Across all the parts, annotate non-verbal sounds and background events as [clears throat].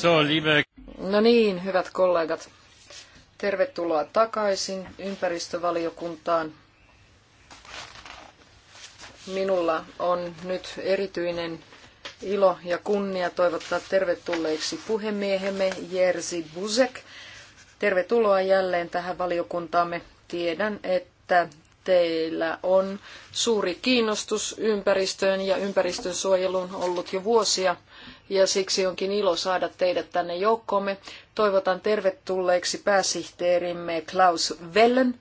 So, liebe... No niin, hyvät kollegat. Tervetuloa takaisin ympäristövaliokuntaan. Minulla on nyt erityinen ilo ja kunnia toivottaa tervetulleeksi puhemiehemme Jerzy Buzek. Tervetuloa jälleen tähän valiokuntaamme. Tiedän, että teillä on suuri kiinnostus ympäristöön ja ympäristönsuojeluun ollut jo vuosia ja siksi onkin ilo saada teidät tänne joukkoomme. Toivotan tervetulleeksi pääsihteerimme Klaus Wellen.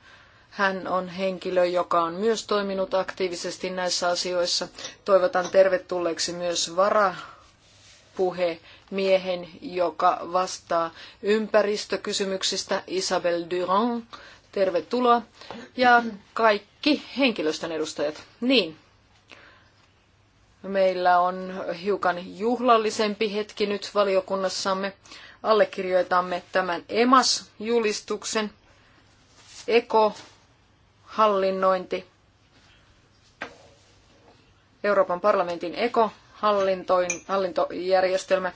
Hän on henkilö, joka on myös toiminut aktiivisesti näissä asioissa. Toivotan tervetulleeksi myös varapuhe miehen, joka vastaa ympäristökysymyksistä, Isabel Durand. Tervetuloa. Ja kaikki henkilöstön edustajat. Niin, Meillä on hiukan juhlallisempi hetki nyt valiokunnassamme. Allekirjoitamme tämän EMAS-julistuksen, ekohallinnointi, Euroopan parlamentin ekohallintojärjestelmä.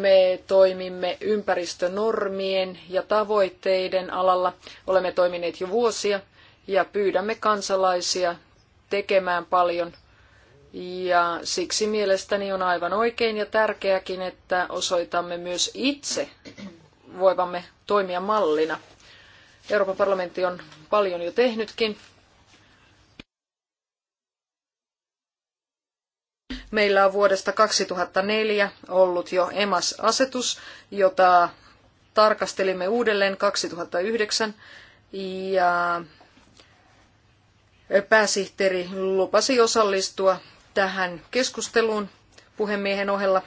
Me toimimme ympäristönormien ja tavoitteiden alalla. Olemme toimineet jo vuosia ja pyydämme kansalaisia tekemään paljon – ja siksi mielestäni on aivan oikein ja tärkeäkin, että osoitamme myös itse voivamme toimia mallina. Euroopan parlamentti on paljon jo tehnytkin. Meillä on vuodesta 2004 ollut jo EMAS-asetus, jota tarkastelimme uudelleen 2009 ja pääsihteeri lupasi osallistua tähän keskusteluun puhemiehen ohella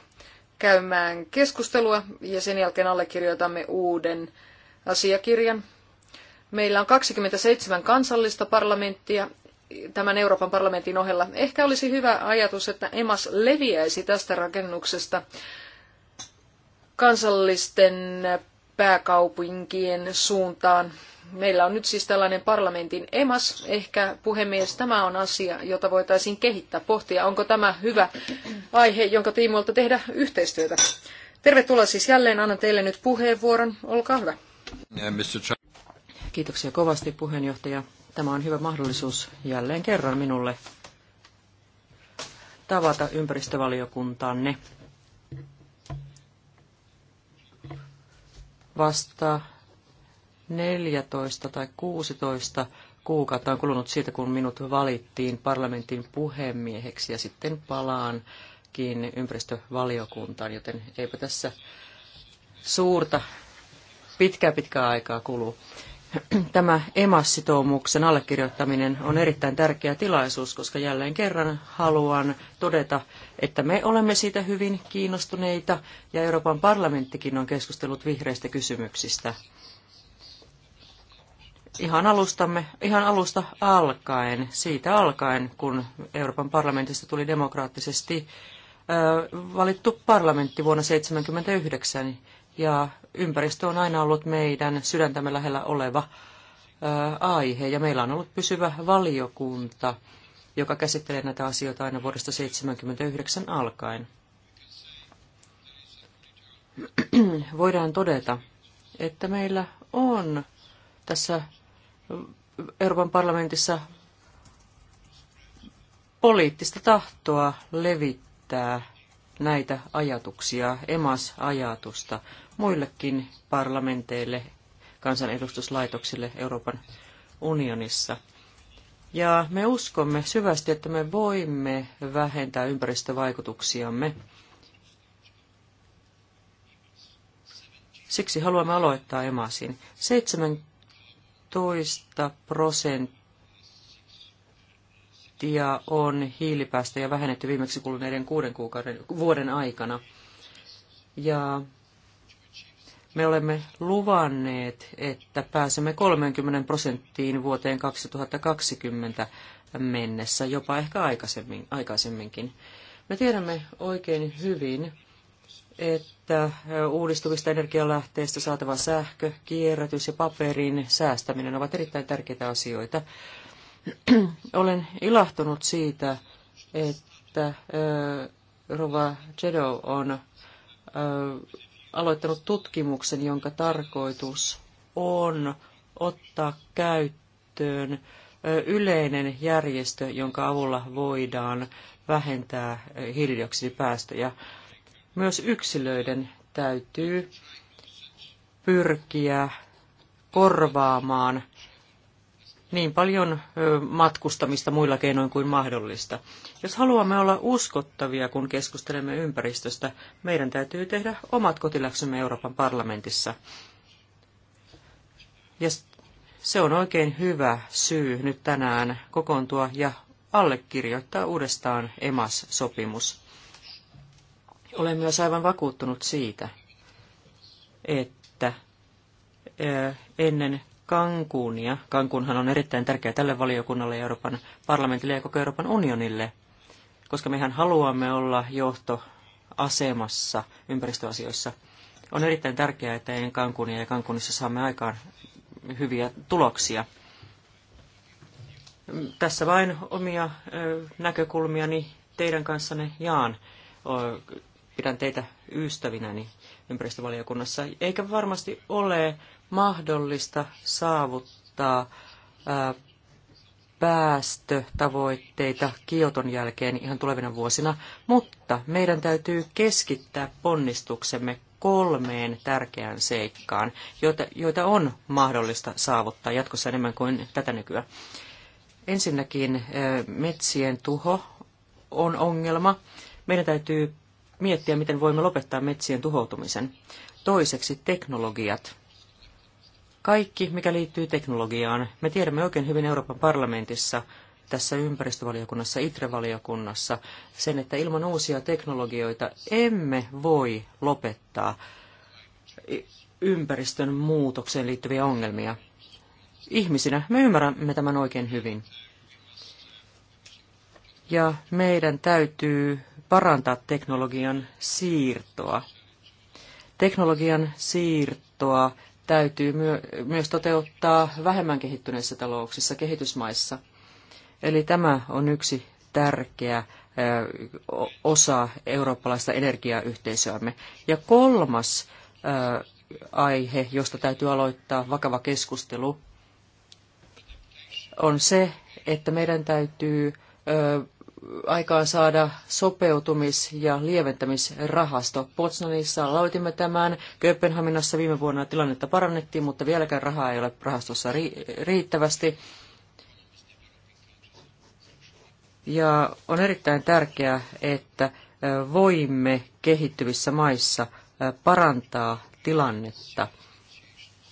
käymään keskustelua ja sen jälkeen allekirjoitamme uuden asiakirjan. Meillä on 27 kansallista parlamenttia tämän Euroopan parlamentin ohella. Ehkä olisi hyvä ajatus, että EMAS leviäisi tästä rakennuksesta kansallisten pääkaupunkien suuntaan. Meillä on nyt siis tällainen parlamentin emas. Ehkä puhemies, tämä on asia, jota voitaisiin kehittää, pohtia. Onko tämä hyvä aihe, jonka tiimoilta tehdä yhteistyötä? Tervetuloa siis jälleen. Annan teille nyt puheenvuoron. Olkaa hyvä. Kiitoksia kovasti puheenjohtaja. Tämä on hyvä mahdollisuus jälleen kerran minulle tavata ympäristövaliokuntaanne Vasta 14 tai 16 kuukautta on kulunut siitä, kun minut valittiin parlamentin puhemieheksi ja sitten palaankin ympäristövaliokuntaan, joten eipä tässä suurta pitkää pitkää aikaa kuluu. [clears throat] Tämä EMAS-sitoumuksen allekirjoittaminen on erittäin tärkeä tilaisuus, koska jälleen kerran haluan todeta, että me olemme siitä hyvin kiinnostuneita ja Euroopan parlamenttikin on keskustellut vihreistä kysymyksistä. Ihan, alustamme, ihan alusta alkaen, siitä alkaen, kun Euroopan parlamentista tuli demokraattisesti valittu parlamentti vuonna 1979 ja ympäristö on aina ollut meidän sydäntämme lähellä oleva aihe ja meillä on ollut pysyvä valiokunta, joka käsittelee näitä asioita aina vuodesta 1979 alkaen. Voidaan todeta, että meillä on tässä Euroopan parlamentissa poliittista tahtoa levittää näitä ajatuksia, emas-ajatusta muillekin parlamenteille, kansanedustuslaitoksille Euroopan unionissa. Ja me uskomme syvästi, että me voimme vähentää ympäristövaikutuksiamme. Siksi haluamme aloittaa emasin. 17 prosenttia on hiilipäästöjä vähennetty viimeksi kuluneiden kuuden kuukauden, vuoden aikana. Ja me olemme luvanneet, että pääsemme 30 prosenttiin vuoteen 2020 mennessä, jopa ehkä aikaisemmin, aikaisemminkin. Me tiedämme oikein hyvin, että uudistuvista energialähteistä saatava sähkö, kierrätys ja paperin säästäminen ovat erittäin tärkeitä asioita. [clears throat] Olen ilahtunut siitä, että Rova Jedo on aloittanut tutkimuksen, jonka tarkoitus on ottaa käyttöön yleinen järjestö, jonka avulla voidaan vähentää hiilidioksidipäästöjä. Myös yksilöiden täytyy pyrkiä korvaamaan niin paljon matkustamista muilla keinoin kuin mahdollista. Jos haluamme olla uskottavia, kun keskustelemme ympäristöstä, meidän täytyy tehdä omat kotiläksymme Euroopan parlamentissa. Ja se on oikein hyvä syy nyt tänään kokoontua ja allekirjoittaa uudestaan EMAS-sopimus. Olen myös aivan vakuuttunut siitä, että ennen Kankuunia. Kankunhan on erittäin tärkeä tälle valiokunnalle ja Euroopan parlamentille ja koko Euroopan unionille, koska mehän haluamme olla johtoasemassa ympäristöasioissa. On erittäin tärkeää, että en Kankunia ja Kankunissa saamme aikaan hyviä tuloksia. Tässä vain omia näkökulmiani teidän kanssanne jaan. Pidän teitä ystävinäni ympäristövaliokunnassa, eikä varmasti ole mahdollista saavuttaa päästötavoitteita Kioton jälkeen ihan tulevina vuosina, mutta meidän täytyy keskittää ponnistuksemme kolmeen tärkeään seikkaan, joita, joita on mahdollista saavuttaa jatkossa enemmän kuin tätä nykyään. Ensinnäkin metsien tuho on ongelma. Meidän täytyy miettiä, miten voimme lopettaa metsien tuhoutumisen. Toiseksi teknologiat kaikki, mikä liittyy teknologiaan. Me tiedämme oikein hyvin Euroopan parlamentissa, tässä ympäristövaliokunnassa, ITRE-valiokunnassa, sen, että ilman uusia teknologioita emme voi lopettaa ympäristön muutokseen liittyviä ongelmia. Ihmisinä me ymmärrämme tämän oikein hyvin. Ja meidän täytyy parantaa teknologian siirtoa. Teknologian siirtoa täytyy myös toteuttaa vähemmän kehittyneissä talouksissa, kehitysmaissa. Eli tämä on yksi tärkeä osa eurooppalaista energiayhteisöämme. Ja kolmas aihe, josta täytyy aloittaa vakava keskustelu, on se, että meidän täytyy aikaan saada sopeutumis- ja lieventämisrahasto. Potsdamissa aloitimme tämän. Kööpenhaminassa viime vuonna tilannetta parannettiin, mutta vieläkään rahaa ei ole rahastossa riittävästi. Ja on erittäin tärkeää, että voimme kehittyvissä maissa parantaa tilannetta –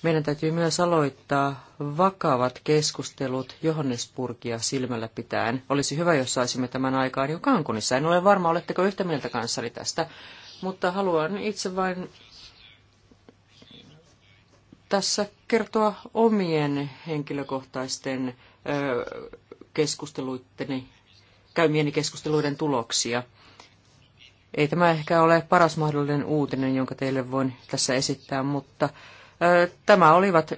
meidän täytyy myös aloittaa vakavat keskustelut Johannesburgia silmällä pitäen. Olisi hyvä, jos saisimme tämän aikaan jo Kankunissa. En ole varma, oletteko yhtä mieltä kanssani tästä, mutta haluan itse vain tässä kertoa omien henkilökohtaisten keskusteluitteni, käymieni keskusteluiden tuloksia. Ei tämä ehkä ole paras mahdollinen uutinen, jonka teille voin tässä esittää, mutta Tämä olivat,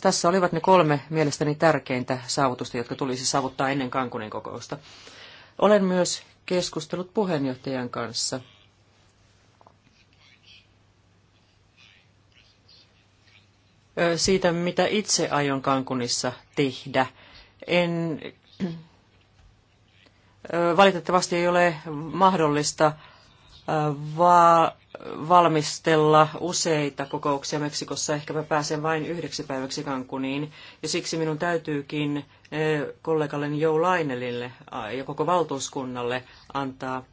tässä olivat ne kolme mielestäni tärkeintä saavutusta, jotka tulisi saavuttaa ennen Kankunin kokousta. Olen myös keskustellut puheenjohtajan kanssa. Siitä, mitä itse aion Kankunissa tehdä. En, valitettavasti ei ole mahdollista vaan valmistella useita kokouksia Meksikossa. Ehkä mä pääsen vain yhdeksi päiväksi Cancuniin. Ja siksi minun täytyykin eh, kollegalleni Jou Lainelille ja koko valtuuskunnalle antaa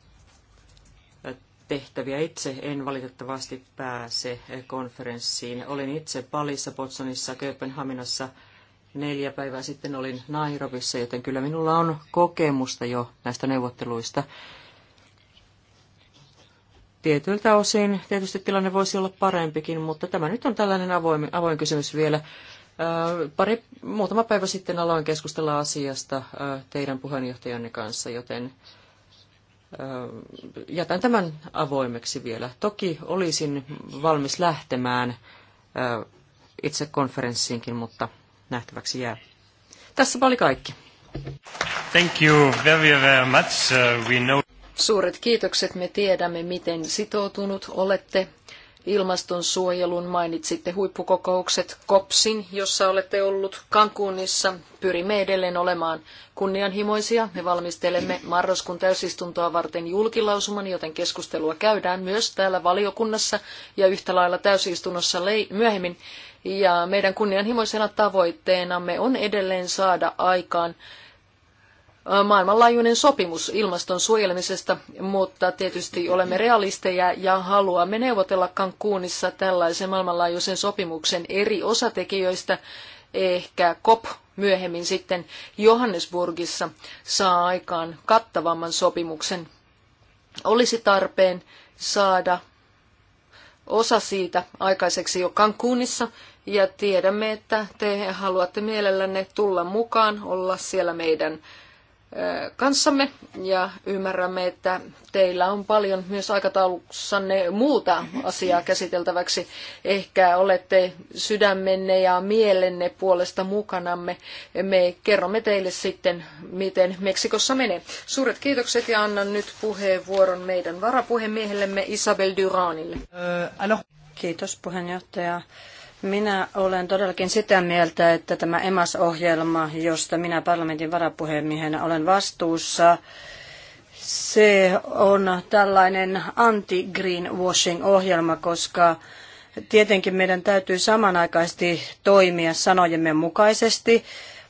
eh, tehtäviä. Itse en valitettavasti pääse eh, konferenssiin. Olin itse Palissa, Potsonissa, Kööpenhaminassa neljä päivää sitten olin Nairobissa, joten kyllä minulla on kokemusta jo näistä neuvotteluista tietyiltä osin tietysti tilanne voisi olla parempikin, mutta tämä nyt on tällainen avoin, avoin kysymys vielä. Pari, muutama päivä sitten aloin keskustella asiasta teidän puheenjohtajanne kanssa, joten jätän tämän avoimeksi vielä. Toki olisin valmis lähtemään itse konferenssiinkin, mutta nähtäväksi jää. Tässä oli kaikki. Thank you very, very much. Uh, we know... Suuret kiitokset. Me tiedämme, miten sitoutunut olette ilmastonsuojelun. Mainitsitte huippukokoukset COPSin, jossa olette ollut kankuunissa. Pyrimme edelleen olemaan kunnianhimoisia. Me valmistelemme marraskuun täysistuntoa varten julkilausuman, joten keskustelua käydään myös täällä valiokunnassa ja yhtä lailla täysistunnossa myöhemmin. Ja meidän kunnianhimoisena tavoitteenamme on edelleen saada aikaan maailmanlaajuinen sopimus ilmaston suojelemisesta, mutta tietysti olemme realisteja ja haluamme neuvotella Cancunissa tällaisen maailmanlaajuisen sopimuksen eri osatekijöistä, ehkä COP myöhemmin sitten Johannesburgissa saa aikaan kattavamman sopimuksen. Olisi tarpeen saada osa siitä aikaiseksi jo Cancunissa ja tiedämme, että te haluatte mielellänne tulla mukaan, olla siellä meidän kanssamme ja ymmärrämme, että teillä on paljon myös aikataulussanne muuta asiaa käsiteltäväksi. Ehkä olette sydämenne ja mielenne puolesta mukanamme. Me kerromme teille sitten, miten Meksikossa menee. Suuret kiitokset ja annan nyt puheenvuoron meidän varapuhemiehellemme Isabel Duranille. Äh, Kiitos puheenjohtaja. Minä olen todellakin sitä mieltä, että tämä EMAS-ohjelma, josta minä parlamentin varapuhemiehenä olen vastuussa, se on tällainen anti-greenwashing-ohjelma, koska tietenkin meidän täytyy samanaikaisesti toimia sanojemme mukaisesti.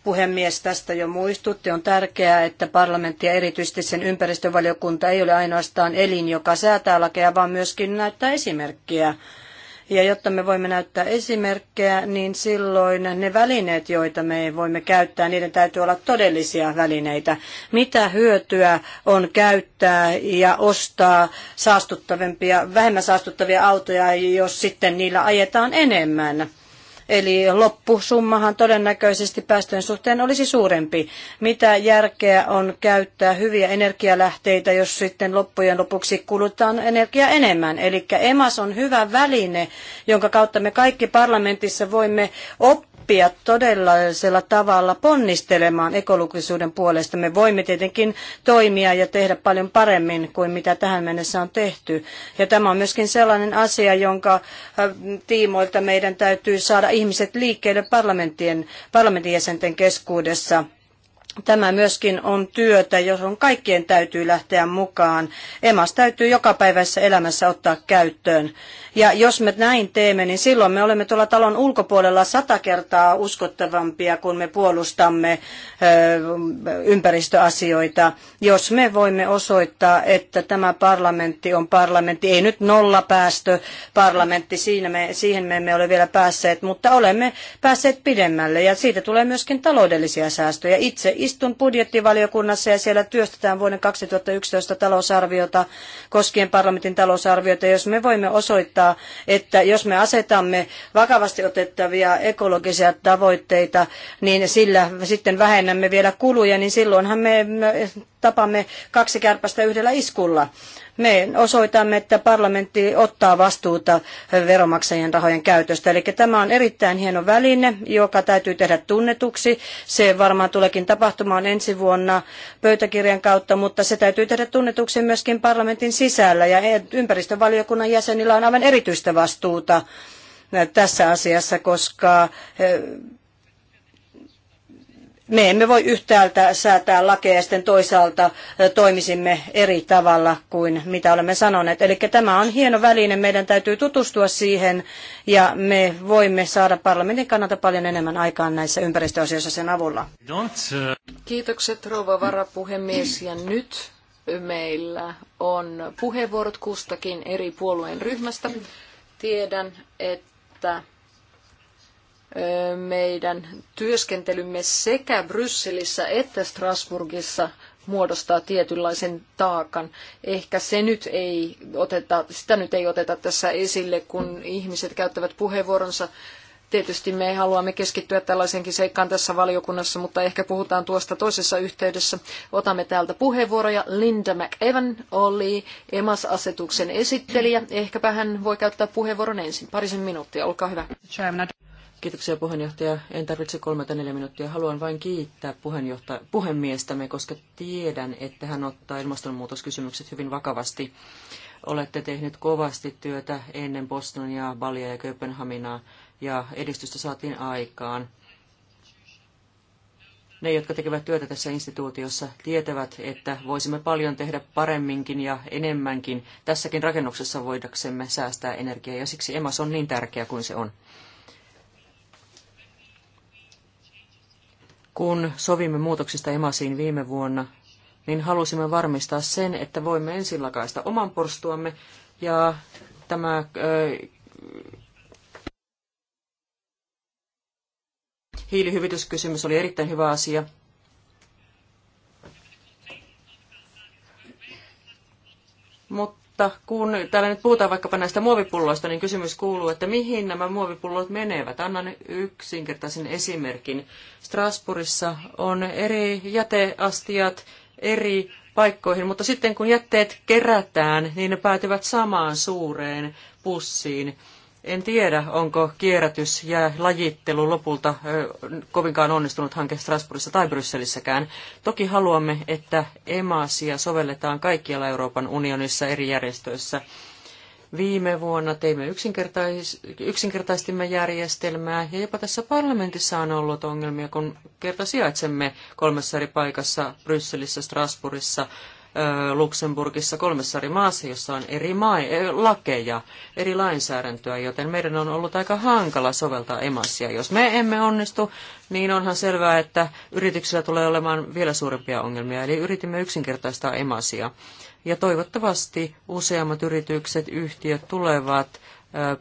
Puhemies tästä jo muistutti. On tärkeää, että parlamentti ja erityisesti sen ympäristövaliokunta ei ole ainoastaan elin, joka säätää lakeja, vaan myöskin näyttää esimerkkiä ja jotta me voimme näyttää esimerkkejä, niin silloin ne välineet, joita me voimme käyttää, niiden täytyy olla todellisia välineitä. Mitä hyötyä on käyttää ja ostaa saastuttavimpia, vähemmän saastuttavia autoja, jos sitten niillä ajetaan enemmän? Eli loppusummahan todennäköisesti päästöjen suhteen olisi suurempi. Mitä järkeä on käyttää hyviä energialähteitä, jos sitten loppujen lopuksi kulutaan energiaa enemmän? Eli EMAS on hyvä väline, jonka kautta me kaikki parlamentissa voimme oppia oppia todellisella tavalla ponnistelemaan ekologisuuden puolesta. Me voimme tietenkin toimia ja tehdä paljon paremmin kuin mitä tähän mennessä on tehty. Ja tämä on myöskin sellainen asia, jonka äh, tiimoilta meidän täytyy saada ihmiset liikkeelle parlamenttien, parlamentin jäsenten keskuudessa. Tämä myöskin on työtä, johon kaikkien täytyy lähteä mukaan. EMAS täytyy jokapäiväisessä elämässä ottaa käyttöön. Ja jos me näin teemme, niin silloin me olemme tuolla talon ulkopuolella sata kertaa uskottavampia, kun me puolustamme ympäristöasioita. Jos me voimme osoittaa, että tämä parlamentti on parlamentti, ei nyt nollapäästö parlamentti, siinä me, siihen me emme ole vielä päässeet, mutta olemme päässeet pidemmälle ja siitä tulee myöskin taloudellisia säästöjä. Itse istun budjettivaliokunnassa ja siellä työstetään vuoden 2011 talousarviota koskien parlamentin talousarviota. Jos me voimme osoittaa, osoittaa, että jos me asetamme vakavasti otettavia ekologisia tavoitteita, niin sillä sitten vähennämme vielä kuluja, niin silloinhan me tapamme kaksi kärpästä yhdellä iskulla me osoitamme, että parlamentti ottaa vastuuta veromaksajien rahojen käytöstä. Eli tämä on erittäin hieno väline, joka täytyy tehdä tunnetuksi. Se varmaan tuleekin tapahtumaan ensi vuonna pöytäkirjan kautta, mutta se täytyy tehdä tunnetuksi myöskin parlamentin sisällä. Ja ympäristövaliokunnan jäsenillä on aivan erityistä vastuuta tässä asiassa, koska eh, me emme voi yhtäältä säätää lakeja ja sitten toisaalta toimisimme eri tavalla kuin mitä olemme sanoneet. Eli tämä on hieno väline, meidän täytyy tutustua siihen ja me voimme saada parlamentin kannalta paljon enemmän aikaan näissä ympäristöasioissa sen avulla. Uh, Kiitokset rouva varapuhemies ja nyt meillä on puheenvuorot kustakin eri puolueen ryhmästä. Tiedän, että meidän työskentelymme sekä Brysselissä että Strasbourgissa muodostaa tietynlaisen taakan. Ehkä se nyt ei oteta, sitä nyt ei oteta tässä esille, kun ihmiset käyttävät puheenvuoronsa. Tietysti me haluamme keskittyä tällaisenkin seikkaan tässä valiokunnassa, mutta ehkä puhutaan tuosta toisessa yhteydessä. Otamme täältä puheenvuoroja. Linda McEvan oli EMAS-asetuksen esittelijä. Ehkäpä hän voi käyttää puheenvuoron ensin. Parisen minuuttia, olkaa hyvä. Kiitoksia puheenjohtaja. En tarvitse neljä minuuttia. Haluan vain kiittää puheenjohtaja, puhemiestämme, koska tiedän, että hän ottaa ilmastonmuutoskysymykset hyvin vakavasti. Olette tehnyt kovasti työtä ennen Bostonia, Balia ja Kööpenhaminaa ja edistystä saatiin aikaan. Ne, jotka tekevät työtä tässä instituutiossa, tietävät, että voisimme paljon tehdä paremminkin ja enemmänkin tässäkin rakennuksessa voidaksemme säästää energiaa, ja siksi EMAS on niin tärkeä kuin se on. Kun sovimme muutoksista emasiin viime vuonna, niin halusimme varmistaa sen, että voimme ensin lakaista oman porstuamme ja tämä hiilihyvityskysymys oli erittäin hyvä asia. Mutta mutta kun täällä nyt puhutaan vaikkapa näistä muovipulloista, niin kysymys kuuluu, että mihin nämä muovipullot menevät. Annan yksinkertaisen esimerkin. Strasbourgissa on eri jäteastiat eri paikkoihin, mutta sitten kun jätteet kerätään, niin ne päätyvät samaan suureen pussiin. En tiedä, onko kierrätys ja lajittelu lopulta kovinkaan onnistunut hanke Strasbourgissa tai Brysselissäkään. Toki haluamme, että emasia sovelletaan kaikkialla Euroopan unionissa eri järjestöissä. Viime vuonna teimme yksinkertais, yksinkertaistimme järjestelmää ja jopa tässä parlamentissa on ollut ongelmia, kun kerta sijaitsemme kolmessa eri paikassa, Brysselissä, Strasbourgissa, Luxemburgissa kolmessa eri maassa, jossa on eri mai, lakeja, eri lainsäädäntöä, joten meidän on ollut aika hankala soveltaa emassia. Jos me emme onnistu, niin onhan selvää, että yrityksillä tulee olemaan vielä suurempia ongelmia, eli yritimme yksinkertaistaa emasia. Ja toivottavasti useammat yritykset, yhtiöt tulevat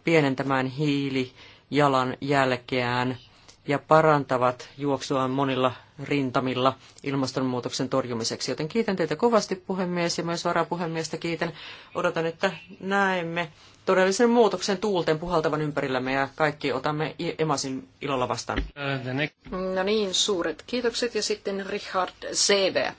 pienentämään hiilijalan jälkeään – ja parantavat juoksuaan monilla rintamilla ilmastonmuutoksen torjumiseksi. Joten kiitän teitä kovasti puhemies ja myös varapuhemiestä kiitän. Odotan, että näemme todellisen muutoksen tuulten puhaltavan ympärillämme ja kaikki otamme Emasin ilolla vastaan. Äh, no niin, suuret kiitokset ja sitten Richard Seeber.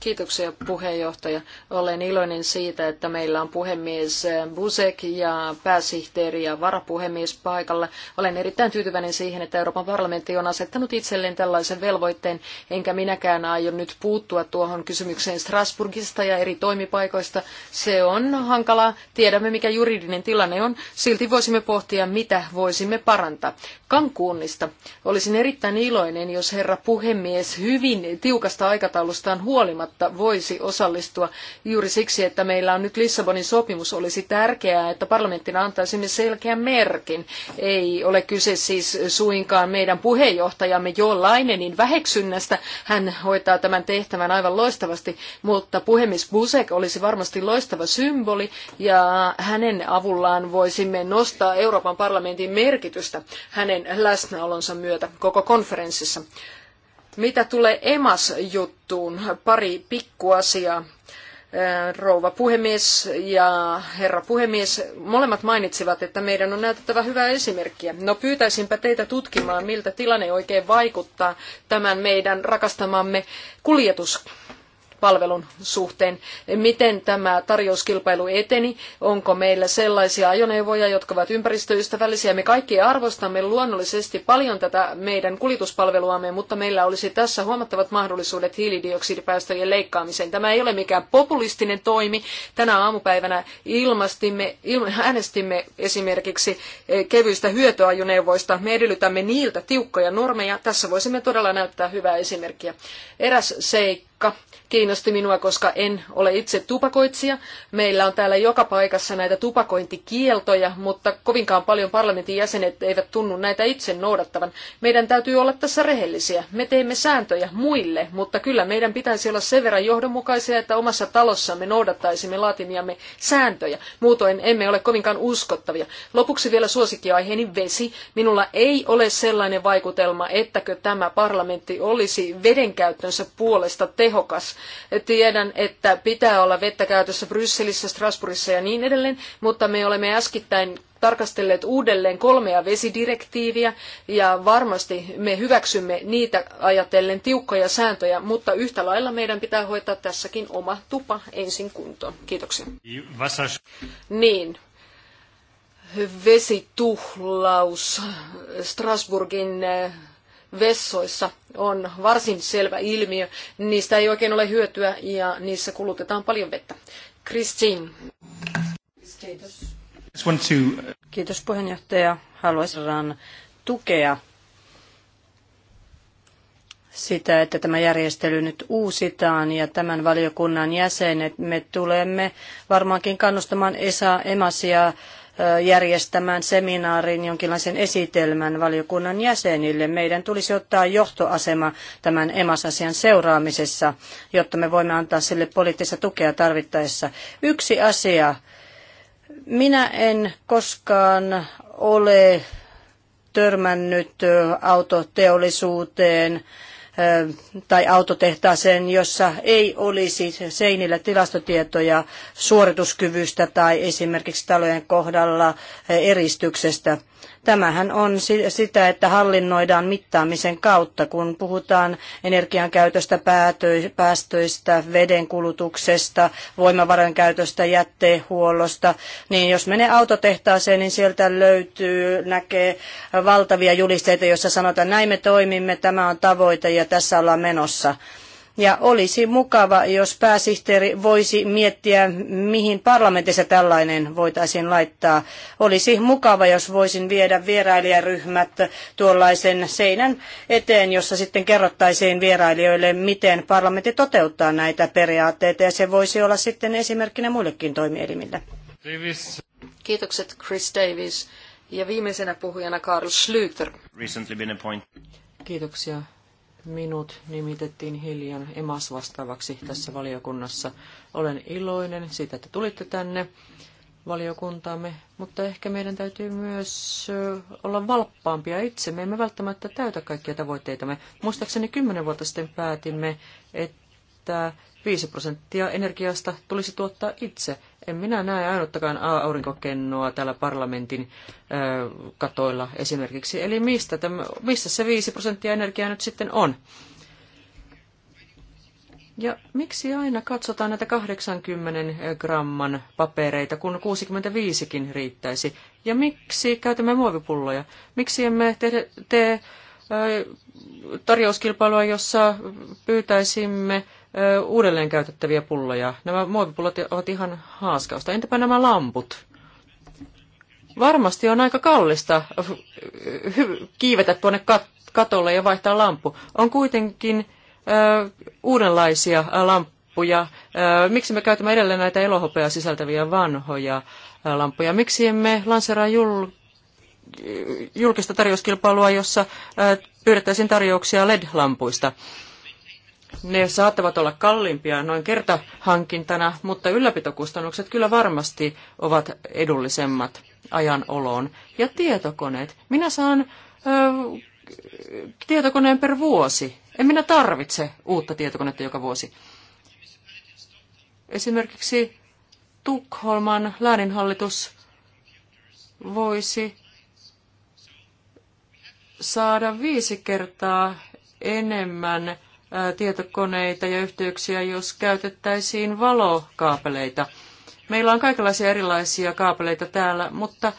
Kiitoksia puheenjohtaja. Olen iloinen siitä, että meillä on puhemies Busek ja pääsihteeri ja varapuhemies paikalla. Olen erittäin tyytyväinen siihen, että Euroopan parlamentti on asettanut itselleen tällaisen velvoitteen, enkä minäkään aio nyt puuttua tuohon kysymykseen Strasbourgista ja eri toimipaikoista. Se on hankalaa. Tiedämme, mikä juridinen tilanne on. Silti voisimme pohtia, mitä voisimme parantaa. Kankuunnista. Olisin erittäin iloinen, jos herra puhemies hyvin tiukasta aikataulustaan huolimatta huolimatta voisi osallistua juuri siksi, että meillä on nyt Lissabonin sopimus. Olisi tärkeää, että parlamenttina antaisimme selkeän merkin. Ei ole kyse siis suinkaan meidän puheenjohtajamme Jo Lainenin väheksynnästä. Hän hoitaa tämän tehtävän aivan loistavasti, mutta puhemies Busek olisi varmasti loistava symboli ja hänen avullaan voisimme nostaa Euroopan parlamentin merkitystä hänen läsnäolonsa myötä koko konferenssissa. Mitä tulee EMAS-juttuun, pari pikkuasiaa äh, rouva puhemies ja herra puhemies, molemmat mainitsivat, että meidän on näytettävä hyvää esimerkkiä. No pyytäisinpä teitä tutkimaan, miltä tilanne oikein vaikuttaa tämän meidän rakastamamme kuljetus palvelun suhteen. Miten tämä tarjouskilpailu eteni? Onko meillä sellaisia ajoneuvoja, jotka ovat ympäristöystävällisiä? Me kaikki arvostamme luonnollisesti paljon tätä meidän kuljetuspalveluamme, mutta meillä olisi tässä huomattavat mahdollisuudet hiilidioksidipäästöjen leikkaamiseen. Tämä ei ole mikään populistinen toimi. Tänä aamupäivänä ilmastimme, äänestimme esimerkiksi kevyistä hyötyajoneuvoista. Me edellytämme niiltä tiukkoja normeja. Tässä voisimme todella näyttää hyvää esimerkkiä. Eräs seikka, kiinnosti minua, koska en ole itse tupakoitsija. Meillä on täällä joka paikassa näitä tupakointikieltoja, mutta kovinkaan paljon parlamentin jäsenet eivät tunnu näitä itse noudattavan. Meidän täytyy olla tässä rehellisiä. Me teemme sääntöjä muille, mutta kyllä meidän pitäisi olla sen verran johdonmukaisia, että omassa talossamme noudattaisimme laatimiamme sääntöjä. Muutoin emme ole kovinkaan uskottavia. Lopuksi vielä suosikkiaiheeni vesi. Minulla ei ole sellainen vaikutelma, ettäkö tämä parlamentti olisi vedenkäyttönsä puolesta tehokas. Tiedän, että pitää olla vettä käytössä Brysselissä, Strasbourgissa ja niin edelleen, mutta me olemme äskettäin tarkastelleet uudelleen kolmea vesidirektiiviä ja varmasti me hyväksymme niitä ajatellen tiukkoja sääntöjä, mutta yhtä lailla meidän pitää hoitaa tässäkin oma tupa ensin kuntoon. Kiitoksia. Niin, vesituhlaus Strasbourgin vessoissa on varsin selvä ilmiö. Niistä ei oikein ole hyötyä ja niissä kulutetaan paljon vettä. Christine. Kiitos. Uh, Kiitos puheenjohtaja. Haluaisin tukea sitä, että tämä järjestely nyt uusitaan ja tämän valiokunnan jäsenet, me tulemme varmaankin kannustamaan ESA, EMASia järjestämään seminaarin jonkinlaisen esitelmän valiokunnan jäsenille. Meidän tulisi ottaa johtoasema tämän emasasian seuraamisessa, jotta me voimme antaa sille poliittista tukea tarvittaessa. Yksi asia. Minä en koskaan ole törmännyt autoteollisuuteen, tai autotehtaaseen, jossa ei olisi seinillä tilastotietoja suorituskyvystä tai esimerkiksi talojen kohdalla eristyksestä. Tämähän on sitä, että hallinnoidaan mittaamisen kautta, kun puhutaan energian käytöstä, päästöistä, veden kulutuksesta, voimavarojen käytöstä, jätteenhuollosta. Niin jos menee autotehtaaseen, niin sieltä löytyy, näkee valtavia julisteita, joissa sanotaan, näin me toimimme, tämä on tavoite ja tässä ollaan menossa. Ja olisi mukava, jos pääsihteeri voisi miettiä, mihin parlamentissa tällainen voitaisiin laittaa. Olisi mukava, jos voisin viedä vierailijaryhmät tuollaisen seinän eteen, jossa sitten kerrottaisiin vierailijoille, miten parlamentti toteuttaa näitä periaatteita. Ja se voisi olla sitten esimerkkinä muillekin toimielimille. Davis. Kiitokset Chris Davis. Ja viimeisenä puhujana Karl Schlüter. Kiitoksia minut nimitettiin hiljan emas vastaavaksi tässä valiokunnassa. Olen iloinen siitä, että tulitte tänne valiokuntaamme, mutta ehkä meidän täytyy myös olla valppaampia itse. Me emme välttämättä täytä kaikkia tavoitteitamme. Muistaakseni kymmenen vuotta sitten päätimme, että 5 prosenttia energiasta tulisi tuottaa itse. En minä näe ainuttakaan aurinkokennoa täällä parlamentin ö, katoilla esimerkiksi. Eli mistä, tämä, mistä se 5 prosenttia energiaa nyt sitten on? Ja miksi aina katsotaan näitä 80 gramman papereita, kun 65kin riittäisi? Ja miksi käytämme muovipulloja? Miksi emme tee tarjouskilpailua, jossa pyytäisimme uudelleen käytettäviä pulloja. Nämä muovipullot ovat ihan haaskausta. Entäpä nämä lamput? Varmasti on aika kallista kiivetä tuonne kat- katolle ja vaihtaa lamppu. On kuitenkin uudenlaisia lamppuja. miksi me käytämme edelleen näitä elohopeaa sisältäviä vanhoja lamppuja? Miksi emme lanseraa julkaisuja? julkista tarjouskilpailua, jossa pyydettäisiin tarjouksia LED-lampuista. Ne saattavat olla kalliimpia noin kertahankintana, mutta ylläpitokustannukset kyllä varmasti ovat edullisemmat ajan oloon. Ja tietokoneet. Minä saan ö, tietokoneen per vuosi. En minä tarvitse uutta tietokonetta joka vuosi. Esimerkiksi Tukholman lääninhallitus voisi saada viisi kertaa enemmän tietokoneita ja yhteyksiä, jos käytettäisiin valokaapeleita. Meillä on kaikenlaisia erilaisia kaapeleita täällä, mutta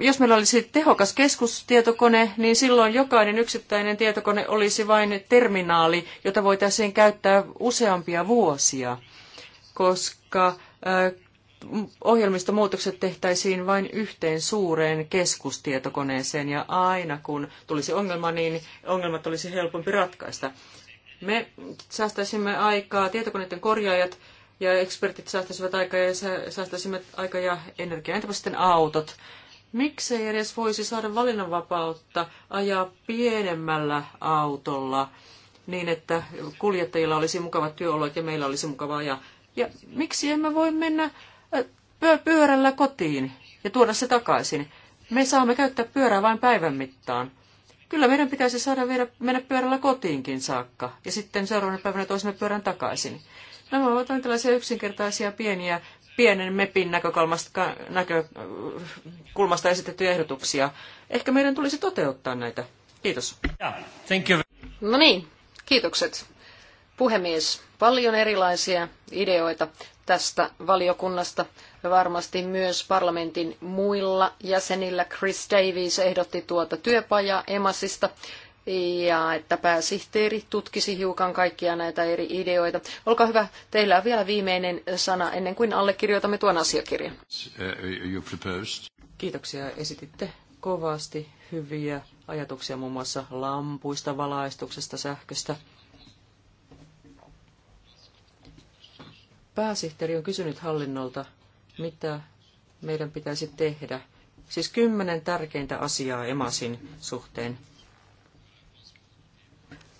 jos meillä olisi tehokas keskustietokone, niin silloin jokainen yksittäinen tietokone olisi vain terminaali, jota voitaisiin käyttää useampia vuosia, koska ohjelmistomuutokset tehtäisiin vain yhteen suureen keskustietokoneeseen ja aina kun tulisi ongelma, niin ongelmat olisi helpompi ratkaista. Me säästäisimme aikaa, tietokoneiden korjaajat ja ekspertit säästäisivät aikaa ja säästäisimme aikaa ja energiaa. Entäpä sitten autot? Miksei edes voisi saada valinnanvapautta ajaa pienemmällä autolla niin, että kuljettajilla olisi mukavat työolot ja meillä olisi mukava ajaa? Ja miksi emme voi mennä pyörällä kotiin ja tuoda se takaisin. Me saamme käyttää pyörää vain päivän mittaan. Kyllä meidän pitäisi saada viedä, mennä pyörällä kotiinkin saakka, ja sitten seuraavana päivänä toisemme pyörän takaisin. Nämä ovat vain tällaisia yksinkertaisia pieniä, pienen MEPin näkökulmasta, näkökulmasta esitettyjä ehdotuksia. Ehkä meidän tulisi toteuttaa näitä. Kiitos. Yeah, thank you. No niin, kiitokset. Puhemies, paljon erilaisia ideoita tästä valiokunnasta. Varmasti myös parlamentin muilla jäsenillä. Chris Davies ehdotti tuota työpajaa Emasista ja että pääsihteeri tutkisi hiukan kaikkia näitä eri ideoita. Olkaa hyvä, teillä on vielä viimeinen sana ennen kuin allekirjoitamme tuon asiakirjan. Kiitoksia, esititte kovasti hyviä ajatuksia muun muassa lampuista, valaistuksesta, sähköstä. Pääsihteeri on kysynyt hallinnolta, mitä meidän pitäisi tehdä. Siis kymmenen tärkeintä asiaa Emasin suhteen.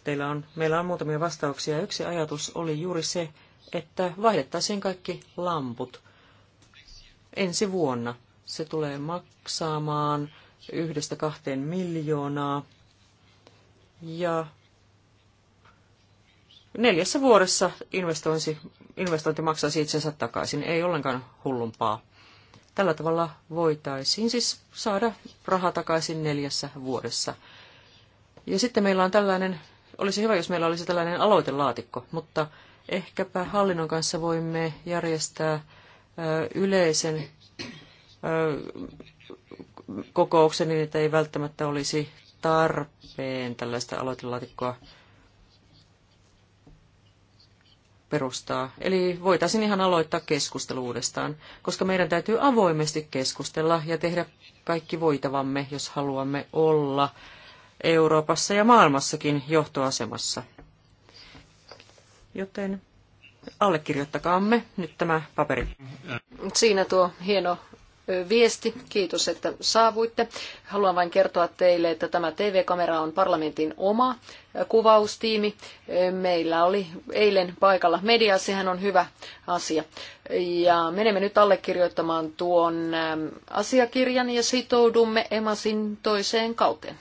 Teillä on, meillä on muutamia vastauksia. Yksi ajatus oli juuri se, että vaihdettaisiin kaikki lamput ensi vuonna. Se tulee maksamaan yhdestä kahteen miljoonaa. Ja neljässä vuodessa investointi, investointi maksaisi itsensä takaisin. Ei ollenkaan hullumpaa. Tällä tavalla voitaisiin siis saada raha takaisin neljässä vuodessa. Ja sitten meillä on tällainen, olisi hyvä, jos meillä olisi tällainen aloitelaatikko, mutta ehkäpä hallinnon kanssa voimme järjestää yleisen kokouksen niin, että ei välttämättä olisi tarpeen tällaista aloitelaatikkoa perustaa. Eli voitaisiin ihan aloittaa keskustelu uudestaan, koska meidän täytyy avoimesti keskustella ja tehdä kaikki voitavamme, jos haluamme olla Euroopassa ja maailmassakin johtoasemassa. Joten allekirjoittakaamme nyt tämä paperi. Siinä tuo hieno viesti. Kiitos, että saavuitte. Haluan vain kertoa teille, että tämä TV-kamera on parlamentin oma kuvaustiimi. Meillä oli eilen paikalla media, sehän on hyvä asia. Ja menemme nyt allekirjoittamaan tuon asiakirjan ja sitoudumme Emasin toiseen kauteen.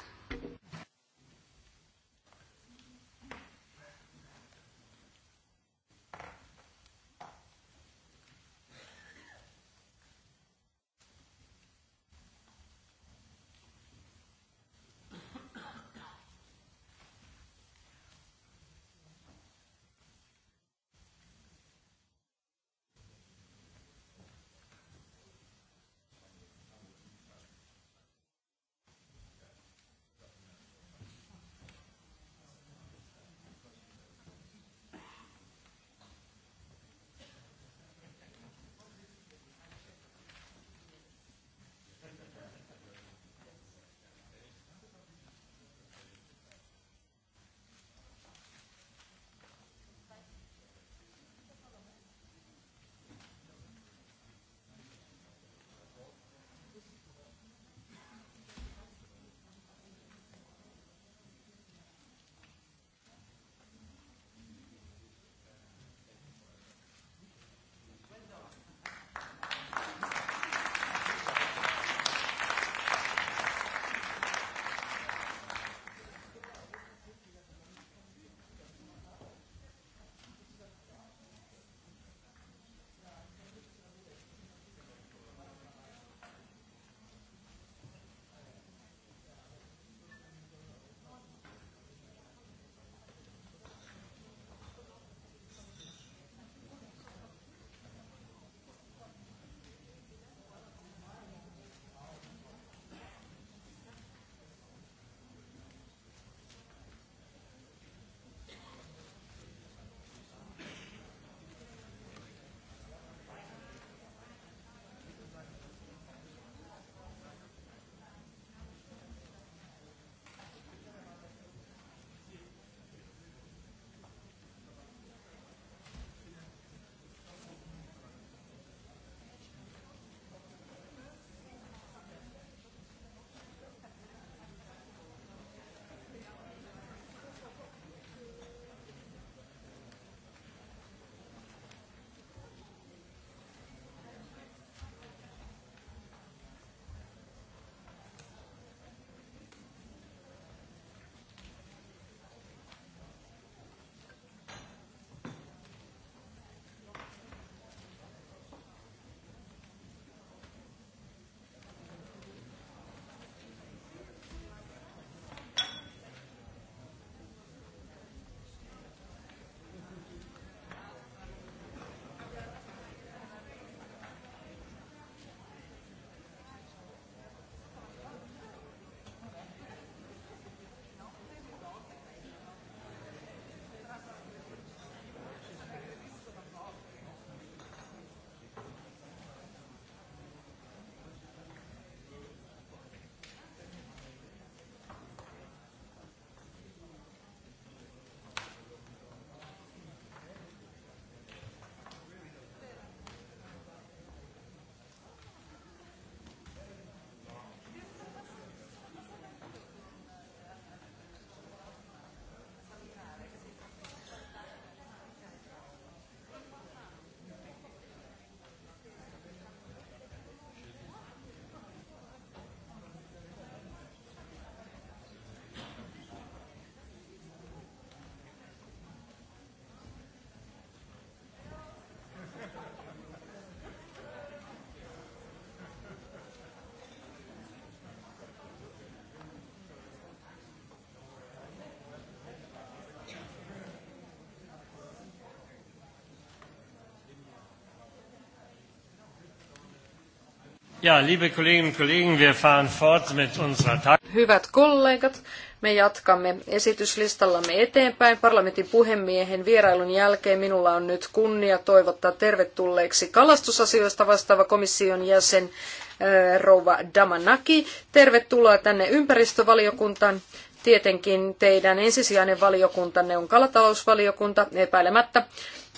Ja, liebe Kolleginnen und Kollegen, wir fahren fort mit unserer Tag Hyvät kollegat, me jatkamme esityslistallamme eteenpäin. Parlamentin puhemiehen vierailun jälkeen minulla on nyt kunnia toivottaa tervetulleeksi kalastusasioista vastaava komission jäsen Rova Damanaki. Tervetuloa tänne ympäristövaliokuntaan. Tietenkin teidän ensisijainen valiokuntanne on kalatalousvaliokunta, epäilemättä.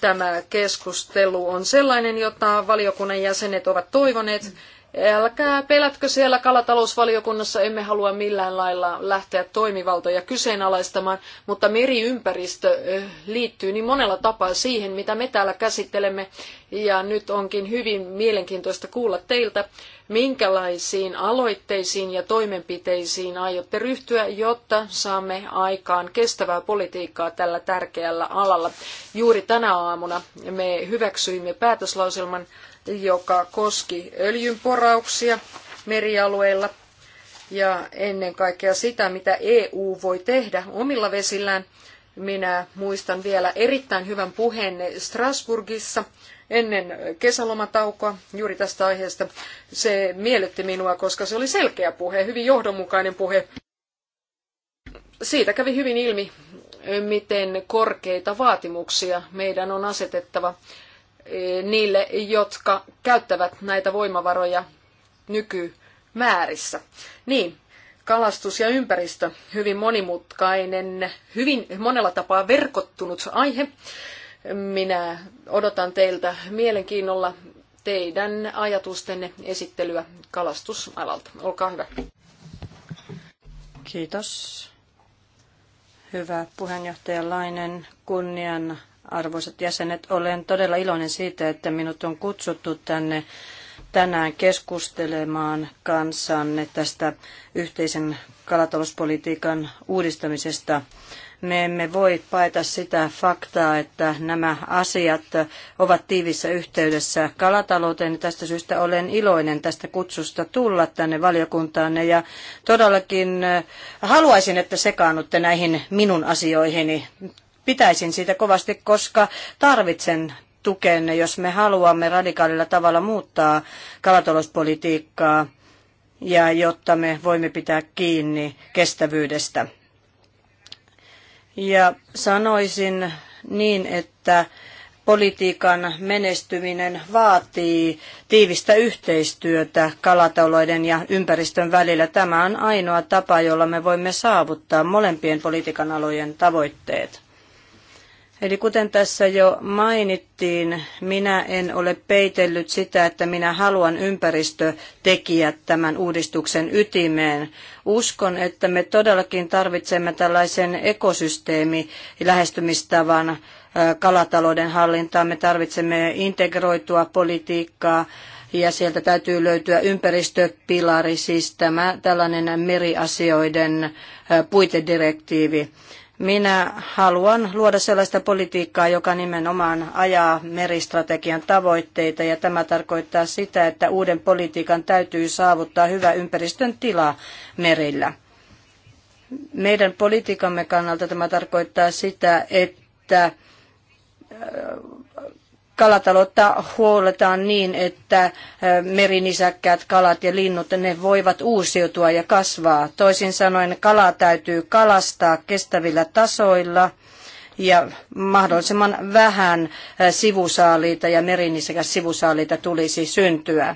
Tämä keskustelu on sellainen, jota valiokunnan jäsenet ovat toivoneet. Älkää pelätkö siellä kalatalousvaliokunnassa, emme halua millään lailla lähteä toimivaltoja kyseenalaistamaan, mutta meriympäristö eh, liittyy niin monella tapaa siihen, mitä me täällä käsittelemme. Ja nyt onkin hyvin mielenkiintoista kuulla teiltä, minkälaisiin aloitteisiin ja toimenpiteisiin aiotte ryhtyä, jotta saamme aikaan kestävää politiikkaa tällä tärkeällä alalla. Juuri tänä aamuna me hyväksyimme päätöslauselman joka koski öljynporauksia merialueilla ja ennen kaikkea sitä, mitä EU voi tehdä omilla vesillään. Minä muistan vielä erittäin hyvän puheen Strasbourgissa ennen kesälomataukoa juuri tästä aiheesta. Se miellytti minua, koska se oli selkeä puhe, hyvin johdonmukainen puhe. Siitä kävi hyvin ilmi, miten korkeita vaatimuksia meidän on asetettava Eh, niille, jotka käyttävät näitä voimavaroja nykymäärissä. Niin, kalastus ja ympäristö, hyvin monimutkainen, hyvin monella tapaa verkottunut aihe. Minä odotan teiltä mielenkiinnolla teidän ajatustenne esittelyä kalastusalalta. Olkaa hyvä. Kiitos. Hyvä puheenjohtaja Lainen, kunnian Arvoisat jäsenet, olen todella iloinen siitä, että minut on kutsuttu tänne tänään keskustelemaan kanssanne tästä yhteisen kalatalouspolitiikan uudistamisesta. Me emme voi paeta sitä faktaa, että nämä asiat ovat tiivissä yhteydessä kalatalouteen. Tästä syystä olen iloinen tästä kutsusta tulla tänne valiokuntaanne ja todellakin äh, haluaisin, että sekaannutte näihin minun asioihini pitäisin siitä kovasti, koska tarvitsen tukenne, jos me haluamme radikaalilla tavalla muuttaa kalatalouspolitiikkaa ja jotta me voimme pitää kiinni kestävyydestä. Ja sanoisin niin, että politiikan menestyminen vaatii tiivistä yhteistyötä kalatalouden ja ympäristön välillä. Tämä on ainoa tapa, jolla me voimme saavuttaa molempien politiikan alojen tavoitteet. Eli kuten tässä jo mainittiin, minä en ole peitellyt sitä, että minä haluan ympäristötekijät tämän uudistuksen ytimeen. Uskon, että me todellakin tarvitsemme tällaisen ekosysteemi lähestymistavan kalatalouden hallintaan. Me tarvitsemme integroitua politiikkaa ja sieltä täytyy löytyä ympäristöpilari, siis tämä tällainen meriasioiden puitedirektiivi. Minä haluan luoda sellaista politiikkaa, joka nimenomaan ajaa meristrategian tavoitteita ja tämä tarkoittaa sitä, että uuden politiikan täytyy saavuttaa hyvä ympäristön tila merillä. Meidän politiikamme kannalta tämä tarkoittaa sitä, että kalataloutta huoletaan niin, että merinisäkkäät, kalat ja linnut, ne voivat uusiutua ja kasvaa. Toisin sanoen kalaa täytyy kalastaa kestävillä tasoilla ja mahdollisimman vähän sivusaaliita ja merinisäkä sivusaaliita tulisi syntyä.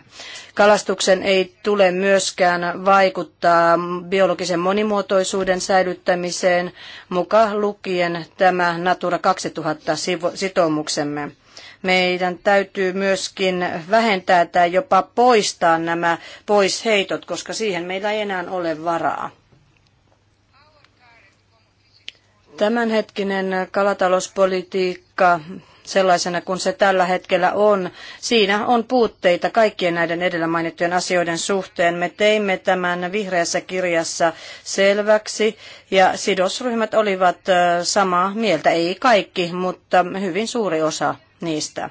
Kalastuksen ei tule myöskään vaikuttaa biologisen monimuotoisuuden säilyttämiseen, mukaan lukien tämä Natura 2000-sitoumuksemme. Meidän täytyy myöskin vähentää tai jopa poistaa nämä poisheitot, koska siihen meillä ei enää ole varaa. Tämänhetkinen kalatalouspolitiikka sellaisena kuin se tällä hetkellä on. Siinä on puutteita kaikkien näiden edellä mainittujen asioiden suhteen. Me teimme tämän vihreässä kirjassa selväksi ja sidosryhmät olivat samaa mieltä, ei kaikki, mutta hyvin suuri osa niistä.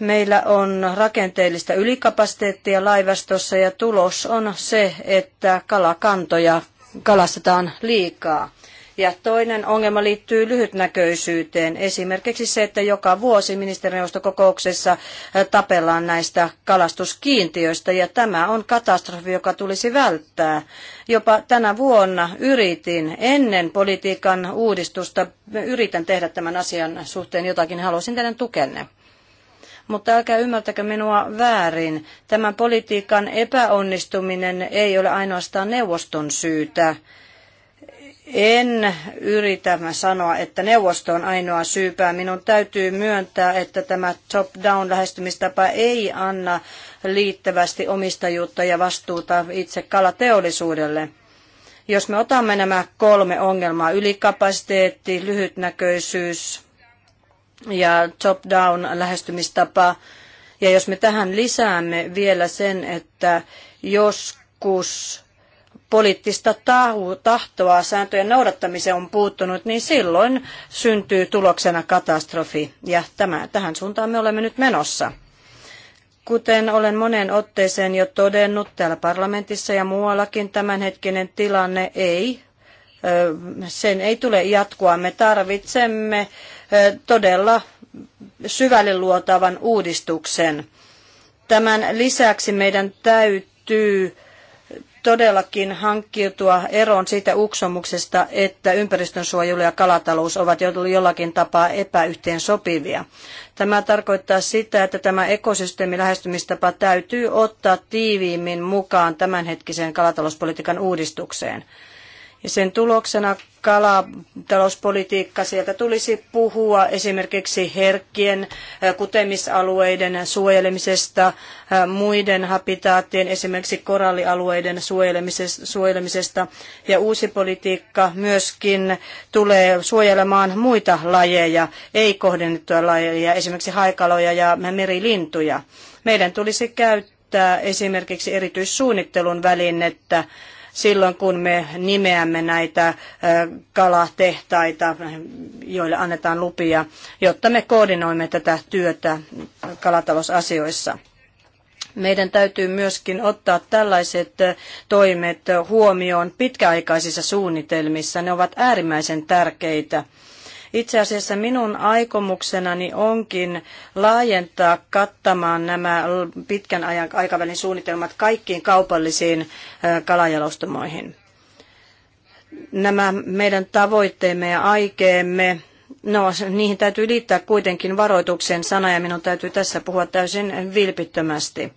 Meillä on rakenteellista ylikapasiteettia laivastossa ja tulos on se, että kalakantoja kalastetaan liikaa. Ja toinen ongelma liittyy lyhytnäköisyyteen. Esimerkiksi se, että joka vuosi ministerineuvostokokouksessa tapellaan näistä kalastuskiintiöistä ja tämä on katastrofi, joka tulisi välttää. Jopa tänä vuonna yritin ennen politiikan uudistusta, yritän tehdä tämän asian suhteen jotakin, haluaisin teidän tukenne mutta älkää ymmärtäkö minua väärin. Tämän politiikan epäonnistuminen ei ole ainoastaan neuvoston syytä. En yritä sanoa, että neuvosto on ainoa syypää. Minun täytyy myöntää, että tämä top-down lähestymistapa ei anna liittävästi omistajuutta ja vastuuta itse kalateollisuudelle. Jos me otamme nämä kolme ongelmaa, ylikapasiteetti, lyhytnäköisyys ja top-down lähestymistapa, ja jos me tähän lisäämme vielä sen, että joskus poliittista tahtoa sääntöjen noudattamiseen on puuttunut, niin silloin syntyy tuloksena katastrofi. Ja tämä, tähän suuntaan me olemme nyt menossa. Kuten olen monen otteeseen jo todennut täällä parlamentissa ja muuallakin, tämänhetkinen tilanne ei, sen ei tule jatkua. Me tarvitsemme todella syvälle luotavan uudistuksen. Tämän lisäksi meidän täytyy todellakin hankkiutua eroon siitä uksomuksesta, että ympäristönsuojelu ja kalatalous ovat jollakin tapaa epäyhteen sopivia. Tämä tarkoittaa sitä, että tämä ekosysteemi lähestymistapa täytyy ottaa tiiviimmin mukaan tämänhetkiseen kalatalouspolitiikan uudistukseen. Ja sen tuloksena kalatalouspolitiikka, sieltä tulisi puhua esimerkiksi herkkien kutemisalueiden suojelemisesta, muiden habitaattien, esimerkiksi korallialueiden suojelemisesta. Ja uusi politiikka myöskin tulee suojelemaan muita lajeja, ei kohdennettuja lajeja, esimerkiksi haikaloja ja merilintuja. Meidän tulisi käyttää esimerkiksi erityissuunnittelun välinettä, silloin, kun me nimeämme näitä kalatehtaita, joille annetaan lupia, jotta me koordinoimme tätä työtä kalatalousasioissa. Meidän täytyy myöskin ottaa tällaiset toimet huomioon pitkäaikaisissa suunnitelmissa. Ne ovat äärimmäisen tärkeitä itse asiassa minun aikomuksenani onkin laajentaa kattamaan nämä pitkän ajan aikavälin suunnitelmat kaikkiin kaupallisiin kalajalostamoihin. Nämä meidän tavoitteemme ja aikeemme No, niihin täytyy liittää kuitenkin varoituksen sana ja minun täytyy tässä puhua täysin vilpittömästi.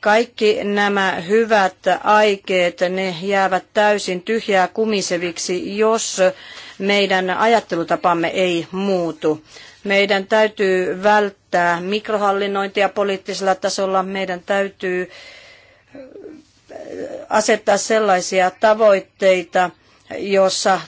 Kaikki nämä hyvät aikeet, ne jäävät täysin tyhjää kumiseviksi, jos meidän ajattelutapamme ei muutu. Meidän täytyy välttää mikrohallinnointia poliittisella tasolla. Meidän täytyy asettaa sellaisia tavoitteita, jossa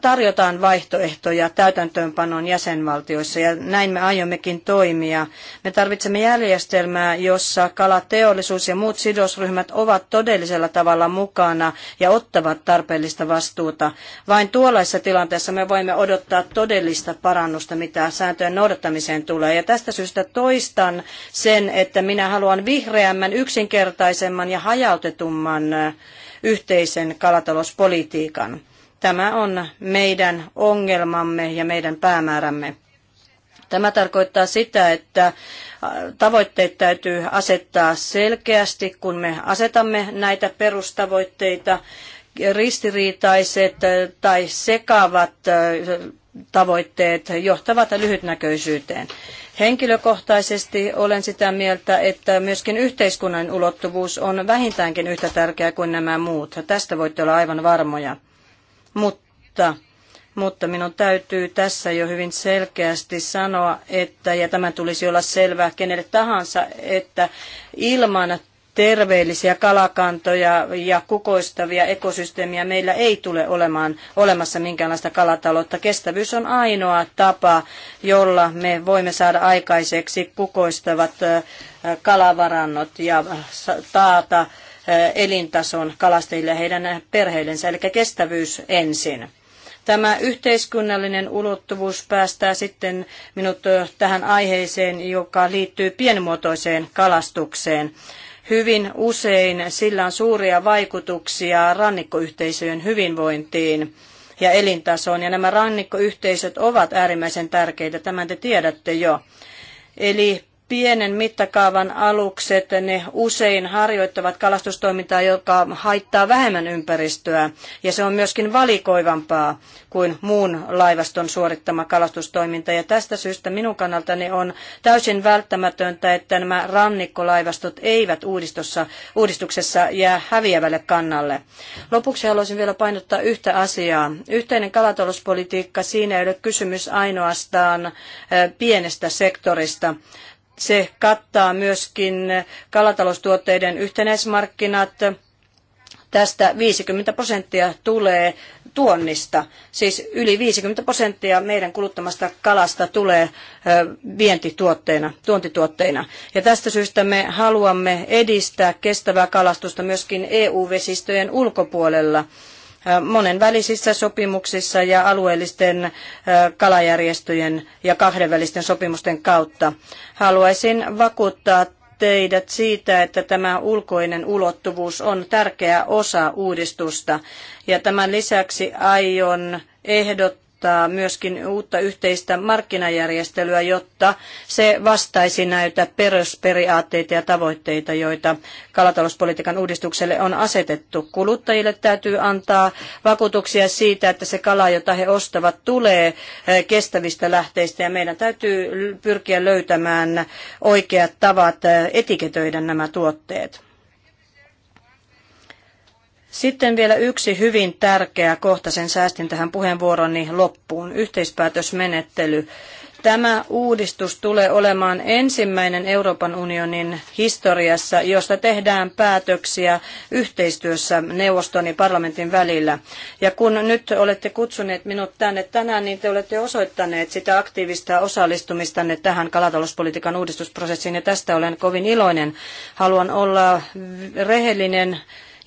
tarjotaan vaihtoehtoja täytäntöönpanon jäsenvaltioissa ja näin me aiommekin toimia. Me tarvitsemme järjestelmää, jossa kalateollisuus ja muut sidosryhmät ovat todellisella tavalla mukana ja ottavat tarpeellista vastuuta. Vain tuollaisessa tilanteessa me voimme odottaa todellista parannusta, mitä sääntöjen noudattamiseen tulee. Ja tästä syystä toistan sen, että minä haluan vihreämmän, yksinkertaisemman ja hajautetumman yhteisen kalatalouspolitiikan. Tämä on meidän ongelmamme ja meidän päämäärämme. Tämä tarkoittaa sitä, että äh, tavoitteet täytyy asettaa selkeästi, kun me asetamme näitä perustavoitteita. Ristiriitaiset äh, tai sekaavat äh, tavoitteet johtavat lyhytnäköisyyteen. Henkilökohtaisesti olen sitä mieltä, että myöskin yhteiskunnan ulottuvuus on vähintäänkin yhtä tärkeä kuin nämä muut. Tästä voitte olla aivan varmoja mutta mutta minun täytyy tässä jo hyvin selkeästi sanoa, että, ja tämä tulisi olla selvää kenelle tahansa, että ilman terveellisiä kalakantoja ja kukoistavia ekosysteemiä meillä ei tule olemaan olemassa minkäänlaista kalataloutta. Kestävyys on ainoa tapa, jolla me voimme saada aikaiseksi kukoistavat kalavarannot ja taata elintason kalastajille ja heidän perheillensä, eli kestävyys ensin. Tämä yhteiskunnallinen ulottuvuus päästää sitten minut tähän aiheeseen, joka liittyy pienimuotoiseen kalastukseen. Hyvin usein sillä on suuria vaikutuksia rannikkoyhteisöjen hyvinvointiin ja elintasoon, ja nämä rannikkoyhteisöt ovat äärimmäisen tärkeitä, tämän te tiedätte jo. Eli pienen mittakaavan alukset, ne usein harjoittavat kalastustoimintaa, joka haittaa vähemmän ympäristöä, ja se on myöskin valikoivampaa kuin muun laivaston suorittama kalastustoiminta. Ja tästä syystä minun kannaltani on täysin välttämätöntä, että nämä rannikkolaivastot eivät uudistuksessa jää häviävälle kannalle. Lopuksi haluaisin vielä painottaa yhtä asiaa. Yhteinen kalatalouspolitiikka, siinä ei ole kysymys ainoastaan eh, pienestä sektorista se kattaa myöskin kalataloustuotteiden yhtenäismarkkinat. Tästä 50 prosenttia tulee tuonnista. Siis yli 50 prosenttia meidän kuluttamasta kalasta tulee vientituotteina, tuontituotteina. Ja tästä syystä me haluamme edistää kestävää kalastusta myöskin EU-vesistöjen ulkopuolella monenvälisissä sopimuksissa ja alueellisten kalajärjestöjen ja kahdenvälisten sopimusten kautta. Haluaisin vakuuttaa teidät siitä, että tämä ulkoinen ulottuvuus on tärkeä osa uudistusta. Ja tämän lisäksi aion ehdottaa, ehdottaa myöskin uutta yhteistä markkinajärjestelyä, jotta se vastaisi näitä perusperiaatteita ja tavoitteita, joita kalatalouspolitiikan uudistukselle on asetettu. Kuluttajille täytyy antaa vakuutuksia siitä, että se kala, jota he ostavat, tulee eh, kestävistä lähteistä ja meidän täytyy pyrkiä löytämään oikeat tavat eh, etiketöidä nämä tuotteet. Sitten vielä yksi hyvin tärkeä kohta, sen säästin tähän puheenvuoroni loppuun, yhteispäätösmenettely. Tämä uudistus tulee olemaan ensimmäinen Euroopan unionin historiassa, josta tehdään päätöksiä yhteistyössä neuvoston ja parlamentin välillä. Ja kun nyt olette kutsuneet minut tänne tänään, niin te olette osoittaneet sitä aktiivista osallistumistanne tähän kalatalouspolitiikan uudistusprosessiin, ja tästä olen kovin iloinen. Haluan olla rehellinen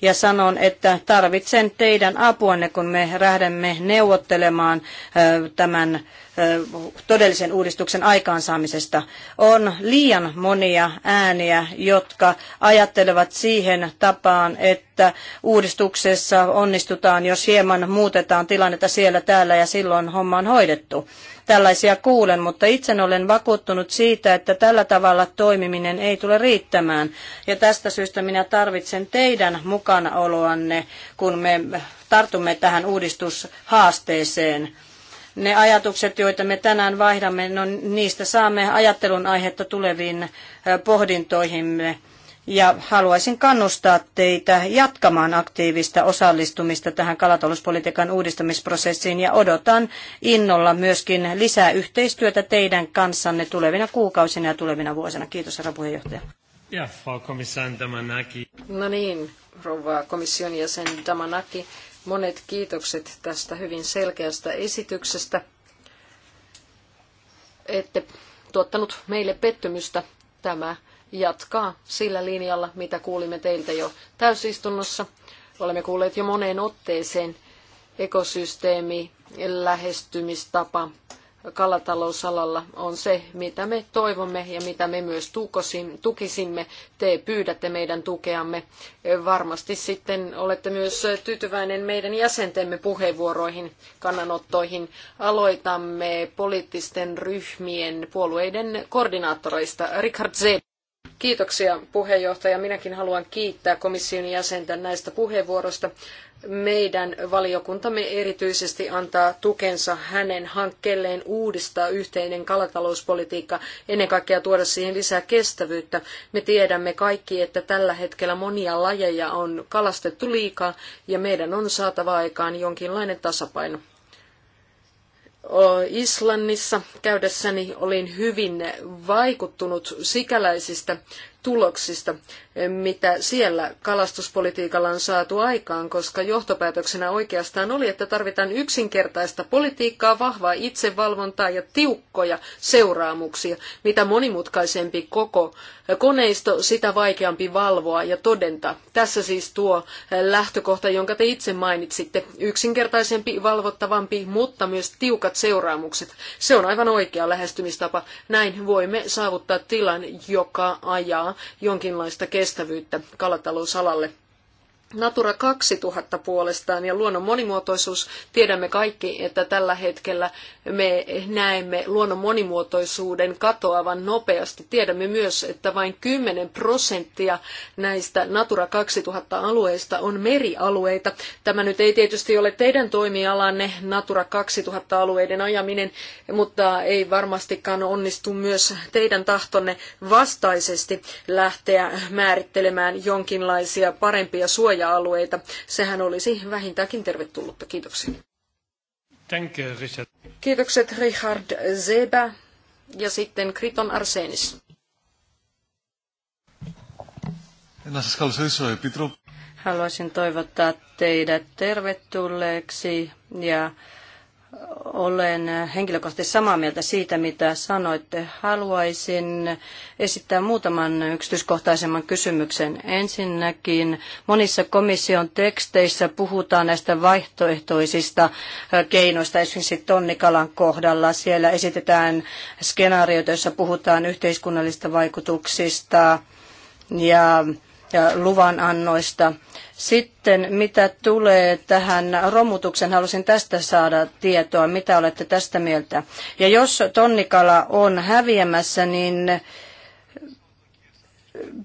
ja sanon, että tarvitsen teidän apuanne, kun me lähdemme neuvottelemaan tämän todellisen uudistuksen aikaansaamisesta. On liian monia ääniä, jotka ajattelevat siihen tapaan, että uudistuksessa onnistutaan, jos hieman muutetaan tilannetta siellä täällä ja silloin homma on hoidettu tällaisia kuulen, mutta itse olen vakuuttunut siitä, että tällä tavalla toimiminen ei tule riittämään. Ja tästä syystä minä tarvitsen teidän mukanaoloanne, kun me tartumme tähän uudistushaasteeseen ne ajatukset, joita me tänään vaihdamme, no niistä saamme ajattelun aihetta tuleviin pohdintoihimme ja haluaisin kannustaa teitä jatkamaan aktiivista osallistumista tähän kalatalouspolitiikan uudistamisprosessiin ja odotan innolla myöskin lisää yhteistyötä teidän kanssanne tulevina kuukausina ja tulevina vuosina. Kiitos, herra puheenjohtaja. Ja, Frau Kommissarin Damanaki. No niin, rouva komission jäsen Damanaki. Monet kiitokset tästä hyvin selkeästä esityksestä. Ette tuottanut meille pettymystä tämä jatkaa sillä linjalla, mitä kuulimme teiltä jo täysistunnossa. Olemme kuulleet jo moneen otteeseen ekosysteemi, lähestymistapa kalatalousalalla on se, mitä me toivomme ja mitä me myös tukisimme. Te pyydätte meidän tukeamme. Varmasti sitten olette myös tyytyväinen meidän jäsentemme puheenvuoroihin, kannanottoihin. Aloitamme poliittisten ryhmien puolueiden koordinaattoreista. Richard Z. Kiitoksia puheenjohtaja. Minäkin haluan kiittää komission jäsentä näistä puheenvuoroista. Meidän valiokuntamme erityisesti antaa tukensa hänen hankkeelleen uudistaa yhteinen kalatalouspolitiikka, ennen kaikkea tuoda siihen lisää kestävyyttä. Me tiedämme kaikki, että tällä hetkellä monia lajeja on kalastettu liikaa ja meidän on saatava aikaan jonkinlainen tasapaino. Islannissa käydessäni olin hyvin vaikuttunut sikäläisistä tuloksista, mitä siellä kalastuspolitiikalla on saatu aikaan, koska johtopäätöksenä oikeastaan oli, että tarvitaan yksinkertaista politiikkaa, vahvaa itsevalvontaa ja tiukkoja seuraamuksia. Mitä monimutkaisempi koko koneisto, sitä vaikeampi valvoa ja todentaa. Tässä siis tuo lähtökohta, jonka te itse mainitsitte. Yksinkertaisempi, valvottavampi, mutta myös tiukat seuraamukset. Se on aivan oikea lähestymistapa. Näin voimme saavuttaa tilan, joka ajaa jonkinlaista kestävyyttä kalatalousalalle. Natura 2000 puolestaan ja luonnon monimuotoisuus. Tiedämme kaikki, että tällä hetkellä me näemme luonnon monimuotoisuuden katoavan nopeasti. Tiedämme myös, että vain 10 prosenttia näistä Natura 2000-alueista on merialueita. Tämä nyt ei tietysti ole teidän toimialanne Natura 2000-alueiden ajaminen, mutta ei varmastikaan onnistu myös teidän tahtonne vastaisesti lähteä määrittelemään jonkinlaisia parempia suoja raja-alueita. Sehän olisi vähintäänkin tervetullutta. Kiitoksia. Thank you, Richard. Kiitokset Richard Zebä ja sitten Kriton Arsenis. Haluaisin toivottaa teidät tervetulleeksi ja olen henkilökohtaisesti samaa mieltä siitä, mitä sanoitte. Haluaisin esittää muutaman yksityiskohtaisemman kysymyksen. Ensinnäkin monissa komission teksteissä puhutaan näistä vaihtoehtoisista keinoista, esimerkiksi tonnikalan kohdalla. Siellä esitetään skenaarioita, joissa puhutaan yhteiskunnallisista vaikutuksista ja ja luvanannoista. Sitten mitä tulee tähän romutuksen, halusin tästä saada tietoa, mitä olette tästä mieltä. Ja jos tonnikala on häviämässä, niin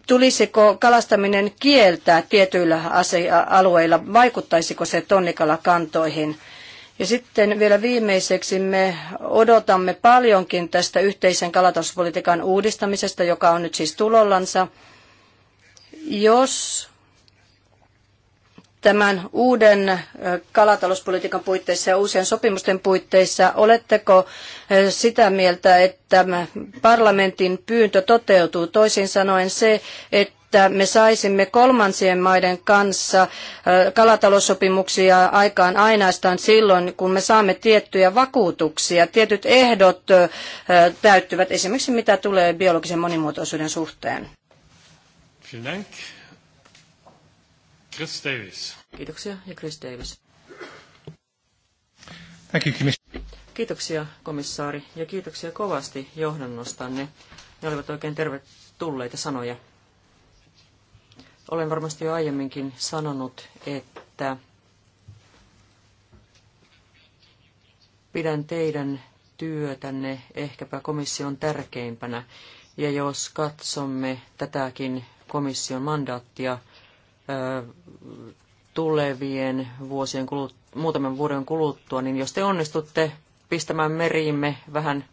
tulisiko kalastaminen kieltää tietyillä alueilla, vaikuttaisiko se tonnikalakantoihin? Ja sitten vielä viimeiseksi me odotamme paljonkin tästä yhteisen kalatauspolitiikan uudistamisesta, joka on nyt siis tulollansa. Jos tämän uuden kalatalouspolitiikan puitteissa ja uusien sopimusten puitteissa, oletteko sitä mieltä, että parlamentin pyyntö toteutuu? Toisin sanoen se, että että me saisimme kolmansien maiden kanssa kalataloussopimuksia aikaan ainaistaan silloin, kun me saamme tiettyjä vakuutuksia. Tietyt ehdot täyttyvät esimerkiksi mitä tulee biologisen monimuotoisuuden suhteen. Chris Davis. Kiitoksia ja Chris Davis. Thank you, Kiitoksia komissaari ja kiitoksia kovasti johdannostanne. Ne olivat oikein tervetulleita sanoja. Olen varmasti jo aiemminkin sanonut, että pidän teidän työtänne ehkäpä komission tärkeimpänä. Ja jos katsomme tätäkin komission mandaattia tulevien vuosien kulut, muutaman vuoden kuluttua, niin jos te onnistutte pistämään meriimme vähän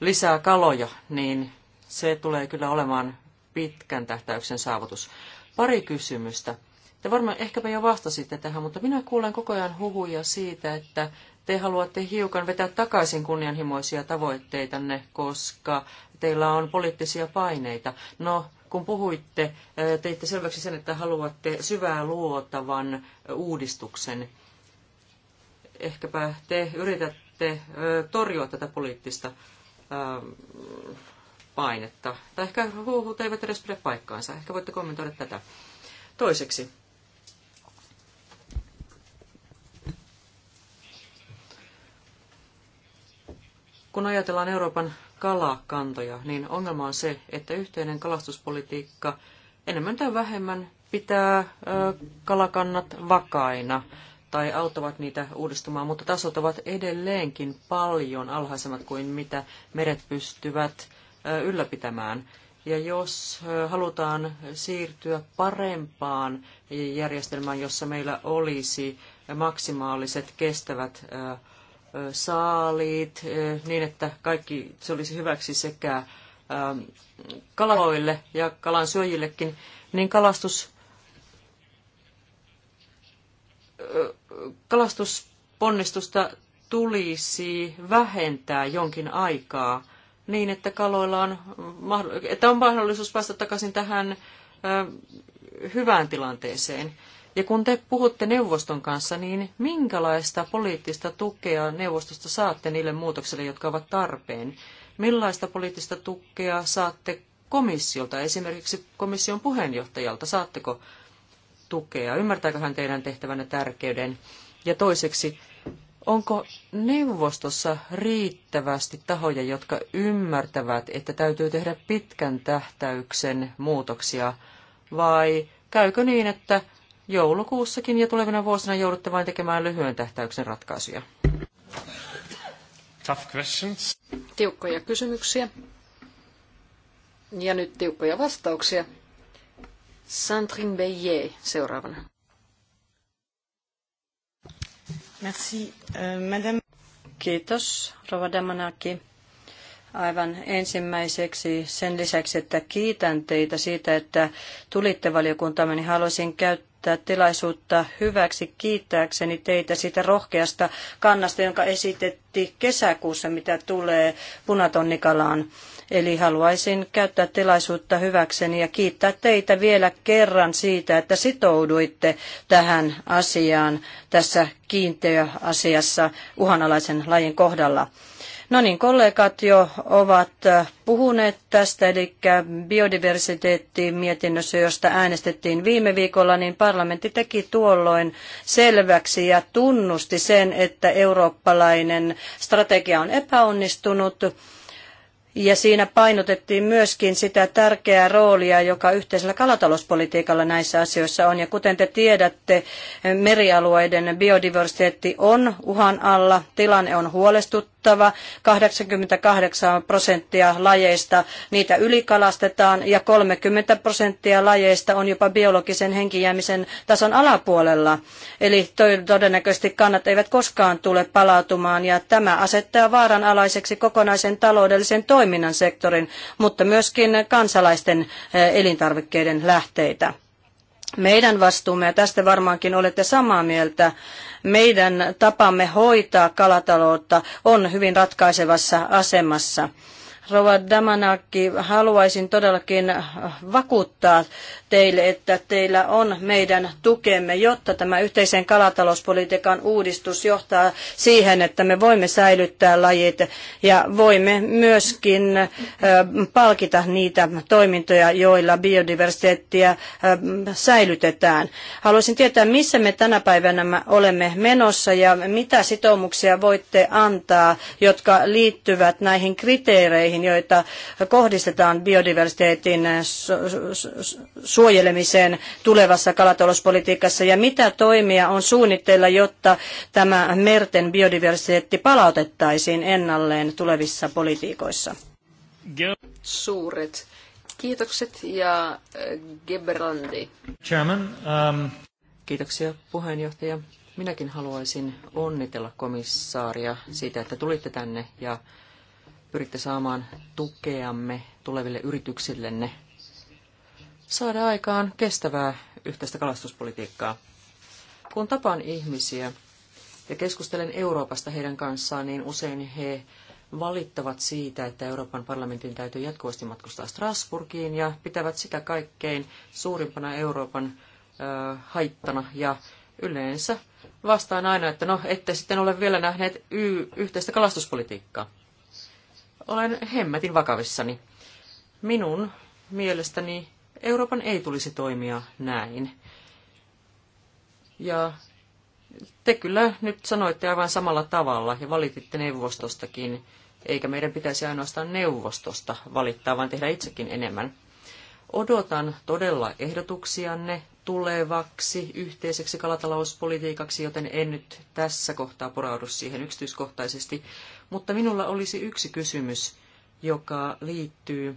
lisää kaloja, niin se tulee kyllä olemaan pitkän tähtäyksen saavutus. Pari kysymystä. Te varmaan ehkäpä jo vastasitte tähän, mutta minä kuulen koko ajan huhuja siitä, että te haluatte hiukan vetää takaisin kunnianhimoisia tavoitteitanne, koska teillä on poliittisia paineita. No, kun puhuitte, teitte selväksi sen, että haluatte syvää luotavan uudistuksen. Ehkäpä te yritätte torjua tätä poliittista painetta. Tai ehkä huuhut eivät edes pidä paikkaansa. Ehkä voitte kommentoida tätä. Toiseksi. Kun ajatellaan Euroopan kalakantoja, niin ongelma on se, että yhteinen kalastuspolitiikka enemmän tai vähemmän pitää kalakannat vakaina tai auttavat niitä uudistumaan, mutta tasot ovat edelleenkin paljon alhaisemmat kuin mitä meret pystyvät ylläpitämään. Ja jos halutaan siirtyä parempaan järjestelmään, jossa meillä olisi maksimaaliset kestävät saaliit niin, että kaikki se olisi hyväksi sekä ähm, kalavoille ja kalan syöjillekin, niin kalastus, kalastusponnistusta tulisi vähentää jonkin aikaa niin, että kaloilla on, että on mahdollisuus päästä takaisin tähän hyvään tilanteeseen. Ja kun te puhutte neuvoston kanssa, niin minkälaista poliittista tukea neuvostosta saatte niille muutoksille, jotka ovat tarpeen? Millaista poliittista tukea saatte komissiolta, esimerkiksi komission puheenjohtajalta? Saatteko tukea? Ymmärtääkö hän teidän tehtävänne tärkeyden? Ja toiseksi, onko neuvostossa riittävästi tahoja, jotka ymmärtävät, että täytyy tehdä pitkän tähtäyksen muutoksia, vai käykö niin, että joulukuussakin ja tulevina vuosina joudutte vain tekemään lyhyen tähtäyksen ratkaisuja? Tough questions. Tiukkoja kysymyksiä. Ja nyt tiukkoja vastauksia. Sandrine Beillet seuraavana. Merci, euh, madame. Kiitos, Rova Damanaki. Aivan ensimmäiseksi sen lisäksi, että kiitän teitä siitä, että tulitte valiokuntaan, niin haluaisin käyttää käyttää tilaisuutta hyväksi kiittääkseni teitä siitä rohkeasta kannasta, jonka esitettiin kesäkuussa, mitä tulee punatonnikalaan. Eli haluaisin käyttää tilaisuutta hyväkseni ja kiittää teitä vielä kerran siitä, että sitouduitte tähän asiaan tässä asiassa uhanalaisen lajin kohdalla. No niin, kollegat jo ovat äh, puhuneet tästä, eli biodiversiteettiin mietinnössä, josta äänestettiin viime viikolla, niin parlamentti teki tuolloin selväksi ja tunnusti sen, että eurooppalainen strategia on epäonnistunut. Ja siinä painotettiin myöskin sitä tärkeää roolia, joka yhteisellä kalatalouspolitiikalla näissä asioissa on. Ja kuten te tiedätte, merialueiden biodiversiteetti on uhan alla, tilanne on huolestuttava huolestuttava. 88 prosenttia lajeista niitä ylikalastetaan ja 30 prosenttia lajeista on jopa biologisen henkijäämisen tason alapuolella. Eli todennäköisesti kannat eivät koskaan tule palautumaan ja tämä asettaa vaaranalaiseksi kokonaisen taloudellisen toiminnan sektorin, mutta myöskin kansalaisten eh, elintarvikkeiden lähteitä meidän vastuumme, ja tästä varmaankin olette samaa mieltä, meidän tapamme hoitaa kalataloutta on hyvin ratkaisevassa asemassa. Rova Damanaki, haluaisin todellakin vakuuttaa teille, että teillä on meidän tukemme, jotta tämä yhteisen kalatalouspolitiikan uudistus johtaa siihen, että me voimme säilyttää lajit ja voimme myöskin palkita niitä toimintoja, joilla biodiversiteettiä säilytetään. Haluaisin tietää, missä me tänä päivänä olemme menossa ja mitä sitoumuksia voitte antaa, jotka liittyvät näihin kriteereihin, toimiin, joita kohdistetaan biodiversiteetin suojelemiseen tulevassa kalatalouspolitiikassa ja mitä toimia on suunnitteilla, jotta tämä merten biodiversiteetti palautettaisiin ennalleen tulevissa politiikoissa? Suuret kiitokset ja eh, Gebrandi. Chairman, um... Kiitoksia puheenjohtaja. Minäkin haluaisin onnitella komissaaria siitä, että tulitte tänne ja pyritte saamaan tukeamme tuleville yrityksillenne saada aikaan kestävää yhteistä kalastuspolitiikkaa. Kun tapaan ihmisiä ja keskustelen Euroopasta heidän kanssaan, niin usein he valittavat siitä, että Euroopan parlamentin täytyy jatkuvasti matkustaa Strasburgiin ja pitävät sitä kaikkein suurimpana Euroopan ö, haittana ja yleensä vastaan aina, että no ette sitten ole vielä nähneet y- yhteistä kalastuspolitiikkaa. Olen hemmetin vakavissani. Minun mielestäni Euroopan ei tulisi toimia näin. Ja te kyllä nyt sanoitte aivan samalla tavalla ja valititte neuvostostakin, eikä meidän pitäisi ainoastaan neuvostosta valittaa, vaan tehdä itsekin enemmän. Odotan todella ehdotuksianne tulevaksi yhteiseksi kalatalouspolitiikaksi, joten en nyt tässä kohtaa poraudu siihen yksityiskohtaisesti. Mutta minulla olisi yksi kysymys, joka liittyy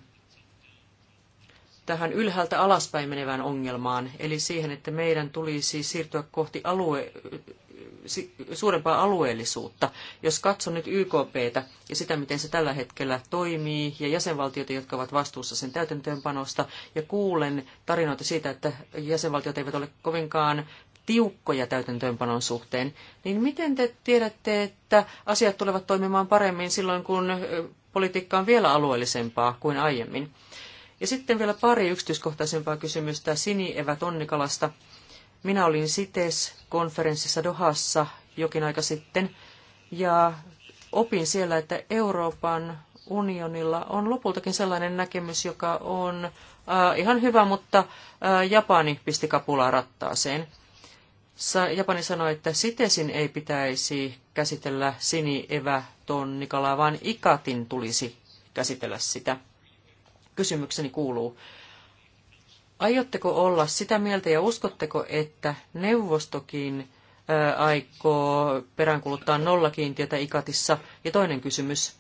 tähän ylhäältä alaspäin menevään ongelmaan, eli siihen, että meidän tulisi siirtyä kohti alue, suurempaa alueellisuutta. Jos katson nyt YKPtä ja sitä, miten se tällä hetkellä toimii, ja jäsenvaltioita, jotka ovat vastuussa sen täytäntöönpanosta, ja kuulen tarinoita siitä, että jäsenvaltiot eivät ole kovinkaan tiukkoja täytäntöönpanon suhteen, niin miten te tiedätte, että asiat tulevat toimimaan paremmin silloin, kun politiikka on vielä alueellisempaa kuin aiemmin? Ja sitten vielä pari yksityiskohtaisempaa kysymystä Sinievä Tonnikalasta. Minä olin e sites konferenssissa Dohassa jokin aika sitten ja opin siellä, että Euroopan unionilla on lopultakin sellainen näkemys, joka on äh, ihan hyvä, mutta äh, Japani pisti kapulaa rattaaseen. Sa- Japani sanoi, että sitesin ei pitäisi käsitellä sinievä tonnikalaa, vaan ikatin tulisi käsitellä sitä. Kysymykseni kuuluu, Aiotteko olla sitä mieltä ja uskotteko, että neuvostokin aikoo peräänkuluttaa nollakiintiötä ikatissa? Ja toinen kysymys.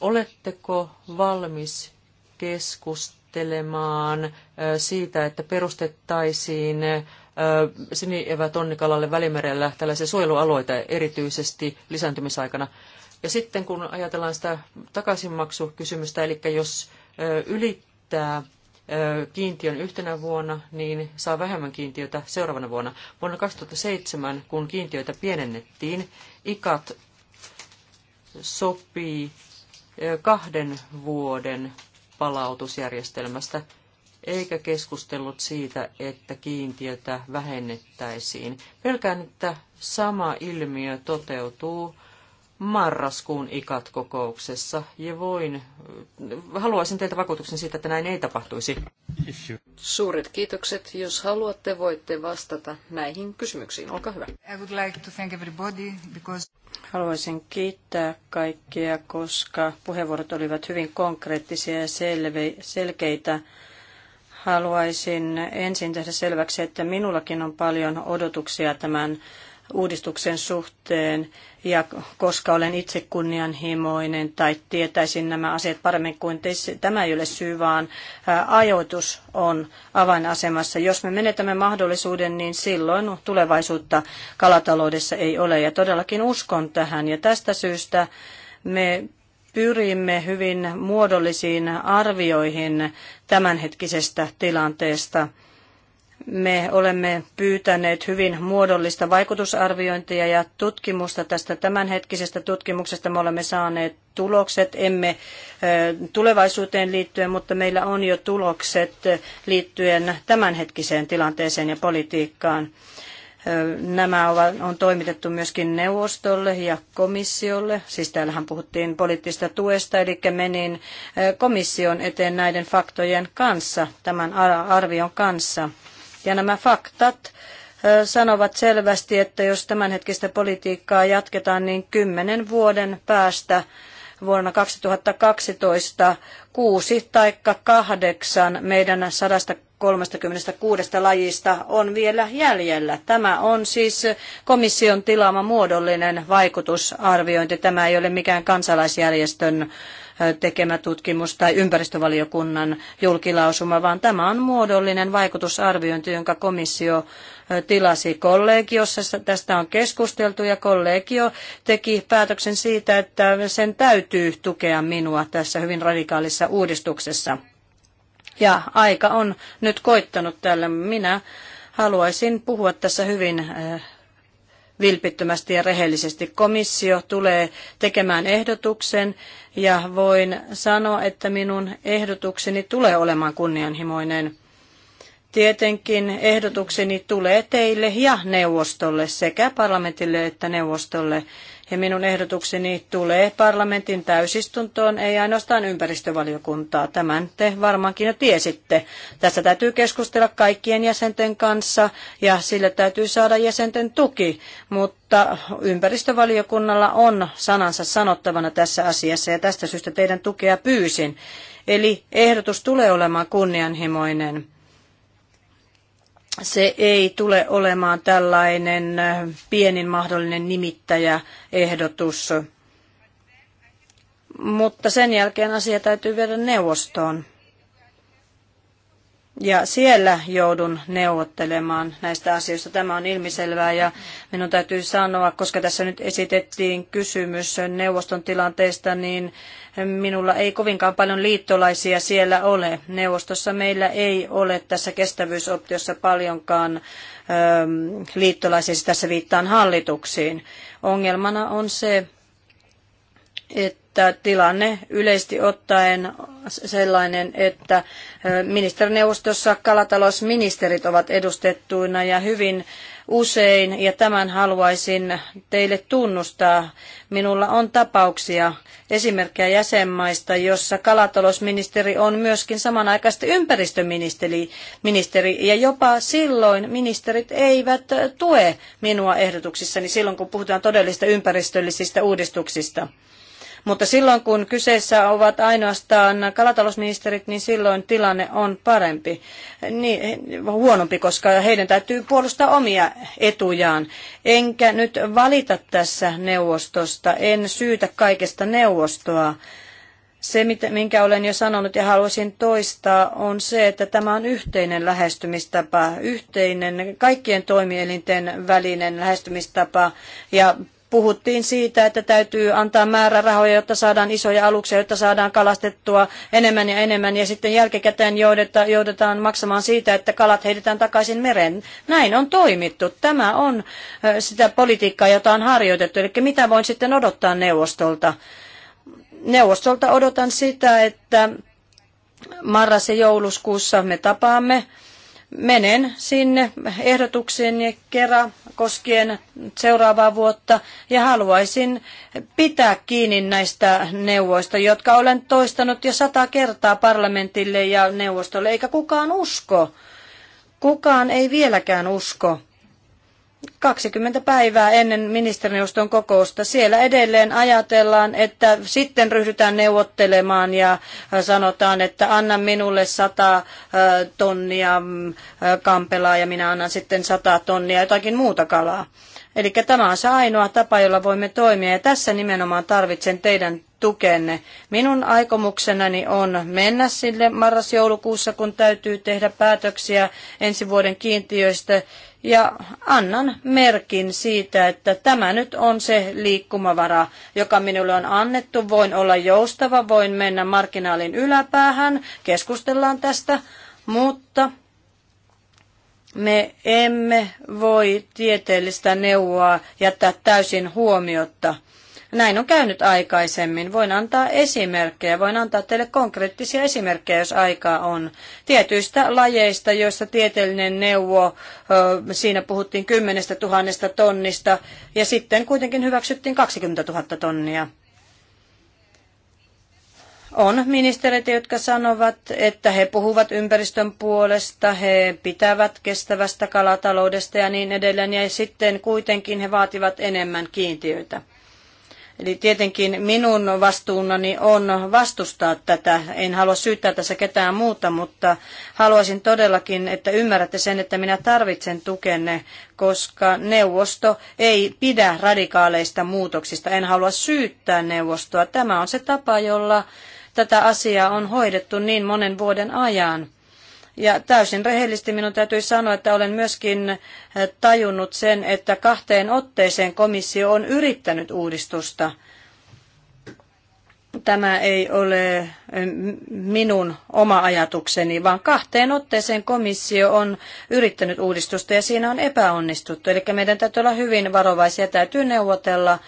Oletteko valmis keskustelemaan siitä, että perustettaisiin sinievät onnikalalle välimerellä tällaisia suojelualueita erityisesti lisääntymisaikana? Ja sitten kun ajatellaan sitä takaisinmaksukysymystä, eli jos ylittää kiintiön yhtenä vuonna, niin saa vähemmän kiintiötä seuraavana vuonna. Vuonna 2007, kun kiintiöitä pienennettiin, ikat sopii kahden vuoden palautusjärjestelmästä, eikä keskustellut siitä, että kiintiötä vähennettäisiin. Pelkään, että sama ilmiö toteutuu marraskuun ICAT-kokouksessa ja voin, haluaisin teiltä vakuutuksen siitä, että näin ei tapahtuisi. Suuret kiitokset. Jos haluatte, voitte vastata näihin kysymyksiin. Olkaa hyvä. I would like to thank because... Haluaisin kiittää kaikkia, koska puheenvuorot olivat hyvin konkreettisia ja selve, selkeitä. Haluaisin ensin tehdä selväksi, että minullakin on paljon odotuksia tämän uudistuksen suhteen ja koska olen itse kunnianhimoinen tai tietäisin nämä asiat paremmin kuin te, tämä ei ole syy, vaan ajoitus on avainasemassa. Jos me menetämme mahdollisuuden, niin silloin tulevaisuutta kalataloudessa ei ole ja todellakin uskon tähän ja tästä syystä me pyrimme hyvin muodollisiin arvioihin tämänhetkisestä tilanteesta – me olemme pyytäneet hyvin muodollista vaikutusarviointia ja tutkimusta tästä tämänhetkisestä tutkimuksesta. Me olemme saaneet tulokset, emme tulevaisuuteen liittyen, mutta meillä on jo tulokset liittyen tämänhetkiseen tilanteeseen ja politiikkaan. Nämä on toimitettu myöskin neuvostolle ja komissiolle, siis täällähän puhuttiin poliittista tuesta, eli menin komission eteen näiden faktojen kanssa, tämän arvion kanssa. Ja nämä faktat sanovat selvästi, että jos tämänhetkistä politiikkaa jatketaan, niin kymmenen vuoden päästä vuonna 2012 kuusi tai kahdeksan meidän 136 lajista on vielä jäljellä. Tämä on siis komission tilaama muodollinen vaikutusarviointi. Tämä ei ole mikään kansalaisjärjestön tekemä tutkimus tai ympäristövaliokunnan julkilausuma, vaan tämä on muodollinen vaikutusarviointi, jonka komissio tilasi kollegiossa. Tästä on keskusteltu ja kollegio teki päätöksen siitä, että sen täytyy tukea minua tässä hyvin radikaalissa uudistuksessa. Ja aika on nyt koittanut tälle. Minä haluaisin puhua tässä hyvin vilpittömästi ja rehellisesti. Komissio tulee tekemään ehdotuksen ja voin sanoa, että minun ehdotukseni tulee olemaan kunnianhimoinen. Tietenkin ehdotukseni tulee teille ja neuvostolle, sekä parlamentille että neuvostolle. Ja minun ehdotukseni tulee parlamentin täysistuntoon, ei ainoastaan ympäristövaliokuntaa. Tämän te varmaankin jo tiesitte. Tässä täytyy keskustella kaikkien jäsenten kanssa ja sille täytyy saada jäsenten tuki, mutta ympäristövaliokunnalla on sanansa sanottavana tässä asiassa ja tästä syystä teidän tukea pyysin. Eli ehdotus tulee olemaan kunnianhimoinen se ei tule olemaan tällainen äh, pienin mahdollinen nimittäjäehdotus. Mutta sen jälkeen asia täytyy viedä neuvostoon ja siellä joudun neuvottelemaan näistä asioista. Tämä on ilmiselvää ja minun täytyy sanoa, koska tässä nyt esitettiin kysymys neuvoston tilanteesta, niin minulla ei kovinkaan paljon liittolaisia siellä ole. Neuvostossa meillä ei ole tässä kestävyysoptiossa paljonkaan ähm, liittolaisia, tässä viittaan hallituksiin. Ongelmana on se, että että tilanne yleisesti ottaen sellainen, että ministerineuvostossa kalatalousministerit ovat edustettuina ja hyvin usein, ja tämän haluaisin teille tunnustaa. Minulla on tapauksia, esimerkkejä jäsenmaista, jossa kalatalousministeri on myöskin samanaikaisesti ympäristöministeri, ministeri, ja jopa silloin ministerit eivät tue minua ehdotuksissani silloin, kun puhutaan todellisista ympäristöllisistä uudistuksista. Mutta silloin kun kyseessä ovat ainoastaan kalatalousministerit, niin silloin tilanne on parempi, niin, huonompi, koska heidän täytyy puolustaa omia etujaan. Enkä nyt valita tässä neuvostosta, en syytä kaikesta neuvostoa. Se, minkä olen jo sanonut ja haluaisin toistaa, on se, että tämä on yhteinen lähestymistapa, yhteinen kaikkien toimielinten välinen lähestymistapa ja puhuttiin siitä, että täytyy antaa määrärahoja, jotta saadaan isoja aluksia, jotta saadaan kalastettua enemmän ja enemmän, ja sitten jälkikäteen joudutaan maksamaan siitä, että kalat heitetään takaisin mereen. Näin on toimittu. Tämä on sitä politiikkaa, jota on harjoitettu. Eli mitä voin sitten odottaa neuvostolta? Neuvostolta odotan sitä, että marras ja jouluskuussa me tapaamme menen sinne ehdotuksen kerran koskien seuraavaa vuotta ja haluaisin pitää kiinni näistä neuvoista, jotka olen toistanut jo sata kertaa parlamentille ja neuvostolle, eikä kukaan usko. Kukaan ei vieläkään usko. 20 päivää ennen ministerineuvoston kokousta. Siellä edelleen ajatellaan, että sitten ryhdytään neuvottelemaan ja sanotaan, että anna minulle 100 tonnia kampelaa ja minä annan sitten 100 tonnia jotakin muuta kalaa. Eli tämä on se ainoa tapa, jolla voimme toimia ja tässä nimenomaan tarvitsen teidän tukenne. Minun aikomuksenani on mennä sille marras-joulukuussa, kun täytyy tehdä päätöksiä ensi vuoden kiintiöistä, ja annan merkin siitä, että tämä nyt on se liikkumavara, joka minulle on annettu. Voin olla joustava, voin mennä marginaalin yläpäähän, keskustellaan tästä, mutta me emme voi tieteellistä neuvoa jättää täysin huomiotta – näin on käynyt aikaisemmin. Voin antaa esimerkkejä, voin antaa teille konkreettisia esimerkkejä, jos aikaa on. Tietyistä lajeista, joissa tieteellinen neuvo, siinä puhuttiin 10 000 tonnista, ja sitten kuitenkin hyväksyttiin 20 000 tonnia on ministereitä, jotka sanovat, että he puhuvat ympäristön puolesta, he pitävät kestävästä kalataloudesta ja niin edelleen, ja sitten kuitenkin he vaativat enemmän kiintiöitä. Eli tietenkin minun vastuunani on vastustaa tätä. En halua syyttää tässä ketään muuta, mutta haluaisin todellakin, että ymmärrätte sen, että minä tarvitsen tukenne, koska neuvosto ei pidä radikaaleista muutoksista. En halua syyttää neuvostoa. Tämä on se tapa, jolla tätä asiaa on hoidettu niin monen vuoden ajan. Ja täysin rehellisesti minun täytyy sanoa, että olen myöskin eh, tajunnut sen, että kahteen otteeseen komissio on yrittänyt uudistusta. Tämä ei ole eh, minun oma ajatukseni, vaan kahteen otteeseen komissio on yrittänyt uudistusta ja siinä on epäonnistuttu. Eli meidän täytyy olla hyvin varovaisia, täytyy neuvotella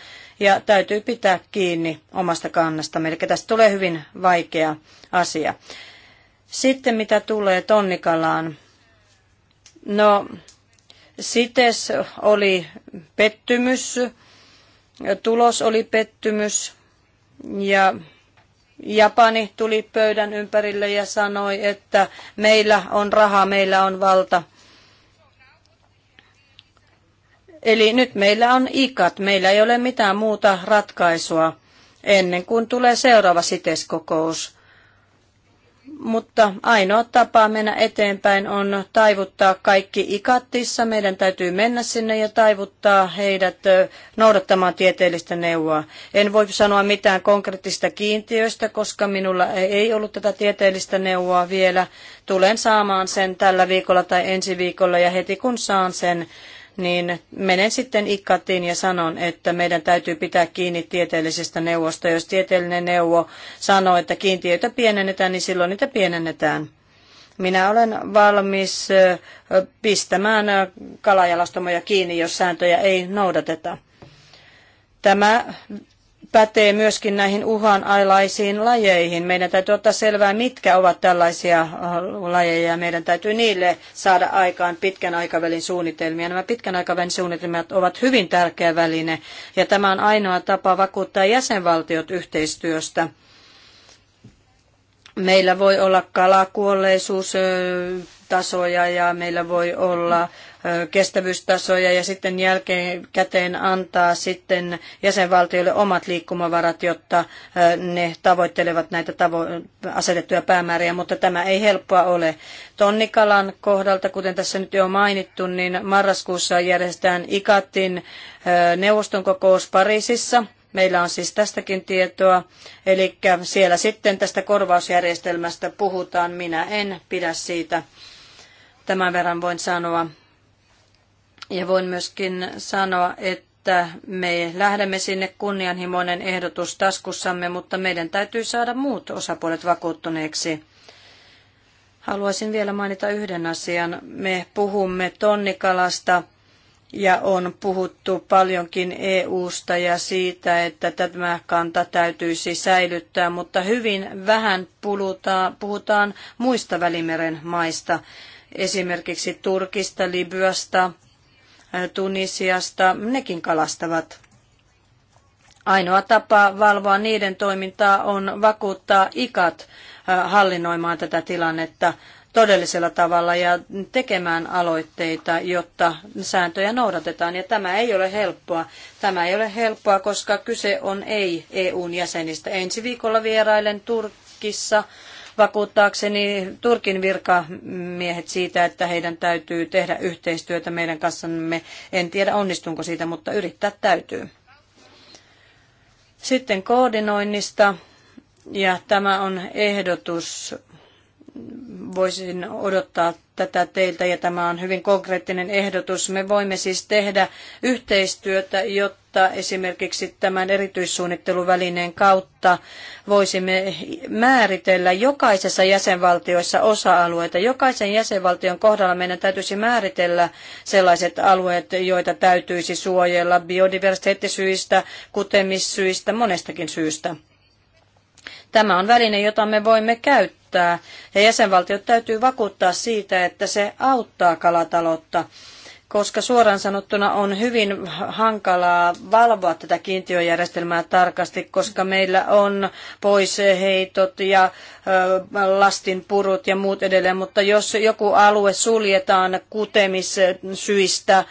ja täytyy pitää kiinni omasta kannastamme. Eli tästä tulee hyvin vaikea asia. Sitten mitä tulee tonnikalaan. No, sites oli pettymys, tulos oli pettymys ja Japani tuli pöydän ympärille ja sanoi, että meillä on raha, meillä on valta. Eli nyt meillä on ikat, meillä ei ole mitään muuta ratkaisua ennen kuin tulee seuraava siteskokous. Mutta ainoa tapa mennä eteenpäin on taivuttaa kaikki ikattissa. Meidän täytyy mennä sinne ja taivuttaa heidät noudattamaan tieteellistä neuvoa. En voi sanoa mitään konkreettista kiintiöistä, koska minulla ei ollut tätä tieteellistä neuvoa vielä. Tulen saamaan sen tällä viikolla tai ensi viikolla ja heti kun saan sen, niin menen sitten ikkatiin ja sanon, että meidän täytyy pitää kiinni tieteellisestä neuvosta. Jos tieteellinen neuvo sanoo, että kiintiöitä pienennetään, niin silloin niitä pienennetään. Minä olen valmis pistämään kalajalastamoja kiinni, jos sääntöjä ei noudateta. Tämä pätee myöskin näihin uhanalaisiin lajeihin. Meidän täytyy ottaa selvää, mitkä ovat tällaisia äh, lajeja ja meidän täytyy niille saada aikaan pitkän aikavälin suunnitelmia. Nämä pitkän aikavälin suunnitelmat ovat hyvin tärkeä väline ja tämä on ainoa tapa vakuuttaa jäsenvaltiot yhteistyöstä. Meillä voi olla kalakuolleisuustasoja ja meillä voi olla kestävyystasoja ja sitten jälkikäteen antaa sitten jäsenvaltioille omat liikkumavarat, jotta ne tavoittelevat näitä tavo- asetettuja päämääriä, mutta tämä ei helppoa ole. Tonnikalan kohdalta, kuten tässä nyt jo mainittu, niin marraskuussa järjestetään ikatin neuvoston kokous Pariisissa. Meillä on siis tästäkin tietoa. Eli siellä sitten tästä korvausjärjestelmästä puhutaan. Minä en pidä siitä. Tämän verran voin sanoa. Ja voin myöskin sanoa, että me lähdemme sinne kunnianhimoinen ehdotus taskussamme, mutta meidän täytyy saada muut osapuolet vakuuttuneeksi. Haluaisin vielä mainita yhden asian. Me puhumme tonnikalasta ja on puhuttu paljonkin EUsta ja siitä, että tämä kanta täytyisi säilyttää, mutta hyvin vähän puhutaan muista Välimeren maista, esimerkiksi Turkista, Libyasta, Tunisiasta, nekin kalastavat. Ainoa tapa valvoa niiden toimintaa on vakuuttaa ikat äh, hallinnoimaan tätä tilannetta todellisella tavalla ja tekemään aloitteita, jotta sääntöjä noudatetaan. Ja tämä ei ole helppoa. Tämä ei ole helppoa, koska kyse on ei-EUn jäsenistä. Ensi viikolla vierailen Turkissa vakuuttaakseni Turkin virkamiehet siitä, että heidän täytyy tehdä yhteistyötä meidän kanssamme. En tiedä onnistunko siitä, mutta yrittää täytyy. Sitten koordinoinnista, ja tämä on ehdotus voisin odottaa tätä teiltä ja tämä on hyvin konkreettinen ehdotus. Me voimme siis tehdä yhteistyötä, jotta esimerkiksi tämän erityissuunnitteluvälineen kautta voisimme määritellä jokaisessa jäsenvaltioissa osa-alueita. Jokaisen jäsenvaltion kohdalla meidän täytyisi määritellä sellaiset alueet, joita täytyisi suojella biodiversiteettisyistä, kutemissyistä, monestakin syystä. Tämä on väline, jota me voimme käyttää ja jäsenvaltiot täytyy vakuuttaa siitä, että se auttaa kalataloutta koska suoraan sanottuna on hyvin hankalaa valvoa tätä kiintiöjärjestelmää tarkasti, koska meillä on poisheitot ja lastinpurut ja muut edelleen, mutta jos joku alue suljetaan kutemissyistä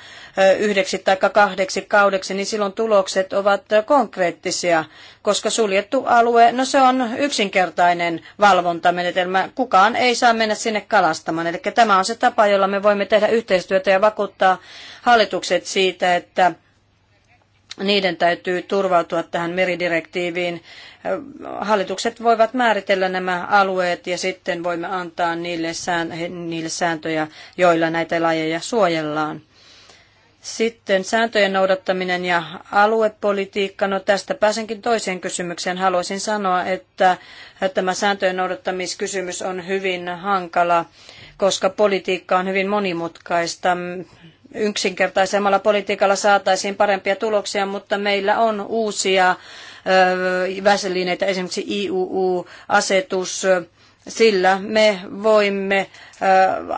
yhdeksi tai kahdeksi kaudeksi, niin silloin tulokset ovat konkreettisia, koska suljettu alue, no se on yksinkertainen valvontamenetelmä. Kukaan ei saa mennä sinne kalastamaan. Eli tämä on se tapa, jolla me voimme tehdä yhteistyötä ja vakuuttaa hallitukset siitä, että niiden täytyy turvautua tähän meridirektiiviin. Hallitukset voivat määritellä nämä alueet ja sitten voimme antaa niille, sääntöjä, joilla näitä lajeja suojellaan. Sitten sääntöjen noudattaminen ja aluepolitiikka. No tästä pääsenkin toiseen kysymykseen. Haluaisin sanoa, että tämä sääntöjen noudattamiskysymys on hyvin hankala, koska politiikka on hyvin monimutkaista. Yksinkertaisemmalla politiikalla saataisiin parempia tuloksia, mutta meillä on uusia väselineitä, esimerkiksi IUU-asetus, sillä me voimme äh,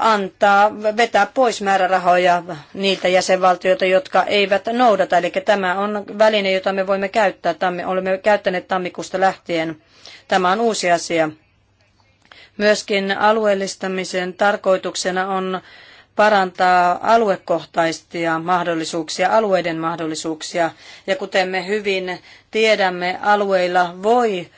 antaa, vetää pois määrärahoja niiltä jäsenvaltioita, jotka eivät noudata. Eli tämä on väline, jota me voimme käyttää. Tammi, olemme käyttäneet tammikuusta lähtien. Tämä on uusi asia. Myöskin alueellistamisen tarkoituksena on parantaa aluekohtaisia mahdollisuuksia, alueiden mahdollisuuksia. Ja kuten me hyvin tiedämme, alueilla voi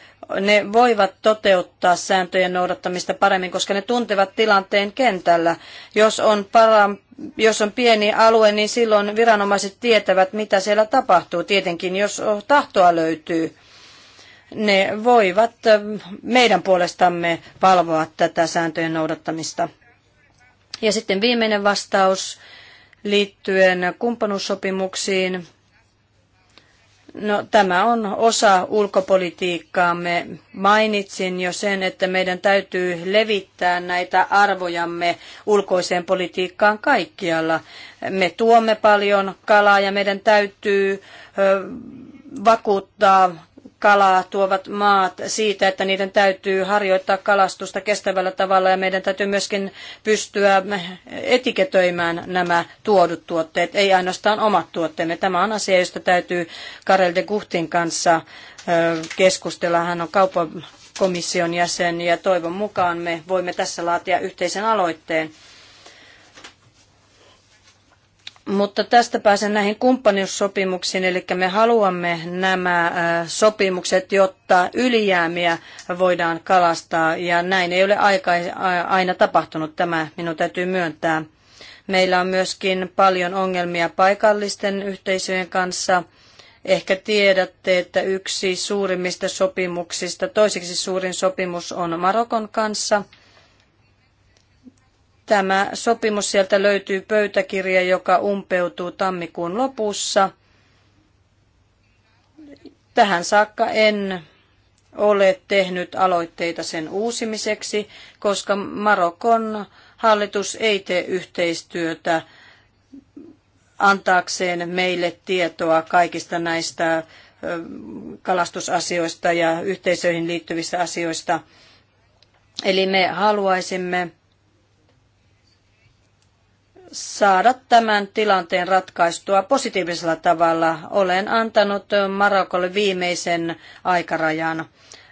ne voivat toteuttaa sääntöjen noudattamista paremmin, koska ne tuntevat tilanteen kentällä. Jos on, para, jos on pieni alue, niin silloin viranomaiset tietävät, mitä siellä tapahtuu. Tietenkin, jos tahtoa löytyy, ne voivat meidän puolestamme valvoa tätä sääntöjen noudattamista. Ja sitten viimeinen vastaus liittyen kumppanuussopimuksiin. No, tämä on osa ulkopolitiikkaamme. Mainitsin jo sen, että meidän täytyy levittää näitä arvojamme ulkoiseen politiikkaan kaikkialla. Me tuomme paljon kalaa ja meidän täytyy vakuuttaa kalaa tuovat maat siitä, että niiden täytyy harjoittaa kalastusta kestävällä tavalla ja meidän täytyy myöskin pystyä etiketöimään nämä tuodut tuotteet, ei ainoastaan omat tuotteemme. Tämä on asia, josta täytyy Karel de Guhtin kanssa keskustella. Hän on kaupan komission jäsen ja toivon mukaan me voimme tässä laatia yhteisen aloitteen mutta tästä pääsen näihin kumppanuussopimuksiin, eli me haluamme nämä äh, sopimukset, jotta ylijäämiä voidaan kalastaa, ja näin ei ole äh, aina tapahtunut tämä, minun täytyy myöntää. Meillä on myöskin paljon ongelmia paikallisten yhteisöjen kanssa. Ehkä tiedätte, että yksi suurimmista sopimuksista, toiseksi suurin sopimus on Marokon kanssa – Tämä sopimus sieltä löytyy pöytäkirja, joka umpeutuu tammikuun lopussa. Tähän saakka en ole tehnyt aloitteita sen uusimiseksi, koska Marokon hallitus ei tee yhteistyötä antaakseen meille tietoa kaikista näistä kalastusasioista ja yhteisöihin liittyvistä asioista. Eli me haluaisimme saada tämän tilanteen ratkaistua positiivisella tavalla. Olen antanut Marokolle viimeisen aikarajan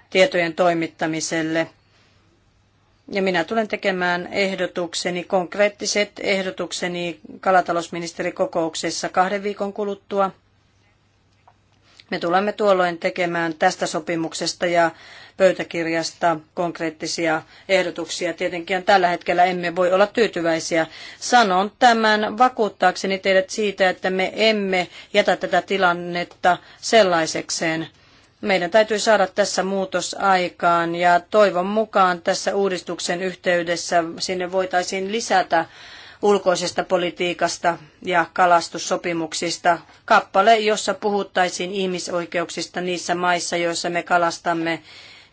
tietojen toimittamiselle. Ja minä tulen tekemään ehdotukseni, konkreettiset ehdotukseni kalatalousministerikokouksessa kahden viikon kuluttua. Me tulemme tuolloin tekemään tästä sopimuksesta ja pöytäkirjasta konkreettisia ehdotuksia. Tietenkin tällä hetkellä emme voi olla tyytyväisiä. Sanon tämän vakuuttaakseni teidät siitä, että me emme jätä tätä tilannetta sellaisekseen. Meidän täytyy saada tässä muutos aikaan ja toivon mukaan tässä uudistuksen yhteydessä sinne voitaisiin lisätä ulkoisesta politiikasta ja kalastussopimuksista. Kappale, jossa puhuttaisiin ihmisoikeuksista niissä maissa, joissa me kalastamme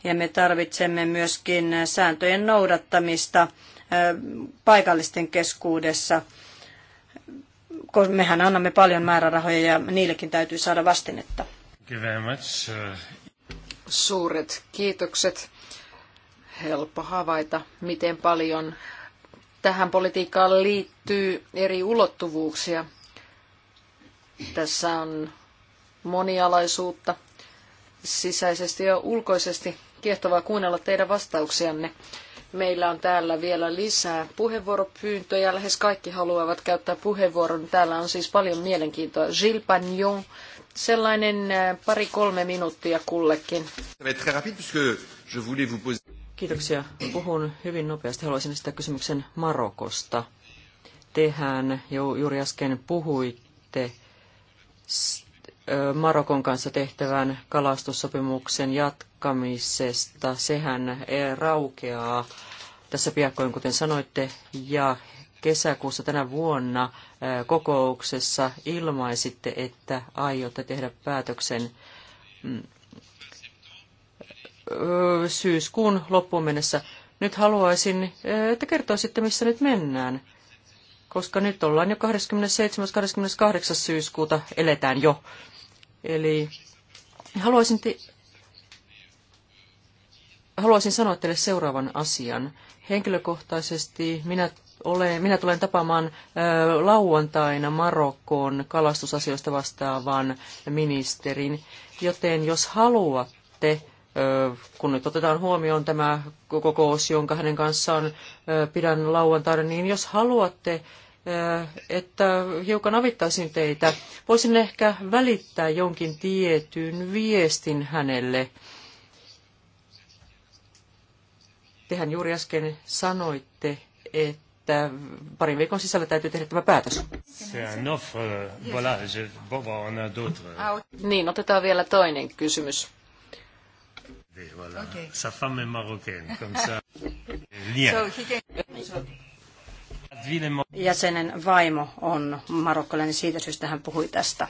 ja me tarvitsemme myöskin sääntöjen noudattamista paikallisten keskuudessa, mehän annamme paljon määrärahoja ja niillekin täytyy saada vastinetta. Suuret kiitokset. Helppo havaita, miten paljon tähän politiikkaan liittyy eri ulottuvuuksia. Tässä on monialaisuutta sisäisesti ja ulkoisesti kiehtovaa kuunnella teidän vastauksianne. Meillä on täällä vielä lisää puheenvuoropyyntöjä. Lähes kaikki haluavat käyttää puheenvuoron. Täällä on siis paljon mielenkiintoa. Gilles Pagnon, sellainen äh, pari-kolme minuuttia kullekin. Kiitoksia. Puhun hyvin nopeasti. Haluaisin esittää kysymyksen Marokosta. Tehän jo juuri äsken puhuitte Marokon kanssa tehtävän kalastussopimuksen jatkamisesta. Sehän raukeaa tässä piakkoin, kuten sanoitte, ja kesäkuussa tänä vuonna kokouksessa ilmaisitte, että aiotte tehdä päätöksen mm, syyskuun loppuun mennessä. Nyt haluaisin, että kertoisitte, missä nyt mennään, koska nyt ollaan jo 27.-28. syyskuuta, eletään jo. Eli haluaisin, te, haluaisin sanoa teille seuraavan asian. Henkilökohtaisesti minä, olen, minä tulen tapaamaan lauantaina Marokkoon kalastusasioista vastaavan ministerin, joten jos haluatte kun nyt otetaan huomioon tämä kokous, jonka hänen kanssaan pidän lauantaina, niin jos haluatte että hiukan avittaisin teitä. Voisin ehkä välittää jonkin tietyn viestin hänelle. Tehän juuri äsken sanoitte, että parin viikon sisällä täytyy tehdä tämä päätös. Euh, niin, otetaan vielä toinen kysymys. Okay. Sa femme marocaine, comme ça. [laughs] jäsenen vaimo on marokkolainen, siitä syystä hän puhui tästä.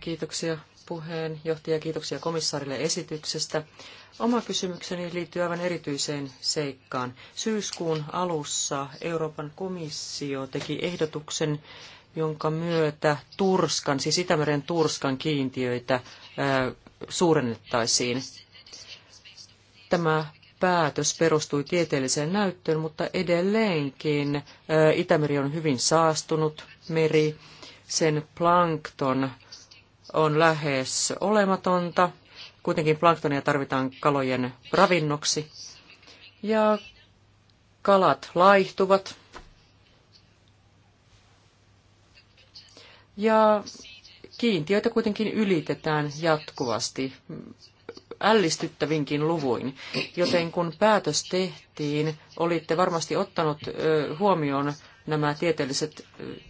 Kiitoksia puheenjohtaja, kiitoksia komissaarille esityksestä. Oma kysymykseni liittyy aivan erityiseen seikkaan. Syyskuun alussa Euroopan komissio teki ehdotuksen, jonka myötä Turskan, siis Itämeren Turskan kiintiöitä suurennettaisiin. Tämä päätös perustui tieteelliseen näyttöön, mutta edelleenkin Itämeri on hyvin saastunut meri. Sen plankton on lähes olematonta. Kuitenkin planktonia tarvitaan kalojen ravinnoksi. Ja kalat laihtuvat. Ja kiintiöitä kuitenkin ylitetään jatkuvasti ällistyttävinkin luvuin. Joten kun päätös tehtiin, olitte varmasti ottanut huomioon nämä tieteelliset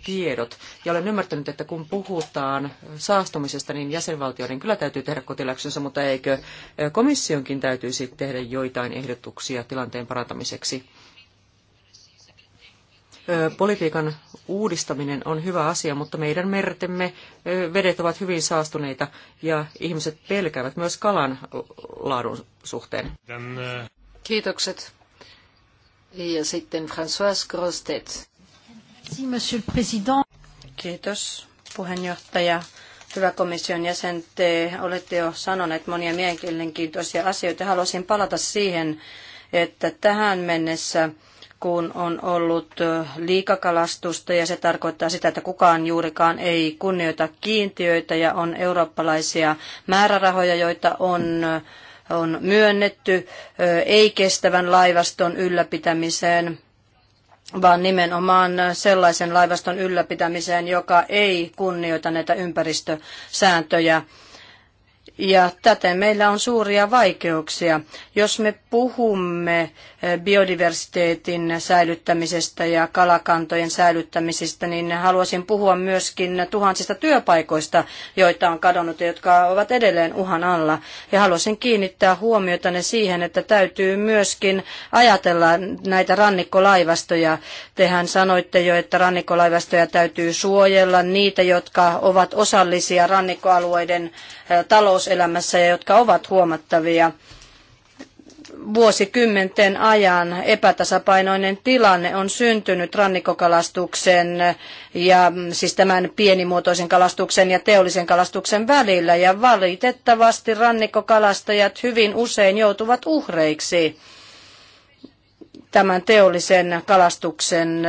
tiedot. Ja olen ymmärtänyt, että kun puhutaan saastumisesta, niin jäsenvaltioiden kyllä täytyy tehdä kotiläksynsä, mutta eikö komissionkin täytyisi tehdä joitain ehdotuksia tilanteen parantamiseksi? Politiikan uudistaminen on hyvä asia, mutta meidän mertemme vedet ovat hyvin saastuneita ja ihmiset pelkäävät myös kalan laadun suhteen. Kiitokset. Ja sitten François Grostet. Kiitos puheenjohtaja. Hyvä komission jäsen, te olette jo sanoneet monia mielenkiintoisia asioita. Haluaisin palata siihen, että tähän mennessä kun on ollut liikakalastusta ja se tarkoittaa sitä, että kukaan juurikaan ei kunnioita kiintiöitä ja on eurooppalaisia määrärahoja, joita on, on myönnetty ei-kestävän laivaston ylläpitämiseen vaan nimenomaan sellaisen laivaston ylläpitämiseen, joka ei kunnioita näitä ympäristösääntöjä ja täten meillä on suuria vaikeuksia. Jos me puhumme eh, biodiversiteetin säilyttämisestä ja kalakantojen säilyttämisestä, niin haluaisin puhua myöskin tuhansista työpaikoista, joita on kadonnut ja jotka ovat edelleen uhan alla. Ja haluaisin kiinnittää ne siihen, että täytyy myöskin ajatella näitä rannikkolaivastoja. Tehän sanoitte jo, että rannikkolaivastoja täytyy suojella niitä, jotka ovat osallisia rannikkoalueiden eh, talous talouselämässä ja jotka ovat huomattavia. Vuosikymmenten ajan epätasapainoinen tilanne on syntynyt rannikkokalastuksen ja siis tämän pienimuotoisen kalastuksen ja teollisen kalastuksen välillä ja valitettavasti rannikkokalastajat hyvin usein joutuvat uhreiksi tämän teollisen kalastuksen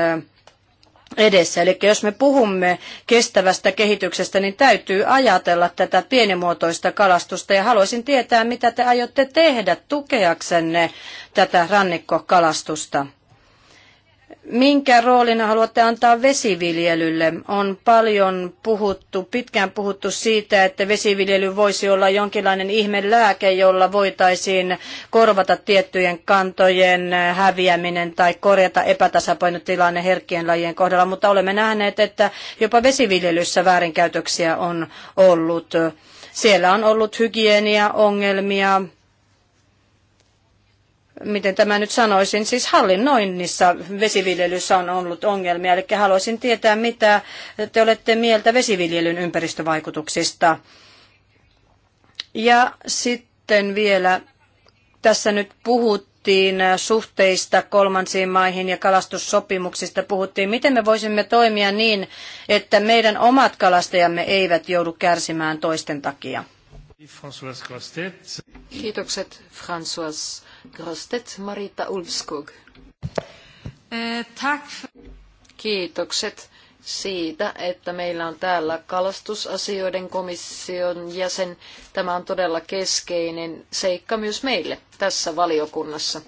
edessä. Eli jos me puhumme kestävästä kehityksestä, niin täytyy ajatella tätä pienimuotoista kalastusta. Ja haluaisin tietää, mitä te aiotte tehdä tukeaksenne tätä rannikkokalastusta. Minkä roolin haluatte antaa vesiviljelylle? On paljon puhuttu, pitkään puhuttu siitä, että vesiviljely voisi olla jonkinlainen ihmelääke, jolla voitaisiin korvata tiettyjen kantojen häviäminen tai korjata epätasapainotilanne herkkien lajien kohdalla, mutta olemme nähneet, että jopa vesiviljelyssä väärinkäytöksiä on ollut. Siellä on ollut hygieniaongelmia, miten tämä nyt sanoisin, siis hallinnoinnissa vesiviljelyssä on ollut ongelmia. Eli haluaisin tietää, mitä te olette mieltä vesiviljelyn ympäristövaikutuksista. Ja sitten vielä tässä nyt puhuttiin suhteista kolmansiin maihin ja kalastussopimuksista puhuttiin. Miten me voisimme toimia niin, että meidän omat kalastajamme eivät joudu kärsimään toisten takia? Kiitokset François Grostet Marita Ulfskog. Eh, tack. Kiitokset siitä, että meillä on täällä kalastusasioiden komission jäsen. Tämä on todella keskeinen seikka myös meille tässä valiokunnassa.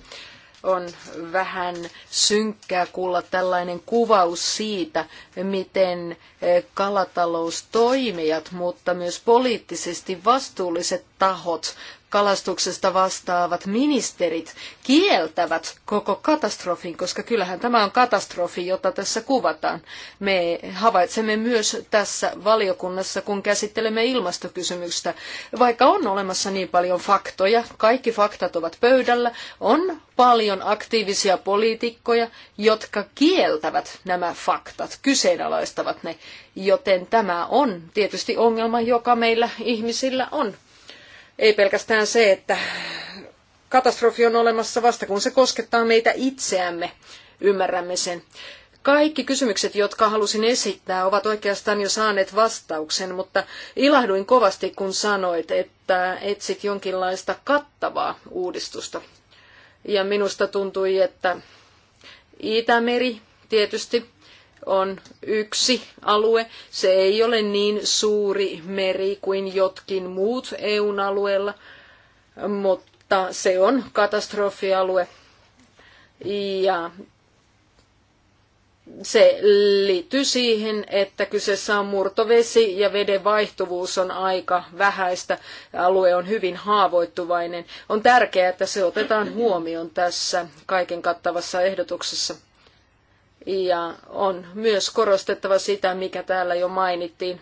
On vähän synkkää kuulla tällainen kuvaus siitä, miten eh, kalataloustoimijat, mutta myös poliittisesti vastuulliset tahot kalastuksesta vastaavat ministerit kieltävät koko katastrofin, koska kyllähän tämä on katastrofi, jota tässä kuvataan. Me havaitsemme myös tässä valiokunnassa, kun käsittelemme ilmastokysymystä, vaikka on olemassa niin paljon faktoja, kaikki faktat ovat pöydällä, on paljon aktiivisia poliitikkoja, jotka kieltävät nämä faktat, kyseenalaistavat ne, joten tämä on tietysti ongelma, joka meillä ihmisillä on ei pelkästään se, että katastrofi on olemassa vasta kun se koskettaa meitä itseämme. Ymmärrämme sen. Kaikki kysymykset, jotka halusin esittää, ovat oikeastaan jo saaneet vastauksen, mutta ilahduin kovasti, kun sanoit, että etsit jonkinlaista kattavaa uudistusta. Ja minusta tuntui, että Itämeri tietysti on yksi alue. Se ei ole niin suuri meri kuin jotkin muut EUn alueella, mutta se on katastrofialue. Ja se liittyy siihen, että kyseessä on murtovesi ja veden vaihtuvuus on aika vähäistä. Alue on hyvin haavoittuvainen. On tärkeää, että se otetaan huomioon tässä kaiken kattavassa ehdotuksessa. Ja on myös korostettava sitä, mikä täällä jo mainittiin.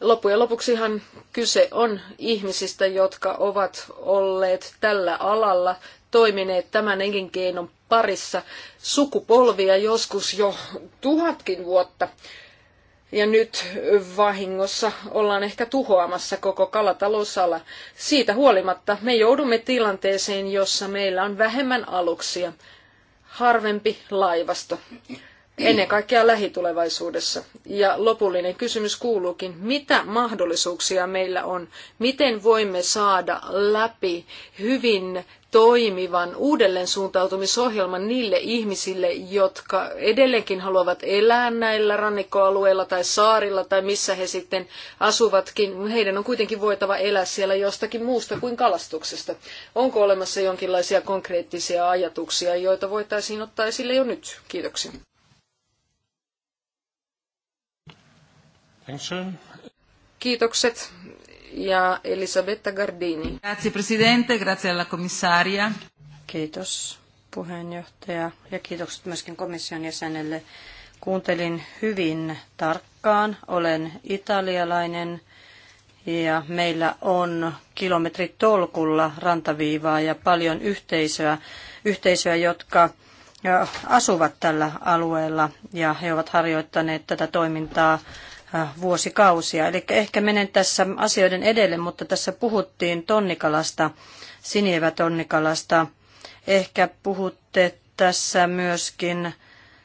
Loppujen lopuksihan kyse on ihmisistä, jotka ovat olleet tällä alalla toimineet tämän elinkeinon parissa sukupolvia joskus jo tuhatkin vuotta. Ja nyt vahingossa ollaan ehkä tuhoamassa koko kalatalousala. Siitä huolimatta me joudumme tilanteeseen, jossa meillä on vähemmän aluksia harvempi laivasto ennen kaikkea lähitulevaisuudessa. Ja lopullinen kysymys kuuluukin, mitä mahdollisuuksia meillä on? Miten voimme saada läpi hyvin toimivan uudelleen suuntautumisohjelman niille ihmisille, jotka edelleenkin haluavat elää näillä rannikkoalueilla tai saarilla tai missä he sitten asuvatkin. Heidän on kuitenkin voitava elää siellä jostakin muusta kuin kalastuksesta. Onko olemassa jonkinlaisia konkreettisia ajatuksia, joita voitaisiin ottaa esille jo nyt? Kiitoksia. Kiitokset ja Elisabetta Gardini. Grazie presidente, grazie alla commissaria. Kiitos puheenjohtaja ja kiitokset myöskin komission jäsenelle. Kuuntelin hyvin tarkkaan. Olen italialainen ja meillä on kilometritolkulla rantaviivaa ja paljon yhteisöä, yhteisöä jotka asuvat tällä alueella ja he ovat harjoittaneet tätä toimintaa Äh, vuosikausia. Eli ehkä menen tässä asioiden edelle, mutta tässä puhuttiin tonnikalasta, tonnikalasta. Ehkä puhutte tässä myöskin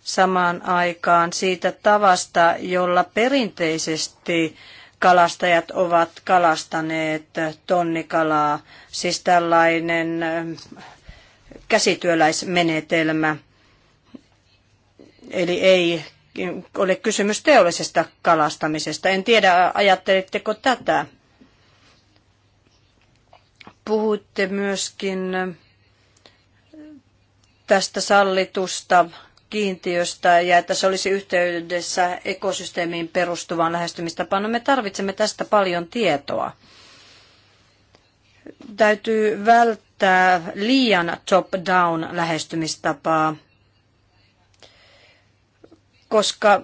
samaan aikaan siitä tavasta, jolla perinteisesti kalastajat ovat kalastaneet tonnikalaa, siis tällainen äh, käsityöläismenetelmä. Eli ei ole kysymys teollisesta kalastamisesta. En tiedä, ajattelitteko tätä? Puhuitte myöskin tästä sallitusta kiintiöstä ja että se olisi yhteydessä ekosysteemiin perustuvaan lähestymistapaan. No me tarvitsemme tästä paljon tietoa. Täytyy välttää liian top-down lähestymistapaa koska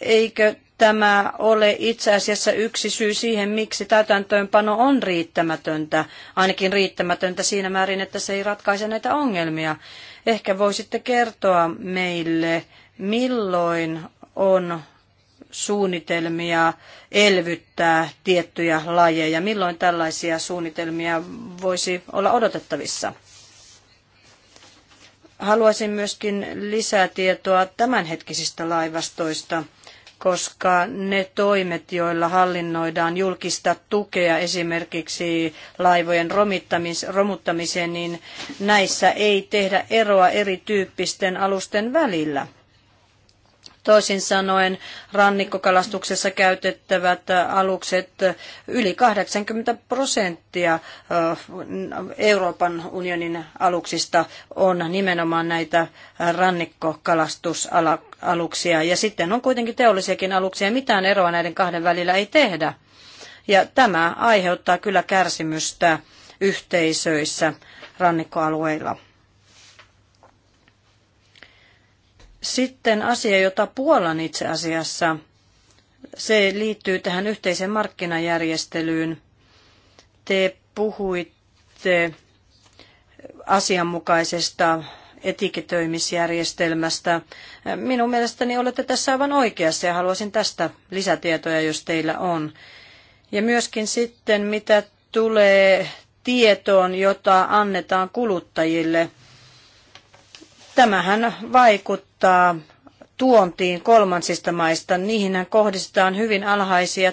eikö tämä ole itse asiassa yksi syy siihen, miksi täytäntöönpano on riittämätöntä, ainakin riittämätöntä siinä määrin, että se ei ratkaise näitä ongelmia. Ehkä voisitte kertoa meille, milloin on suunnitelmia elvyttää tiettyjä lajeja, milloin tällaisia suunnitelmia voisi olla odotettavissa. Haluaisin myöskin lisätietoa tämänhetkisistä laivastoista, koska ne toimet, joilla hallinnoidaan julkista tukea esimerkiksi laivojen romuttamiseen, niin näissä ei tehdä eroa erityyppisten alusten välillä. Toisin sanoen rannikkokalastuksessa käytettävät alukset yli 80 prosenttia Euroopan unionin aluksista on nimenomaan näitä rannikkokalastusaluksia. Ja sitten on kuitenkin teollisiakin aluksia. Mitään eroa näiden kahden välillä ei tehdä. Ja tämä aiheuttaa kyllä kärsimystä yhteisöissä rannikkoalueilla. Sitten asia, jota Puolan itse asiassa, se liittyy tähän yhteiseen markkinajärjestelyyn. Te puhuitte asianmukaisesta etiketöimisjärjestelmästä. Minun mielestäni olette tässä aivan oikeassa ja haluaisin tästä lisätietoja, jos teillä on. Ja myöskin sitten, mitä tulee tietoon, jota annetaan kuluttajille. Tämähän vaikuttaa vaikuttaa tuontiin kolmansista maista. Niihin kohdistetaan hyvin alhaisia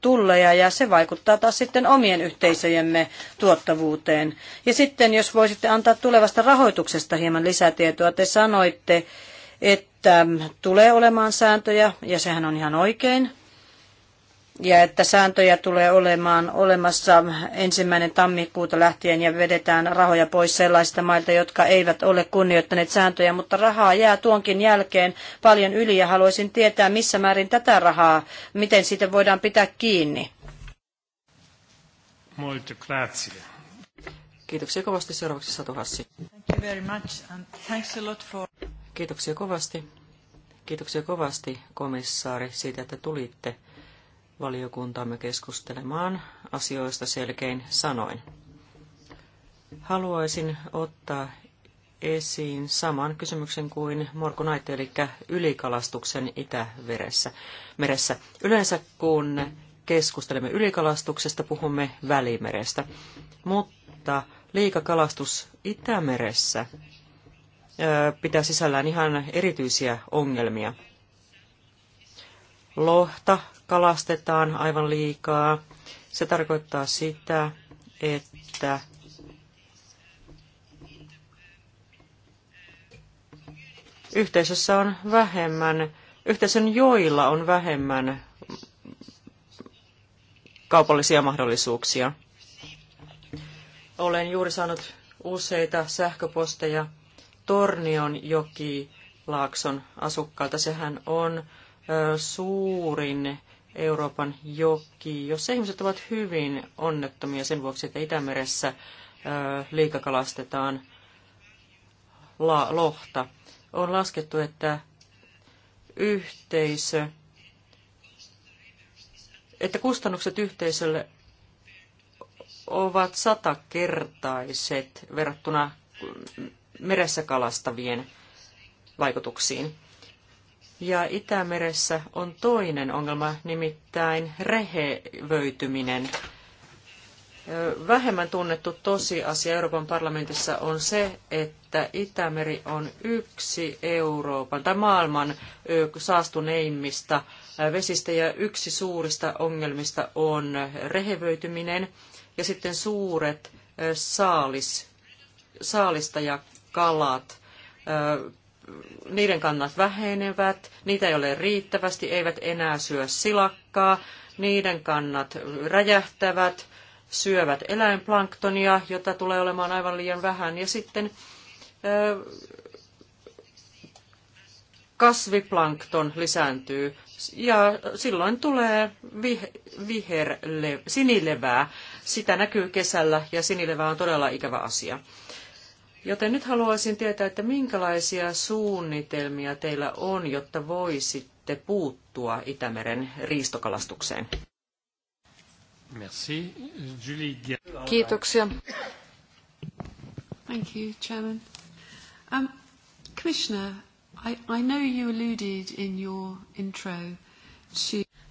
tulleja ja se vaikuttaa taas sitten omien yhteisöjemme tuottavuuteen. Ja sitten jos voisitte antaa tulevasta rahoituksesta hieman lisätietoa, te sanoitte, että tulee olemaan sääntöjä ja sehän on ihan oikein ja että sääntöjä tulee olemaan olemassa ensimmäinen tammikuuta lähtien ja vedetään rahoja pois sellaisista mailta, jotka eivät ole kunnioittaneet sääntöjä, mutta rahaa jää tuonkin jälkeen paljon yli ja haluaisin tietää, missä määrin tätä rahaa, miten siitä voidaan pitää kiinni. Molto grazie. Kiitoksia kovasti. Seuraavaksi Satu Hassi. Thank you very much and thanks a lot for... Kiitoksia kovasti. Kiitoksia kovasti, komissaari, siitä, että tulitte valiokuntamme keskustelemaan asioista selkein sanoin. Haluaisin ottaa esiin saman kysymyksen kuin Morko Naitte, eli ylikalastuksen Itämeressä. Meressä. Yleensä kun keskustelemme ylikalastuksesta, puhumme välimerestä. Mutta liikakalastus Itämeressä pitää sisällään ihan erityisiä ongelmia. Lohta kalastetaan aivan liikaa. Se tarkoittaa sitä, että yhteisössä on vähemmän, yhteisön joilla on vähemmän kaupallisia mahdollisuuksia. Olen juuri saanut useita sähköposteja Tornion joki Laakson asukkailta. Sehän on suurin Euroopan joki, jossa ihmiset ovat hyvin onnettomia sen vuoksi, että Itämeressä liikakalastetaan lohta. On laskettu, että yhteisö, että kustannukset yhteisölle ovat satakertaiset verrattuna meressä kalastavien vaikutuksiin. Ja Itämeressä on toinen ongelma, nimittäin rehevöityminen. Vähemmän tunnettu tosiasia Euroopan parlamentissa on se, että Itämeri on yksi Euroopan tai maailman saastuneimmista vesistä ja yksi suurista ongelmista on rehevöityminen ja sitten suuret saalis, saalistajakalat niiden kannat vähenevät, niitä ei ole riittävästi, eivät enää syö silakkaa, niiden kannat räjähtävät, syövät eläinplanktonia, jota tulee olemaan aivan liian vähän, ja sitten kasviplankton lisääntyy, ja silloin tulee viherle sinilevää. Sitä näkyy kesällä, ja sinilevää on todella ikävä asia. Joten nyt haluaisin tietää, että minkälaisia suunnitelmia teillä on, jotta voisitte puuttua Itämeren riistokalastukseen? Merci. Julie Kiitoksia. Thank you, Chairman. Um, Commissioner, I, I know you alluded in your intro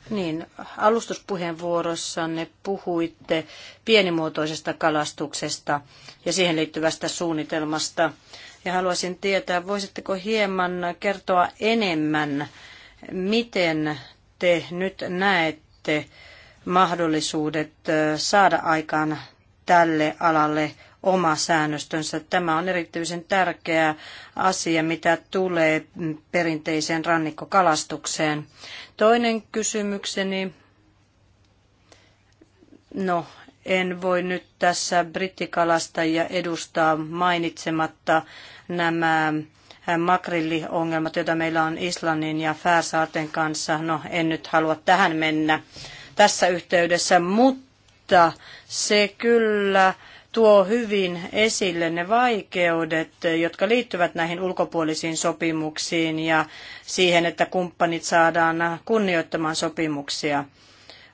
niin, alustuspuheenvuorossanne puhuitte pienimuotoisesta kalastuksesta ja siihen liittyvästä suunnitelmasta. Ja haluaisin tietää, voisitteko hieman kertoa enemmän, miten te nyt näette mahdollisuudet saada aikaan tälle alalle oma säännöstönsä. Tämä on erityisen tärkeä asia, mitä tulee perinteiseen rannikkokalastukseen. Toinen kysymykseni, no en voi nyt tässä brittikalastajia edustaa mainitsematta nämä makrilliongelmat, joita meillä on Islannin ja Färsaarten kanssa. No, en nyt halua tähän mennä tässä yhteydessä, mutta se kyllä tuo hyvin esille ne vaikeudet, jotka liittyvät näihin ulkopuolisiin sopimuksiin ja siihen, että kumppanit saadaan kunnioittamaan sopimuksia.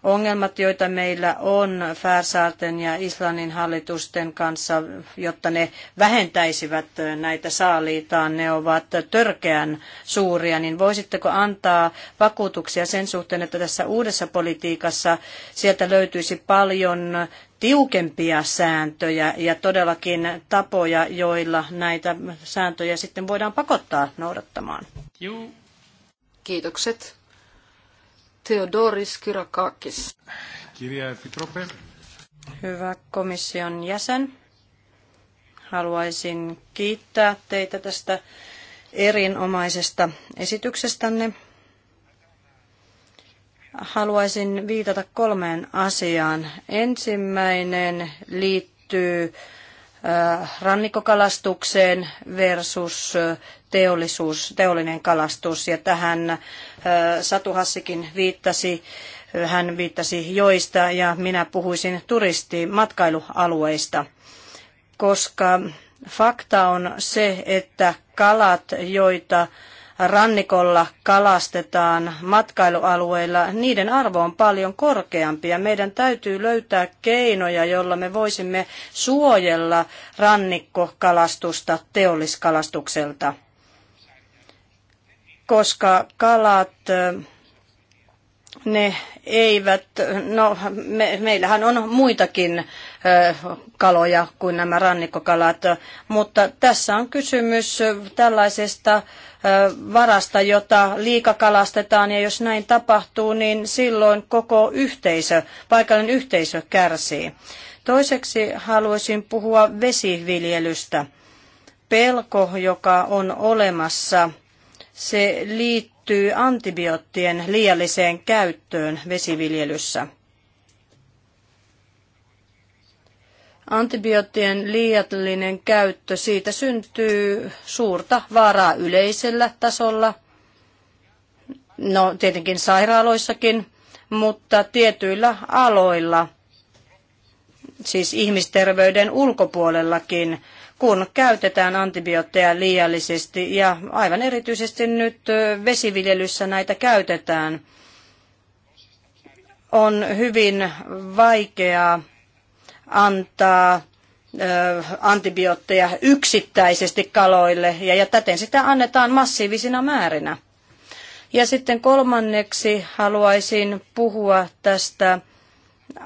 Ongelmat, joita meillä on Färsaarten ja Islannin hallitusten kanssa, jotta ne vähentäisivät näitä saaliitaan, ne ovat törkeän suuria, niin voisitteko antaa vakuutuksia sen suhteen, että tässä uudessa politiikassa sieltä löytyisi paljon tiukempia sääntöjä ja todellakin tapoja, joilla näitä sääntöjä sitten voidaan pakottaa noudattamaan. Juu. Kiitokset. Theodoris Kyrakakis. Kirja Fitrope. Hyvä komission jäsen. Haluaisin kiittää teitä tästä erinomaisesta esityksestänne haluaisin viitata kolmeen asiaan. Ensimmäinen liittyy rannikkokalastukseen versus teollisuus, teollinen kalastus. Ja tähän Satu Hassikin viittasi, hän viittasi joista ja minä puhuisin turisti matkailualueista, koska fakta on se, että kalat, joita rannikolla kalastetaan matkailualueilla, niiden arvo on paljon korkeampi ja meidän täytyy löytää keinoja, joilla me voisimme suojella rannikkokalastusta teolliskalastukselta koska kalat ne eivät, no me, meillähän on muitakin ö, kaloja kuin nämä rannikkokalat, mutta tässä on kysymys tällaisesta ö, varasta, jota liikakalastetaan ja jos näin tapahtuu, niin silloin koko yhteisö, paikallinen yhteisö kärsii. Toiseksi haluaisin puhua vesiviljelystä. Pelko, joka on olemassa, se liittyy liittyy antibioottien liialliseen käyttöön vesiviljelyssä. Antibioottien liiallinen käyttö, siitä syntyy suurta vaaraa yleisellä tasolla, no tietenkin sairaaloissakin, mutta tietyillä aloilla, siis ihmisterveyden ulkopuolellakin, kun käytetään antibiootteja liiallisesti ja aivan erityisesti nyt vesiviljelyssä näitä käytetään, on hyvin vaikeaa antaa antibiootteja yksittäisesti kaloille ja, ja täten sitä annetaan massiivisina määrinä. Ja sitten kolmanneksi haluaisin puhua tästä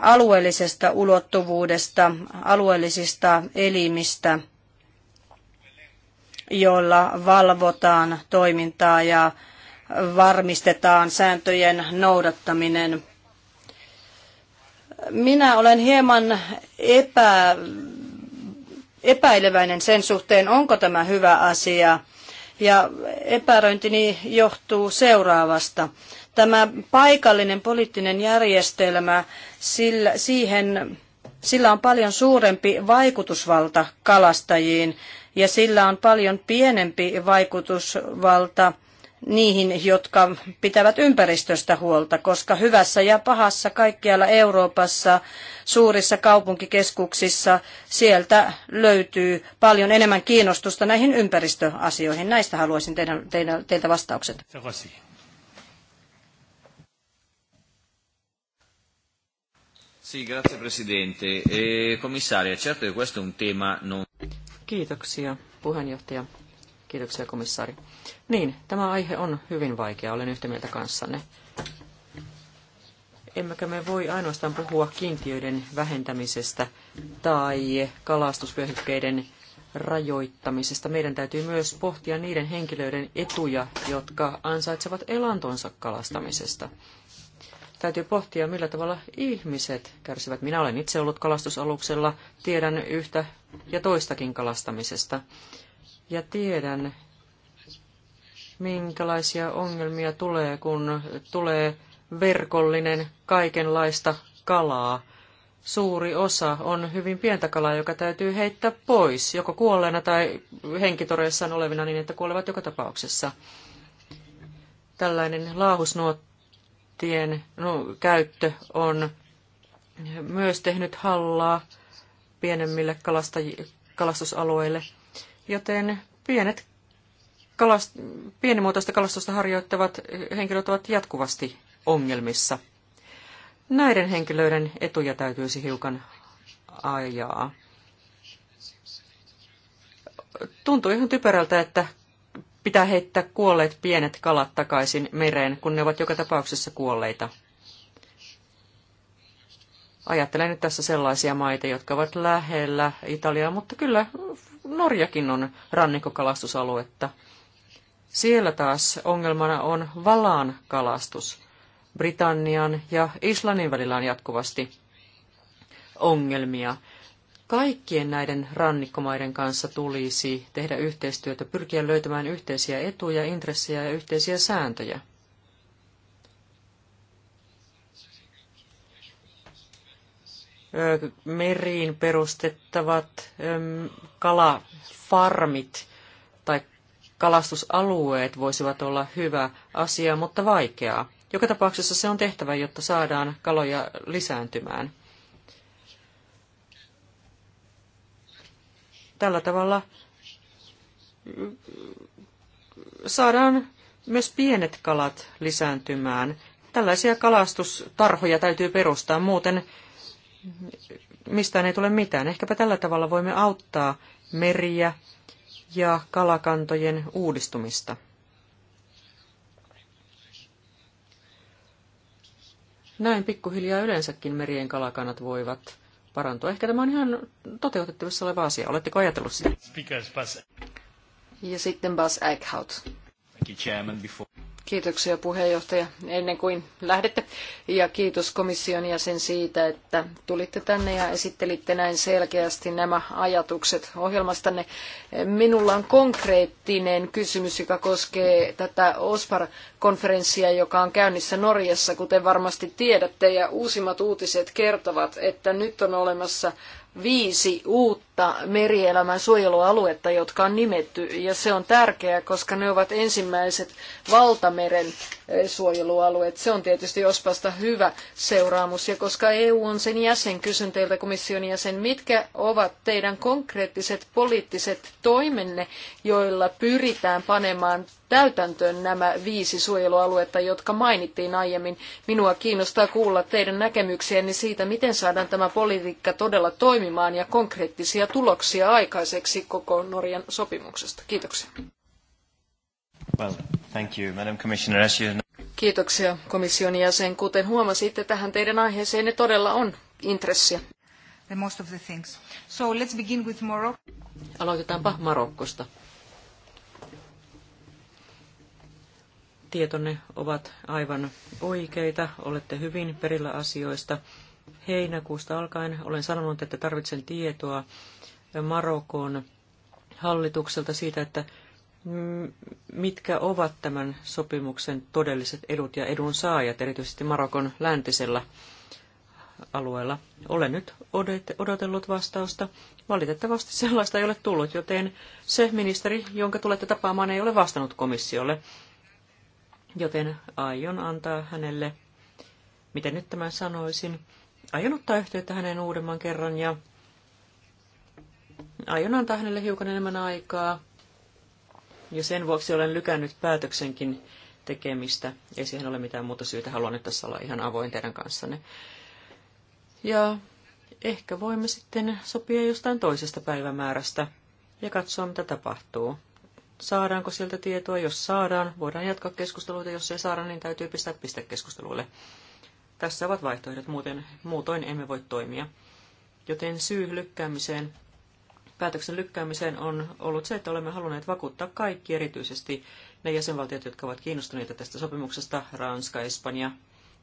alueellisesta ulottuvuudesta, alueellisista elimistä jolla valvotaan toimintaa ja varmistetaan sääntöjen noudattaminen. Minä olen hieman epä, epäileväinen sen suhteen, onko tämä hyvä asia. Ja epäröintini johtuu seuraavasta. Tämä paikallinen poliittinen järjestelmä, sillä, siihen, sillä on paljon suurempi vaikutusvalta kalastajiin ja sillä on paljon pienempi vaikutusvalta niihin, jotka pitävät ympäristöstä huolta, koska hyvässä ja pahassa kaikkialla Euroopassa, suurissa kaupunkikeskuksissa, sieltä löytyy paljon enemmän kiinnostusta näihin ympäristöasioihin. Näistä haluaisin teidän, teidän, teiltä vastaukset. Sì, grazie Presidente. Eh, commissaria, certo che questo è un tema non... Kiitoksia puheenjohtaja. Kiitoksia komissaari. Niin, tämä aihe on hyvin vaikea, olen yhtä mieltä kanssanne. Emmekä me voi ainoastaan puhua kiintiöiden vähentämisestä tai kalastusvyöhykkeiden rajoittamisesta. Meidän täytyy myös pohtia niiden henkilöiden etuja, jotka ansaitsevat elantonsa kalastamisesta täytyy pohtia, millä tavalla ihmiset kärsivät. Minä olen itse ollut kalastusaluksella, tiedän yhtä ja toistakin kalastamisesta. Ja tiedän, minkälaisia ongelmia tulee, kun tulee verkollinen kaikenlaista kalaa. Suuri osa on hyvin pientä kalaa, joka täytyy heittää pois, joko kuolleena tai henkitoreessaan olevina niin, että kuolevat joka tapauksessa. Tällainen laahusnuotto konsulttien no, käyttö on myös tehnyt hallaa pienemmille kalastaj- kalastusalueille, joten pienet kalast- pienimuotoista kalastusta harjoittavat henkilöt ovat jatkuvasti ongelmissa. Näiden henkilöiden etuja täytyisi hiukan ajaa. Tuntuu ihan typerältä, että pitää heittää kuolleet pienet kalat takaisin mereen, kun ne ovat joka tapauksessa kuolleita. Ajattelen nyt tässä sellaisia maita, jotka ovat lähellä Italiaa, mutta kyllä Norjakin on rannikkokalastusaluetta. Siellä taas ongelmana on valaan kalastus. Britannian ja Islannin välillä on jatkuvasti ongelmia kaikkien näiden rannikkomaiden kanssa tulisi tehdä yhteistyötä, pyrkiä löytämään yhteisiä etuja, intressejä ja yhteisiä sääntöjä. Meriin perustettavat kalafarmit tai kalastusalueet voisivat olla hyvä asia, mutta vaikeaa. Joka tapauksessa se on tehtävä, jotta saadaan kaloja lisääntymään. Tällä tavalla saadaan myös pienet kalat lisääntymään. Tällaisia kalastustarhoja täytyy perustaa, muuten mistään ei tule mitään. Ehkäpä tällä tavalla voimme auttaa meriä ja kalakantojen uudistumista. Näin pikkuhiljaa yleensäkin merien kalakannat voivat parantua. Ehkä tämä on ihan toteutettavissa oleva asia. Oletteko ajatellut sitä? Ja sitten Bas Eichhout. Thank you, Chairman. Before... Kiitoksia puheenjohtaja ennen kuin lähdette ja kiitos komission jäsen siitä, että tulitte tänne ja esittelitte näin selkeästi nämä ajatukset ohjelmastanne. Minulla on konkreettinen kysymys, joka koskee tätä OSPAR-konferenssia, joka on käynnissä Norjassa, kuten varmasti tiedätte ja uusimmat uutiset kertovat, että nyt on olemassa viisi uutta merielämän suojelualuetta, jotka on nimetty, ja se on tärkeää, koska ne ovat ensimmäiset valtameren eh, suojelualueet. Se on tietysti ospasta hyvä seuraamus, ja koska EU on sen jäsen, kysyn teiltä komission jäsen, mitkä ovat teidän konkreettiset poliittiset toimenne, joilla pyritään panemaan täytäntöön nämä viisi suojelualuetta, jotka mainittiin aiemmin. Minua kiinnostaa kuulla teidän näkemyksiänne siitä, miten saadaan tämä politiikka todella toimimaan ja konkreettisia tuloksia aikaiseksi koko Norjan sopimuksesta. Kiitoksia. Well, thank you, Madam Commissioner. As you... Kiitoksia komission jäsen. Kuten huomasitte, tähän teidän aiheeseenne todella on intressiä. The most of the things. So let's begin with Morocco. Aloitetaanpa Marokkosta. tietonne ovat aivan oikeita, olette hyvin perillä asioista. Heinäkuusta alkaen olen sanonut, että tarvitsen tietoa Marokon hallitukselta siitä, että mitkä ovat tämän sopimuksen todelliset edut ja edun saajat, erityisesti Marokon läntisellä alueella. Olen nyt odotellut vastausta. Valitettavasti sellaista ei ole tullut, joten se ministeri, jonka tulette tapaamaan, ei ole vastannut komissiolle joten aion antaa hänelle, miten nyt tämän sanoisin, aion ottaa yhteyttä hänen uudemman kerran ja aion antaa hänelle hiukan enemmän aikaa. Ja sen vuoksi olen lykännyt päätöksenkin tekemistä. Ei siihen ole mitään muuta syytä. Haluan nyt tässä olla ihan avoin teidän kanssanne. Ja ehkä voimme sitten sopia jostain toisesta päivämäärästä ja katsoa, mitä tapahtuu. Saadaanko sieltä tietoa? Jos saadaan, voidaan jatkaa keskusteluita. Jos ei saada, niin täytyy pistää piste keskusteluille. Tässä ovat vaihtoehdot, muuten, muutoin emme voi toimia. Joten syy lykkäämiseen, päätöksen lykkäämiseen on ollut se, että olemme halunneet vakuuttaa kaikki, erityisesti ne jäsenvaltiot, jotka ovat kiinnostuneita tästä sopimuksesta, Ranska, Espanja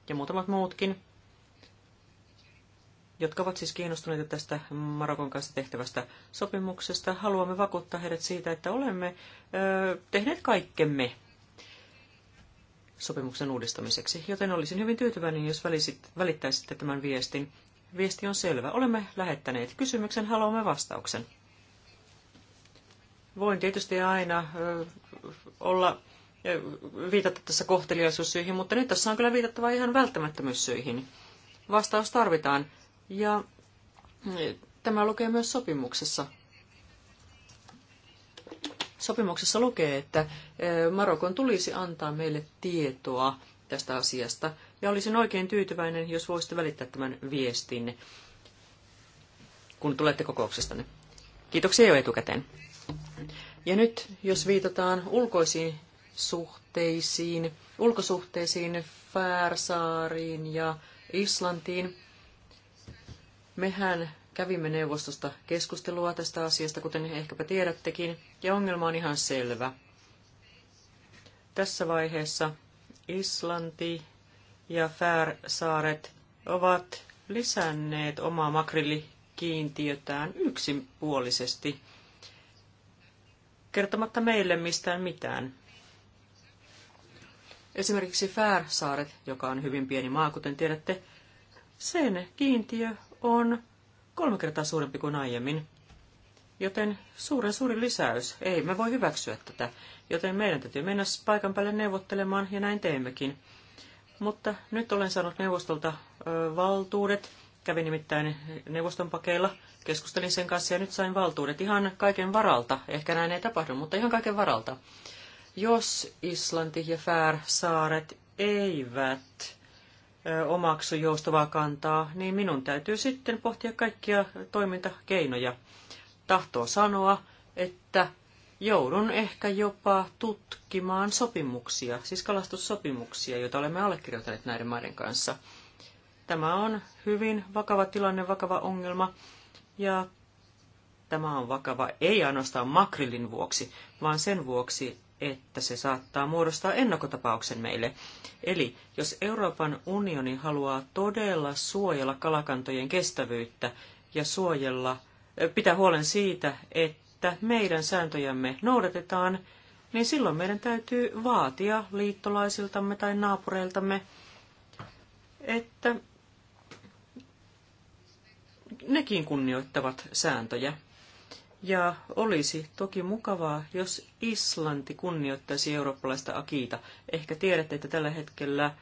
ja muutamat muutkin, jotka ovat siis kiinnostuneita tästä Marokon kanssa tehtävästä sopimuksesta. Haluamme vakuuttaa heidät siitä, että olemme ö, tehneet kaikkemme sopimuksen uudistamiseksi, joten olisin hyvin tyytyväinen, jos välisit, välittäisitte tämän viestin. Viesti on selvä. Olemme lähettäneet kysymyksen, haluamme vastauksen. Voin tietysti aina ö, olla viitata tässä kohteliaisuussyihin, mutta nyt tässä on kyllä viitattava ihan välttämättömyyssyihin. Vastaus tarvitaan. Ja mm, tämä lukee myös sopimuksessa. Sopimuksessa lukee, että e, Marokon tulisi antaa meille tietoa tästä asiasta. Ja olisin oikein tyytyväinen, jos voisitte välittää tämän viestin, kun tulette kokouksestanne. Kiitoksia jo etukäteen. Ja nyt, jos viitataan ulkoisiin suhteisiin, ulkosuhteisiin, Färsaariin ja Islantiin, Mehän kävimme neuvostosta keskustelua tästä asiasta, kuten ehkäpä tiedättekin, ja ongelma on ihan selvä. Tässä vaiheessa Islanti ja Färsaaret ovat lisänneet omaa makrillikiintiötään yksinpuolisesti, kertomatta meille mistään mitään. Esimerkiksi Färsaaret, joka on hyvin pieni maa, kuten tiedätte, sen kiintiö on kolme kertaa suurempi kuin aiemmin. Joten suuren suuri lisäys. Ei me voi hyväksyä tätä. Joten meidän täytyy mennä paikan päälle neuvottelemaan, ja näin teemmekin. Mutta nyt olen saanut neuvostolta ö, valtuudet. Kävin nimittäin neuvoston pakeilla, keskustelin sen kanssa ja nyt sain valtuudet ihan kaiken varalta. Ehkä näin ei tapahdu, mutta ihan kaiken varalta. Jos Islanti ja saaret eivät omaksu joustavaa kantaa, niin minun täytyy sitten pohtia kaikkia toimintakeinoja. Tahtoo sanoa, että joudun ehkä jopa tutkimaan sopimuksia, siis kalastussopimuksia, joita olemme allekirjoittaneet näiden maiden kanssa. Tämä on hyvin vakava tilanne, vakava ongelma, ja tämä on vakava ei ainoastaan makrillin vuoksi, vaan sen vuoksi, että se saattaa muodostaa ennakkotapauksen meille. Eli jos Euroopan unioni haluaa todella suojella kalakantojen kestävyyttä ja suojella, pitää huolen siitä, että meidän sääntöjämme noudatetaan, niin silloin meidän täytyy vaatia liittolaisiltamme tai naapureiltamme, että nekin kunnioittavat sääntöjä. Ja olisi toki mukavaa, jos Islanti kunnioittaisi eurooppalaista akiita. Ehkä tiedätte, että tällä hetkellä äh,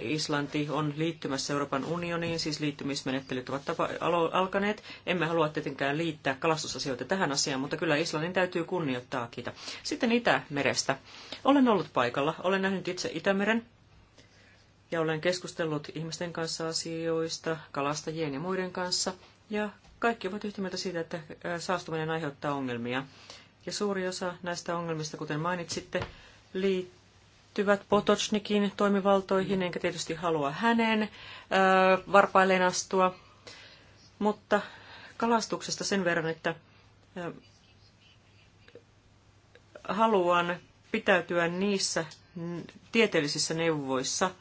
Islanti on liittymässä Euroopan unioniin, siis liittymismenettelyt ovat tapa- alkaneet. Emme halua tietenkään liittää kalastusasioita tähän asiaan, mutta kyllä Islannin täytyy kunnioittaa akiita. Sitten Itämerestä. Olen ollut paikalla, olen nähnyt itse Itämeren ja olen keskustellut ihmisten kanssa asioista, kalastajien ja muiden kanssa. Ja kaikki ovat yhtä mieltä siitä, että saastuminen aiheuttaa ongelmia. Ja suuri osa näistä ongelmista, kuten mainitsitte, liittyvät Potocnikin toimivaltoihin, enkä tietysti halua hänen varpailleen astua. Mutta kalastuksesta sen verran, että haluan pitäytyä niissä tieteellisissä neuvoissa –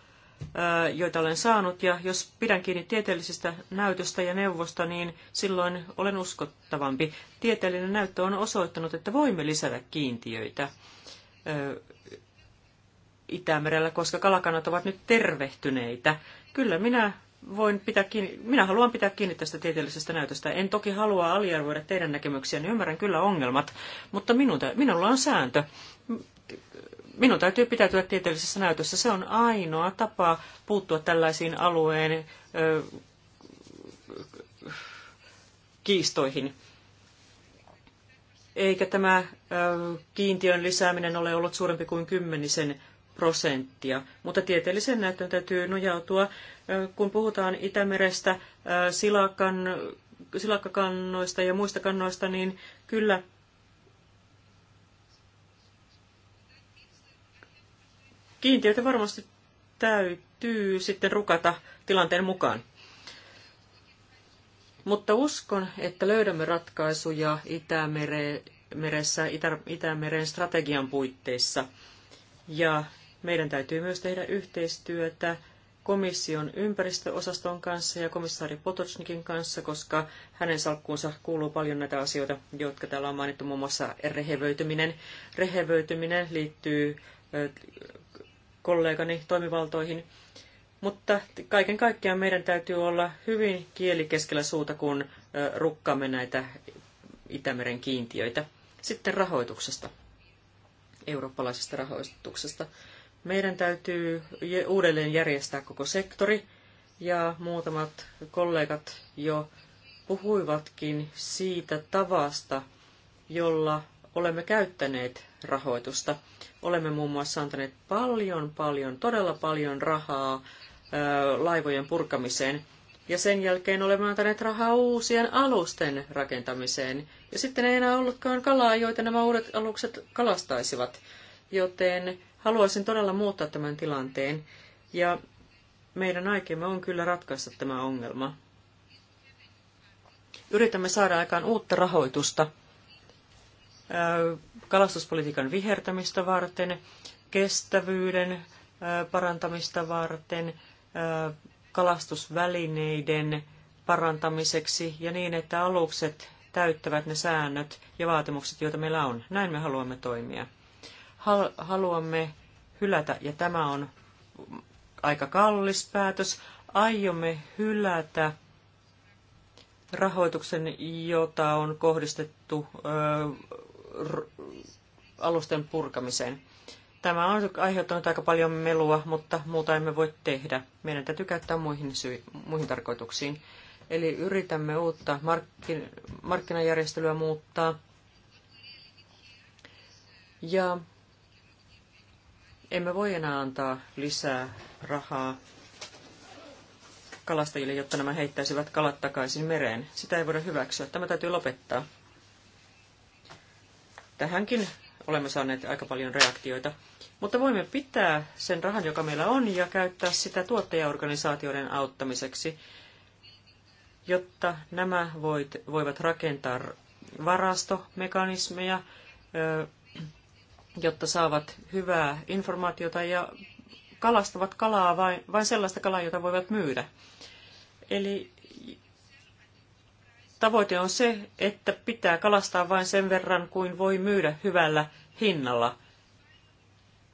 joita olen saanut, ja jos pidän kiinni tieteellisestä näytöstä ja neuvosta, niin silloin olen uskottavampi. Tieteellinen näyttö on osoittanut, että voimme lisätä kiintiöitä Itämerellä, koska kalakannat ovat nyt tervehtyneitä. Kyllä minä voin pitää kiinni, minä haluan pitää kiinni tästä tieteellisestä näytöstä. En toki halua aliarvoida teidän näkemyksiänne, niin ymmärrän kyllä ongelmat, mutta minun, minulla on sääntö minun täytyy pitäytyä tieteellisessä näytössä. Se on ainoa tapa puuttua tällaisiin alueen ö, kiistoihin. Eikä tämä ö, kiintiön lisääminen ole ollut suurempi kuin kymmenisen prosenttia. Mutta tieteellisen näyttöön täytyy nojautua. Kun puhutaan Itämerestä, silakan, silakkakannoista ja muista kannoista, niin kyllä – kiintiöitä varmasti täytyy sitten rukata tilanteen mukaan. Mutta uskon, että löydämme ratkaisuja Itämeressä, Itä, Itämeren strategian puitteissa. Ja meidän täytyy myös tehdä yhteistyötä komission ympäristöosaston kanssa ja komissaari Potocnikin kanssa, koska hänen salkkuunsa kuuluu paljon näitä asioita, jotka täällä on mainittu, muun muassa rehevöityminen. Rehevöityminen liittyy kollegani toimivaltoihin. Mutta kaiken kaikkiaan meidän täytyy olla hyvin kieli keskellä suuta, kun rukkaamme näitä Itämeren kiintiöitä. Sitten rahoituksesta, eurooppalaisesta rahoituksesta. Meidän täytyy uudelleen järjestää koko sektori, ja muutamat kollegat jo puhuivatkin siitä tavasta, jolla olemme käyttäneet rahoitusta. Olemme muun muassa antaneet paljon, paljon, todella paljon rahaa laivojen purkamiseen. Ja sen jälkeen olemme antaneet rahaa uusien alusten rakentamiseen. Ja sitten ei enää ollutkaan kalaa, joita nämä uudet alukset kalastaisivat. Joten haluaisin todella muuttaa tämän tilanteen. Ja meidän aikemme on kyllä ratkaista tämä ongelma. Yritämme saada aikaan uutta rahoitusta kalastuspolitiikan vihertämistä varten, kestävyyden parantamista varten, kalastusvälineiden parantamiseksi ja niin, että alukset täyttävät ne säännöt ja vaatimukset, joita meillä on. Näin me haluamme toimia. Haluamme hylätä, ja tämä on aika kallis päätös, aiomme hylätä rahoituksen, jota on kohdistettu alusten purkamiseen. Tämä on aiheuttanut aika paljon melua, mutta muuta emme voi tehdä. Meidän täytyy käyttää muihin, sy- muihin tarkoituksiin. Eli yritämme uutta markki- markkinajärjestelyä muuttaa. Ja emme voi enää antaa lisää rahaa kalastajille, jotta nämä heittäisivät kalat takaisin mereen. Sitä ei voida hyväksyä. Tämä täytyy lopettaa. Tähänkin olemme saaneet aika paljon reaktioita. Mutta voimme pitää sen rahan, joka meillä on, ja käyttää sitä tuottajaorganisaatioiden auttamiseksi, jotta nämä voit, voivat rakentaa varastomekanismeja, jotta saavat hyvää informaatiota ja kalastavat kalaa vain, vain sellaista kalaa, jota voivat myydä. Eli tavoite on se, että pitää kalastaa vain sen verran kuin voi myydä hyvällä hinnalla.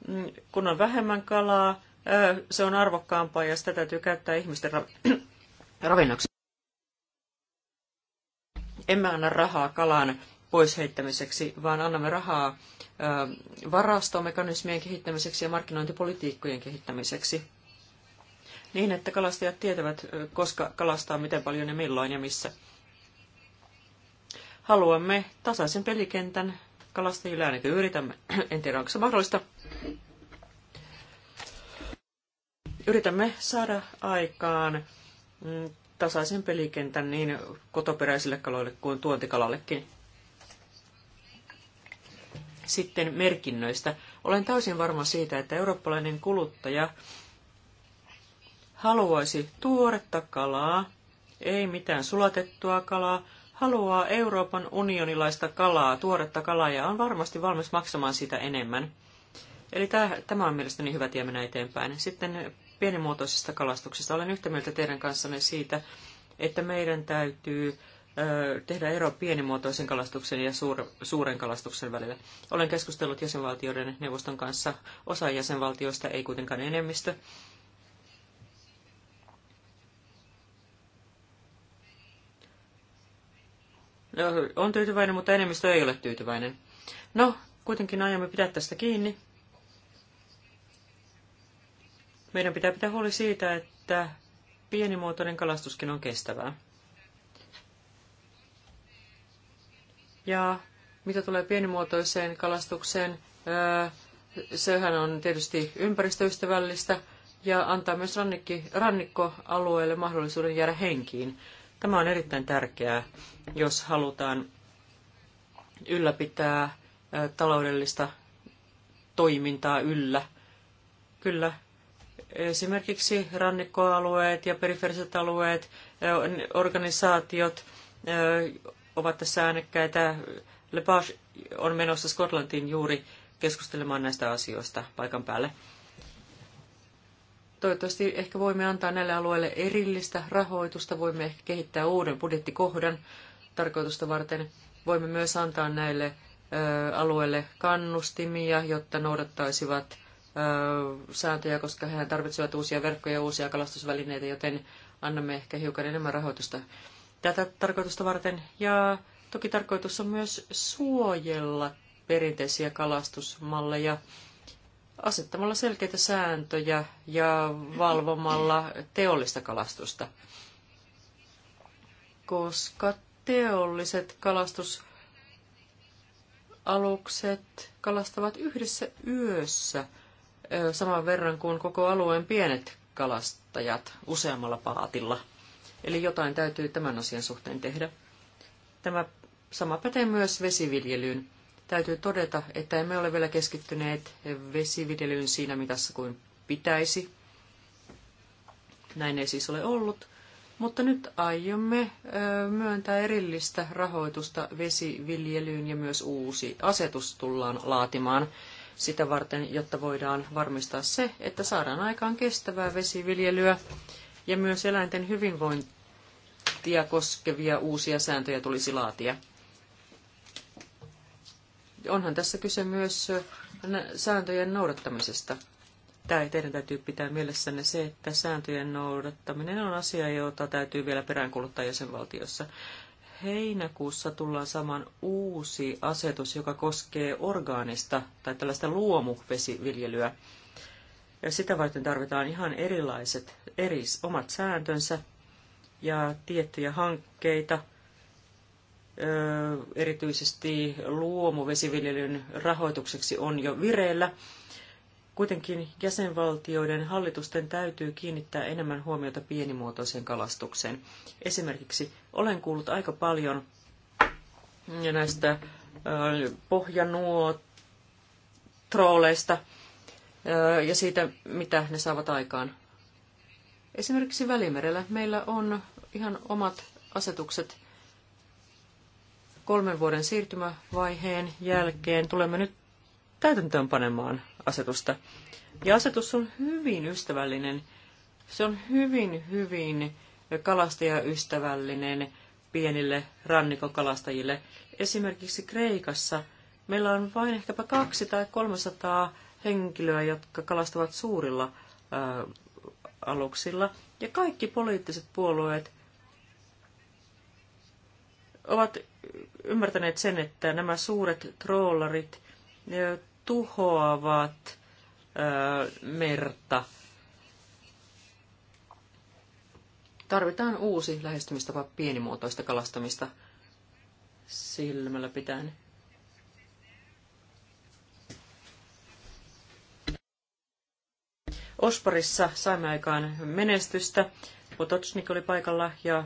Mm, kun on vähemmän kalaa, se on arvokkaampaa ja sitä täytyy käyttää ihmisten [clears throat] ravinnoksi. Emme anna rahaa kalan pois heittämiseksi, vaan annamme rahaa varastomekanismien kehittämiseksi ja markkinointipolitiikkojen kehittämiseksi. Niin, että kalastajat tietävät, koska kalastaa, miten paljon ja milloin ja missä. Haluamme tasaisen pelikentän kalastajille, ainakin yritämme. En tiedä, onko se mahdollista. Yritämme saada aikaan mm, tasaisen pelikentän niin kotoperäisille kaloille kuin tuontikalallekin. Sitten merkinnöistä. Olen täysin varma siitä, että eurooppalainen kuluttaja haluaisi tuoretta kalaa, ei mitään sulatettua kalaa, haluaa Euroopan unionilaista kalaa, tuoretta kalaa, ja on varmasti valmis maksamaan sitä enemmän. Eli tämä on mielestäni hyvä tie mennä eteenpäin. Sitten pienimuotoisesta kalastuksesta. Olen yhtä mieltä teidän kanssanne siitä, että meidän täytyy tehdä ero pienimuotoisen kalastuksen ja suuren kalastuksen välillä. Olen keskustellut jäsenvaltioiden neuvoston kanssa. Osa jäsenvaltioista, ei kuitenkaan enemmistö, No, on tyytyväinen, mutta enemmistö ei ole tyytyväinen. No, kuitenkin aiomme pitää tästä kiinni. Meidän pitää pitää huoli siitä, että pienimuotoinen kalastuskin on kestävää. Ja mitä tulee pienimuotoiseen kalastukseen, sehän on tietysti ympäristöystävällistä ja antaa myös rannikkoalueelle mahdollisuuden jäädä henkiin. Tämä on erittäin tärkeää, jos halutaan ylläpitää taloudellista toimintaa yllä. Kyllä, esimerkiksi rannikkoalueet ja periferiset alueet, organisaatiot ovat tässä äänekkäitä. Lepage on menossa Skotlantiin juuri keskustelemaan näistä asioista paikan päälle. Toivottavasti ehkä voimme antaa näille alueille erillistä rahoitusta, voimme ehkä kehittää uuden budjettikohdan tarkoitusta varten. Voimme myös antaa näille alueille kannustimia, jotta noudattaisivat sääntöjä, koska he tarvitsevat uusia verkkoja ja uusia kalastusvälineitä, joten annamme ehkä hiukan enemmän rahoitusta tätä tarkoitusta varten. Ja toki tarkoitus on myös suojella perinteisiä kalastusmalleja asettamalla selkeitä sääntöjä ja valvomalla teollista kalastusta. Koska teolliset kalastusalukset kalastavat yhdessä yössä saman verran kuin koko alueen pienet kalastajat useammalla paatilla. Eli jotain täytyy tämän asian suhteen tehdä. Tämä sama pätee myös vesiviljelyyn täytyy todeta, että emme ole vielä keskittyneet vesiviljelyyn siinä mitassa kuin pitäisi. Näin ei siis ole ollut, mutta nyt aiomme myöntää erillistä rahoitusta vesiviljelyyn ja myös uusi asetus tullaan laatimaan sitä varten, jotta voidaan varmistaa se, että saadaan aikaan kestävää vesiviljelyä ja myös eläinten hyvinvointia koskevia uusia sääntöjä tulisi laatia onhan tässä kyse myös sääntöjen noudattamisesta. Tai teidän täytyy pitää mielessänne se, että sääntöjen noudattaminen on asia, jota täytyy vielä peräänkuluttaa jäsenvaltiossa. Heinäkuussa tullaan saman uusi asetus, joka koskee orgaanista tai tällaista luomuvesiviljelyä. Ja sitä varten tarvitaan ihan erilaiset, eri omat sääntönsä ja tiettyjä hankkeita, erityisesti luomuvesiviljelyn rahoitukseksi on jo vireillä. Kuitenkin jäsenvaltioiden hallitusten täytyy kiinnittää enemmän huomiota pienimuotoiseen kalastukseen. Esimerkiksi olen kuullut aika paljon näistä pohjanuotrooleista ja siitä, mitä ne saavat aikaan. Esimerkiksi Välimerellä meillä on ihan omat asetukset kolmen vuoden siirtymävaiheen jälkeen tulemme nyt täytäntöön panemaan asetusta. Ja asetus on hyvin ystävällinen. Se on hyvin, hyvin kalastajaystävällinen pienille rannikokalastajille. Esimerkiksi Kreikassa meillä on vain ehkäpä kaksi tai 300 henkilöä, jotka kalastavat suurilla ää, aluksilla. Ja kaikki poliittiset puolueet ovat ymmärtäneet sen, että nämä suuret trollarit tuhoavat merta. Tarvitaan uusi lähestymistapa pienimuotoista kalastamista silmällä pitäen. Osparissa saimme aikaan menestystä. Potocnik oli paikalla ja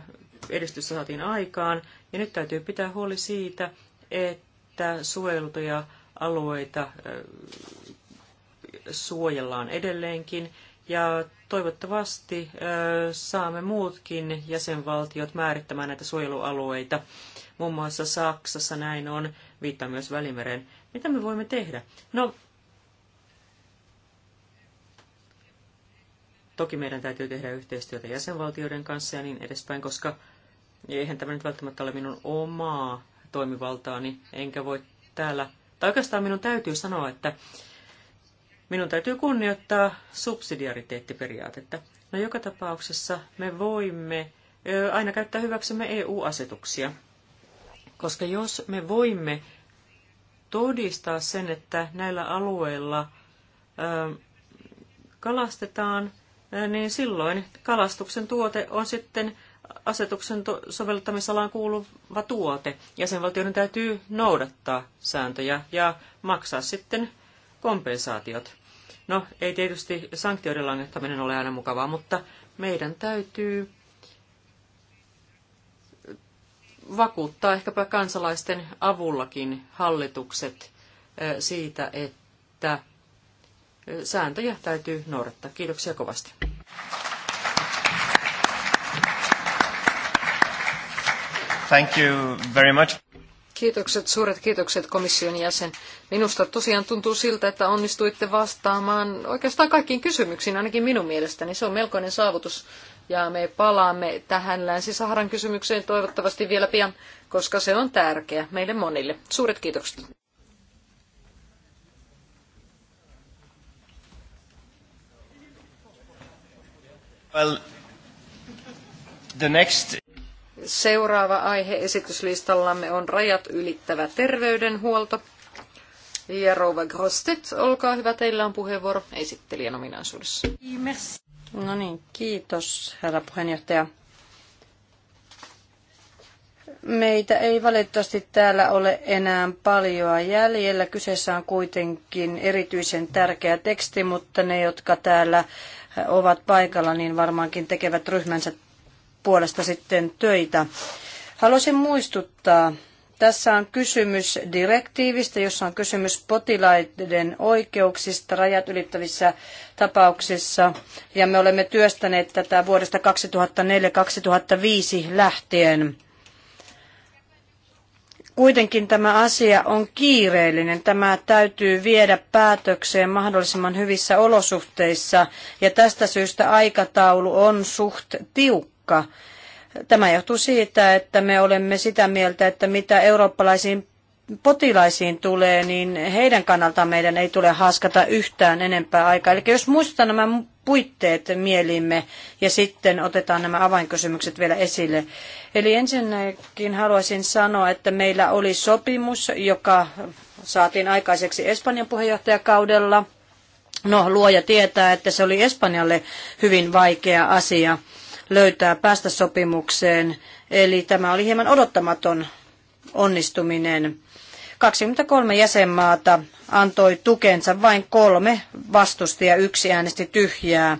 edistystä saatiin aikaan. Ja nyt täytyy pitää huoli siitä, että suojeltuja alueita suojellaan edelleenkin. Ja toivottavasti saamme muutkin jäsenvaltiot määrittämään näitä suojelualueita. Muun muassa Saksassa näin on, viittaa myös Välimeren. Mitä me voimme tehdä? No, toki meidän täytyy tehdä yhteistyötä jäsenvaltioiden kanssa ja niin edespäin, koska niin eihän tämä nyt välttämättä ole minun omaa toimivaltaani, enkä voi täällä, tai oikeastaan minun täytyy sanoa, että minun täytyy kunnioittaa subsidiariteettiperiaatetta. No joka tapauksessa me voimme aina käyttää hyväksymme EU-asetuksia, koska jos me voimme todistaa sen, että näillä alueilla kalastetaan, niin silloin kalastuksen tuote on sitten asetuksen to- soveltamisalaan kuuluva tuote. Jäsenvaltioiden täytyy noudattaa sääntöjä ja maksaa sitten kompensaatiot. No, ei tietysti sanktioiden langettaminen ole aina mukavaa, mutta meidän täytyy vakuuttaa ehkäpä kansalaisten avullakin hallitukset siitä, että sääntöjä täytyy noudattaa. Kiitoksia kovasti. Thank you very much. Kiitokset, suuret kiitokset komission jäsen. Minusta tosiaan tuntuu siltä, että onnistuitte vastaamaan oikeastaan kaikkiin kysymyksiin, ainakin minun mielestäni. Se on melkoinen saavutus ja me palaamme tähän Länsi-Saharan kysymykseen toivottavasti vielä pian, koska se on tärkeä meille monille. Suuret kiitokset. Well, the next... Seuraava aihe esityslistallamme on rajat ylittävä terveydenhuolto. Ja Rouva Grostet, olkaa hyvä, teillä on puheenvuoro esittelijän ominaisuudessa. Merci. No niin, kiitos herra puheenjohtaja. Meitä ei valitettavasti täällä ole enää paljoa jäljellä. Kyseessä on kuitenkin erityisen tärkeä teksti, mutta ne, jotka täällä ovat paikalla, niin varmaankin tekevät ryhmänsä puolesta sitten töitä. Haluaisin muistuttaa, tässä on kysymys direktiivistä, jossa on kysymys potilaiden oikeuksista rajat ylittävissä tapauksissa. Ja me olemme työstäneet tätä vuodesta 2004-2005 lähtien. Kuitenkin tämä asia on kiireellinen. Tämä täytyy viedä päätökseen mahdollisimman hyvissä olosuhteissa ja tästä syystä aikataulu on suht tiukka tiukka. Tämä johtuu siitä, että me olemme sitä mieltä, että mitä eurooppalaisiin potilaisiin tulee, niin heidän kannaltaan meidän ei tule haskata yhtään enempää aikaa. Eli jos muistetaan nämä puitteet mielimme ja sitten otetaan nämä avainkysymykset vielä esille. Eli ensinnäkin haluaisin sanoa, että meillä oli sopimus, joka saatiin aikaiseksi Espanjan puheenjohtajakaudella. No, luoja tietää, että se oli Espanjalle hyvin vaikea asia löytää päästä sopimukseen. Eli tämä oli hieman odottamaton onnistuminen. 23 jäsenmaata antoi tukensa, vain kolme vastusti ja yksi äänesti tyhjää.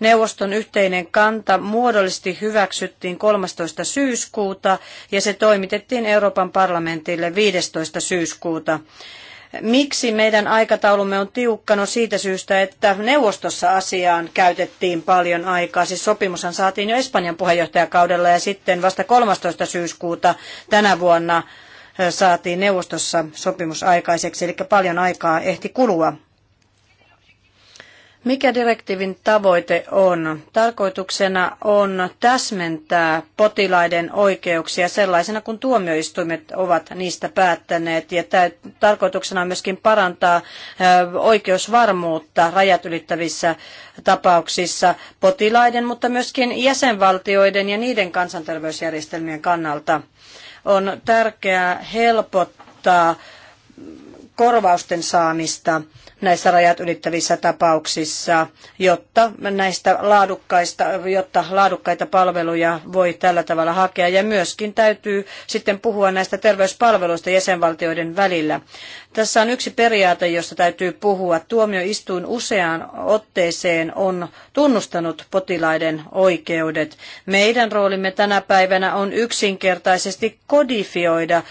Neuvoston yhteinen kanta muodollisesti hyväksyttiin 13. syyskuuta ja se toimitettiin Euroopan parlamentille 15. syyskuuta. Miksi meidän aikataulumme on tiukka? No siitä syystä, että neuvostossa asiaan käytettiin paljon aikaa. Siis sopimushan saatiin jo Espanjan puheenjohtajakaudella ja sitten vasta 13. syyskuuta tänä vuonna saatiin neuvostossa sopimus aikaiseksi, eli paljon aikaa ehti kulua. Mikä direktiivin tavoite on? Tarkoituksena on täsmentää potilaiden oikeuksia sellaisena kuin tuomioistuimet ovat niistä päättäneet. Ja tarkoituksena on myöskin parantaa oikeusvarmuutta rajat ylittävissä tapauksissa potilaiden, mutta myöskin jäsenvaltioiden ja niiden kansanterveysjärjestelmien kannalta. On tärkeää helpottaa korvausten saamista näissä rajat ylittävissä tapauksissa, jotta näistä laadukkaista, jotta laadukkaita palveluja voi tällä tavalla hakea. Ja myöskin täytyy sitten puhua näistä terveyspalveluista jäsenvaltioiden välillä. Tässä on yksi periaate, josta täytyy puhua. Tuomioistuin useaan otteeseen on tunnustanut potilaiden oikeudet. Meidän roolimme tänä päivänä on yksinkertaisesti kodifioida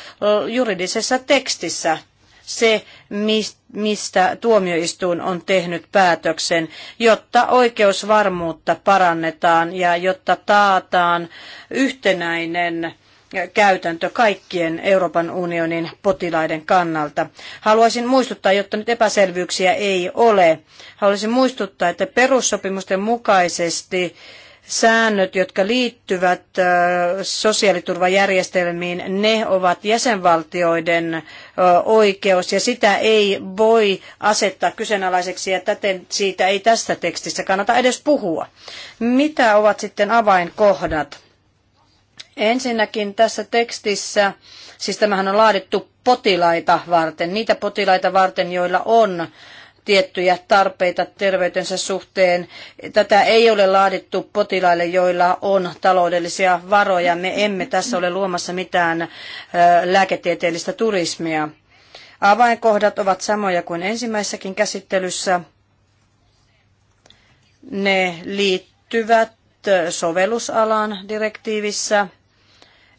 juridisessa tekstissä se, mistä tuomioistuin on tehnyt päätöksen, jotta oikeusvarmuutta parannetaan ja jotta taataan yhtenäinen käytäntö kaikkien Euroopan unionin potilaiden kannalta. Haluaisin muistuttaa, jotta nyt epäselvyyksiä ei ole, haluaisin muistuttaa, että perussopimusten mukaisesti säännöt, jotka liittyvät sosiaaliturvajärjestelmiin, ne ovat jäsenvaltioiden oikeus ja sitä ei voi asettaa kyseenalaiseksi ja täten siitä ei tästä tekstissä kannata edes puhua. Mitä ovat sitten avainkohdat? Ensinnäkin tässä tekstissä, siis tämähän on laadittu potilaita varten, niitä potilaita varten, joilla on tiettyjä tarpeita terveytensä suhteen. Tätä ei ole laadittu potilaille, joilla on taloudellisia varoja. Me emme tässä ole luomassa mitään lääketieteellistä turismia. Avainkohdat ovat samoja kuin ensimmäisessäkin käsittelyssä. Ne liittyvät sovellusalaan direktiivissä –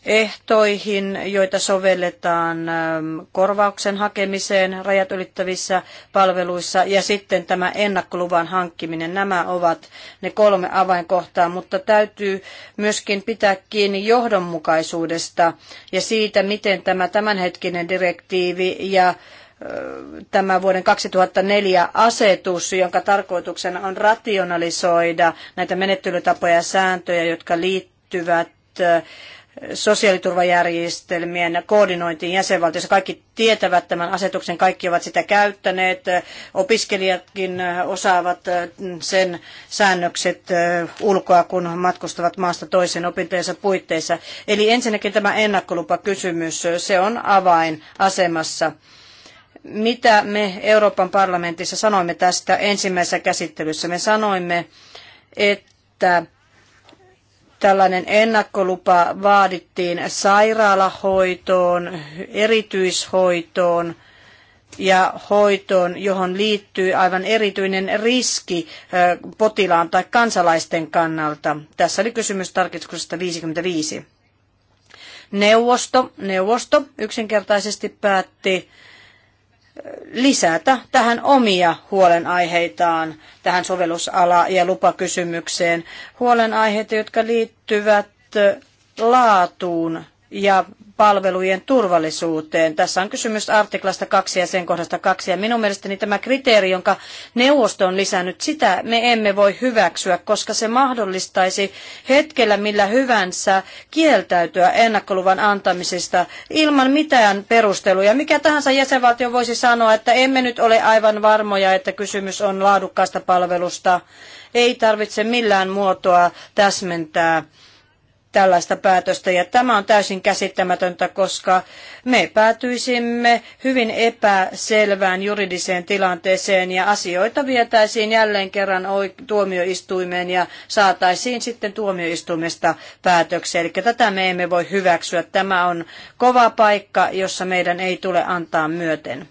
ehtoihin, joita sovelletaan ähm, korvauksen hakemiseen rajat ylittävissä palveluissa ja sitten tämä ennakkoluvan hankkiminen. Nämä ovat ne kolme avainkohtaa, mutta täytyy myöskin pitää kiinni johdonmukaisuudesta ja siitä, miten tämä tämänhetkinen direktiivi ja äh, tämä vuoden 2004 asetus, jonka tarkoituksena on rationalisoida näitä menettelytapoja ja sääntöjä, jotka liittyvät äh, sosiaaliturvajärjestelmien koordinointiin jäsenvaltiossa. Kaikki tietävät tämän asetuksen, kaikki ovat sitä käyttäneet. Opiskelijatkin osaavat sen säännökset ulkoa, kun matkustavat maasta toiseen opintojensa puitteissa. Eli ensinnäkin tämä ennakkolupakysymys, se on avainasemassa mitä me Euroopan parlamentissa sanoimme tästä ensimmäisessä käsittelyssä? Me sanoimme, että Tällainen ennakkolupa vaadittiin sairaalahoitoon, erityishoitoon ja hoitoon, johon liittyy aivan erityinen riski potilaan tai kansalaisten kannalta. Tässä oli kysymys tarkistuksesta 55. Neuvosto, neuvosto yksinkertaisesti päätti lisätä tähän omia huolenaiheitaan tähän sovellusala- ja lupakysymykseen. Huolenaiheita, jotka liittyvät laatuun ja palvelujen turvallisuuteen. Tässä on kysymys artiklasta 2 ja sen kohdasta 2. Ja minun mielestäni tämä kriteeri, jonka neuvosto on lisännyt, sitä me emme voi hyväksyä, koska se mahdollistaisi hetkellä millä hyvänsä kieltäytyä ennakkoluvan antamisesta ilman mitään perusteluja. Mikä tahansa jäsenvaltio voisi sanoa, että emme nyt ole aivan varmoja, että kysymys on laadukkaasta palvelusta. Ei tarvitse millään muotoa täsmentää tällaista päätöstä. Ja tämä on täysin käsittämätöntä, koska me päätyisimme hyvin epäselvään juridiseen tilanteeseen ja asioita vietäisiin jälleen kerran tuomioistuimeen ja saataisiin sitten tuomioistuimesta päätöksiä. Eli tätä me emme voi hyväksyä. Tämä on kova paikka, jossa meidän ei tule antaa myöten.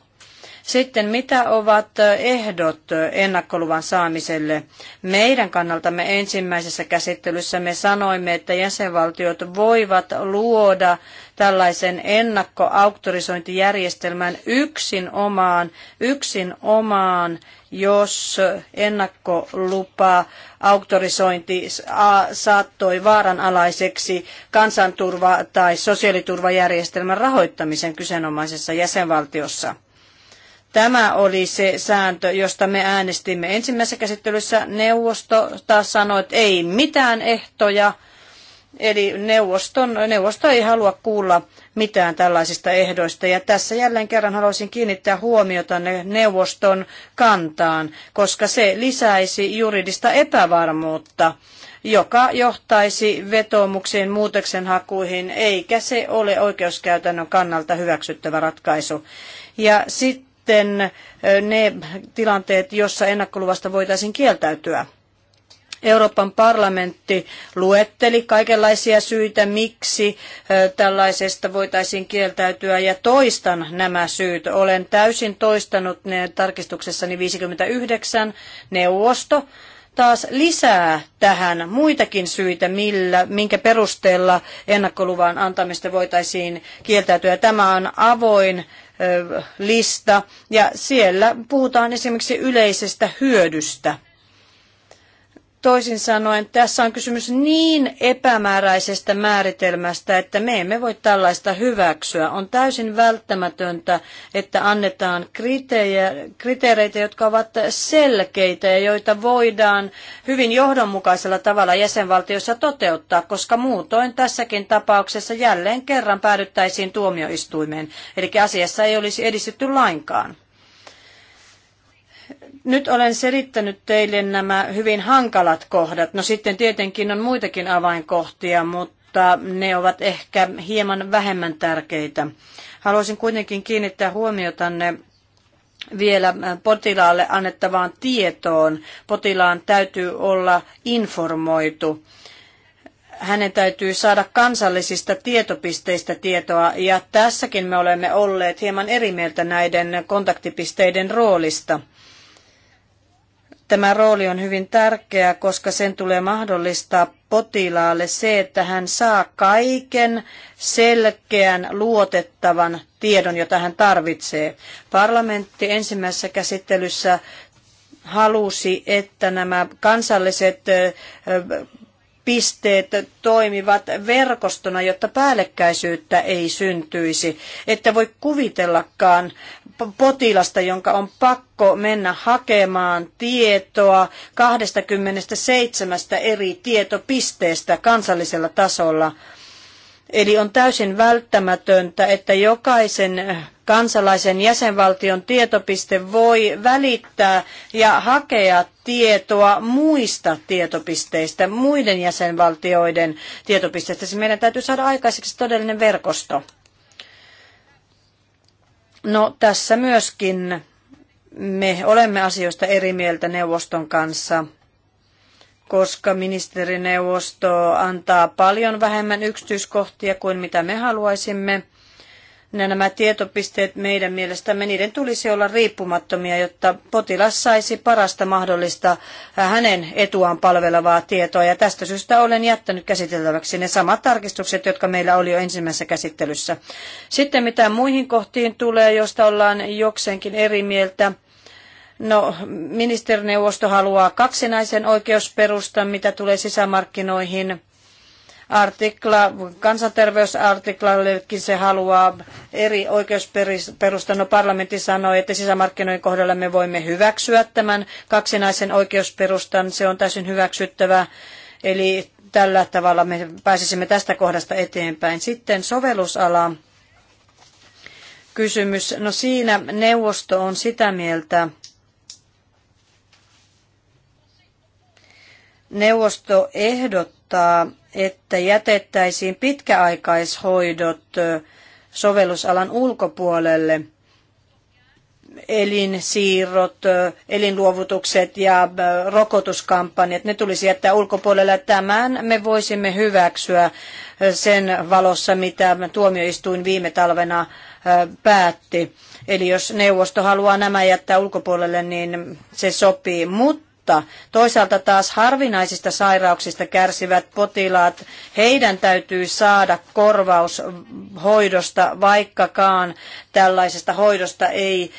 Sitten mitä ovat ehdot ennakkoluvan saamiselle? Meidän kannaltamme ensimmäisessä käsittelyssä me sanoimme, että jäsenvaltiot voivat luoda tällaisen ennakkoauktorisointijärjestelmän yksin omaan, yksin omaan jos ennakkolupa auktorisointi saattoi vaaranalaiseksi kansanturva- tai sosiaaliturvajärjestelmän rahoittamisen kyseenomaisessa jäsenvaltiossa. Tämä oli se sääntö, josta me äänestimme ensimmäisessä käsittelyssä. Neuvosto taas sanoi, että ei mitään ehtoja. Eli neuvoston, neuvosto ei halua kuulla mitään tällaisista ehdoista. Ja tässä jälleen kerran haluaisin kiinnittää huomiota neuvoston kantaan, koska se lisäisi juridista epävarmuutta, joka johtaisi vetoomuksiin muutoksenhakuihin, eikä se ole oikeuskäytännön kannalta hyväksyttävä ratkaisu. Ja sitten sitten ne tilanteet, jossa ennakkoluvasta voitaisiin kieltäytyä. Euroopan parlamentti luetteli kaikenlaisia syitä, miksi tällaisesta voitaisiin kieltäytyä, ja toistan nämä syyt. Olen täysin toistanut ne tarkistuksessani 59 neuvosto taas lisää tähän muitakin syitä, millä, minkä perusteella ennakkoluvan antamista voitaisiin kieltäytyä. Tämä on avoin lista ja siellä puhutaan esimerkiksi yleisestä hyödystä – Toisin sanoen tässä on kysymys niin epämääräisestä määritelmästä, että me emme voi tällaista hyväksyä. On täysin välttämätöntä, että annetaan kriteereitä, jotka ovat selkeitä ja joita voidaan hyvin johdonmukaisella tavalla jäsenvaltioissa toteuttaa, koska muutoin tässäkin tapauksessa jälleen kerran päädyttäisiin tuomioistuimeen, eli asiassa ei olisi edistytty lainkaan nyt olen selittänyt teille nämä hyvin hankalat kohdat. No sitten tietenkin on muitakin avainkohtia, mutta ne ovat ehkä hieman vähemmän tärkeitä. Haluaisin kuitenkin kiinnittää huomiotanne vielä äh, potilaalle annettavaan tietoon. Potilaan täytyy olla informoitu. Hänen täytyy saada kansallisista tietopisteistä tietoa ja tässäkin me olemme olleet hieman eri mieltä näiden kontaktipisteiden roolista. Tämä rooli on hyvin tärkeä, koska sen tulee mahdollistaa potilaalle se, että hän saa kaiken selkeän, luotettavan tiedon, jota hän tarvitsee. Parlamentti ensimmäisessä käsittelyssä halusi, että nämä kansalliset pisteet toimivat verkostona, jotta päällekkäisyyttä ei syntyisi. Että voi kuvitellakaan potilasta, jonka on pakko mennä hakemaan tietoa 27 eri tietopisteestä kansallisella tasolla. Eli on täysin välttämätöntä, että jokaisen kansalaisen jäsenvaltion tietopiste voi välittää ja hakea tietoa muista tietopisteistä, muiden jäsenvaltioiden tietopisteistä. Siis meidän täytyy saada aikaiseksi todellinen verkosto. No tässä myöskin me olemme asioista eri mieltä neuvoston kanssa koska ministerineuvosto antaa paljon vähemmän yksityiskohtia kuin mitä me haluaisimme nämä tietopisteet meidän mielestämme, niiden tulisi olla riippumattomia, jotta potilas saisi parasta mahdollista hänen etuaan palvelevaa tietoa. Ja tästä syystä olen jättänyt käsiteltäväksi ne samat tarkistukset, jotka meillä oli jo ensimmäisessä käsittelyssä. Sitten mitä muihin kohtiin tulee, josta ollaan jokseenkin eri mieltä. No, ministerineuvosto haluaa kaksinaisen oikeusperustan, mitä tulee sisämarkkinoihin – artikla, kansanterveysartiklallekin se haluaa eri oikeusperustan. No parlamentti sanoi, että sisämarkkinoiden kohdalla me voimme hyväksyä tämän kaksinaisen oikeusperustan. Se on täysin hyväksyttävä. Eli tällä tavalla me pääsisimme tästä kohdasta eteenpäin. Sitten sovellusala kysymys. No siinä neuvosto on sitä mieltä, neuvosto ehdottaa, että jätettäisiin pitkäaikaishoidot sovellusalan ulkopuolelle, elinsiirrot, elinluovutukset ja rokotuskampanjat, ne tulisi jättää ulkopuolelle. Tämän me voisimme hyväksyä sen valossa, mitä tuomioistuin viime talvena päätti. Eli jos neuvosto haluaa nämä jättää ulkopuolelle, niin se sopii. Mutta mutta toisaalta taas harvinaisista sairauksista kärsivät potilaat, heidän täytyy saada korvaus hoidosta, vaikkakaan tällaisesta hoidosta ei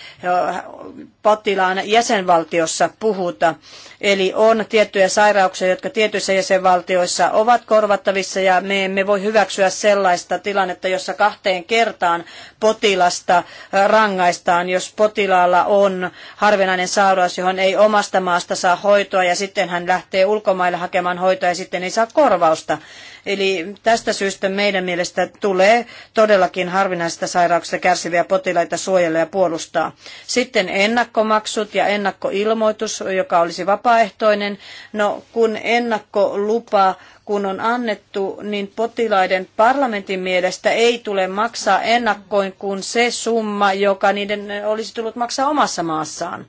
potilaan jäsenvaltiossa puhuta. Eli on tiettyjä sairauksia, jotka tietyissä jäsenvaltioissa ovat korvattavissa ja me emme voi hyväksyä sellaista tilannetta, jossa kahteen kertaan potilasta äh, rangaistaan, jos potilaalla on harvinainen sairaus, johon ei omasta maasta saa hoitoa ja sitten hän lähtee ulkomaille hakemaan hoitoa ja sitten ei saa korvausta. Eli tästä syystä meidän mielestä tulee todellakin harvinaisista sairauksista kärsiviä potilaita suojella ja puolustaa. Sitten ennakkomaksut ja ennakkoilmoitus, joka olisi vapaaehtoinen. No kun ennakkolupa kun on annettu, niin potilaiden parlamentin mielestä ei tule maksaa ennakkoin kuin se summa, joka niiden olisi tullut maksaa omassa maassaan.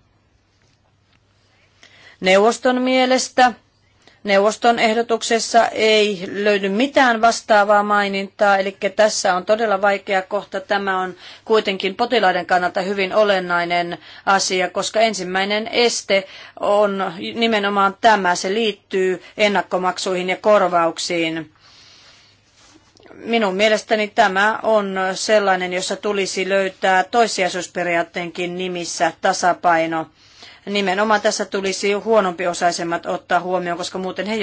Neuvoston mielestä Neuvoston ehdotuksessa ei löydy mitään vastaavaa mainintaa, eli tässä on todella vaikea kohta. Tämä on kuitenkin potilaiden kannalta hyvin olennainen asia, koska ensimmäinen este on nimenomaan tämä. Se liittyy ennakkomaksuihin ja korvauksiin minun mielestäni tämä on sellainen, jossa tulisi löytää toissijaisuusperiaatteenkin nimissä tasapaino nimenomaan tässä tulisi huonompiosaisemmat ottaa huomioon, koska muuten he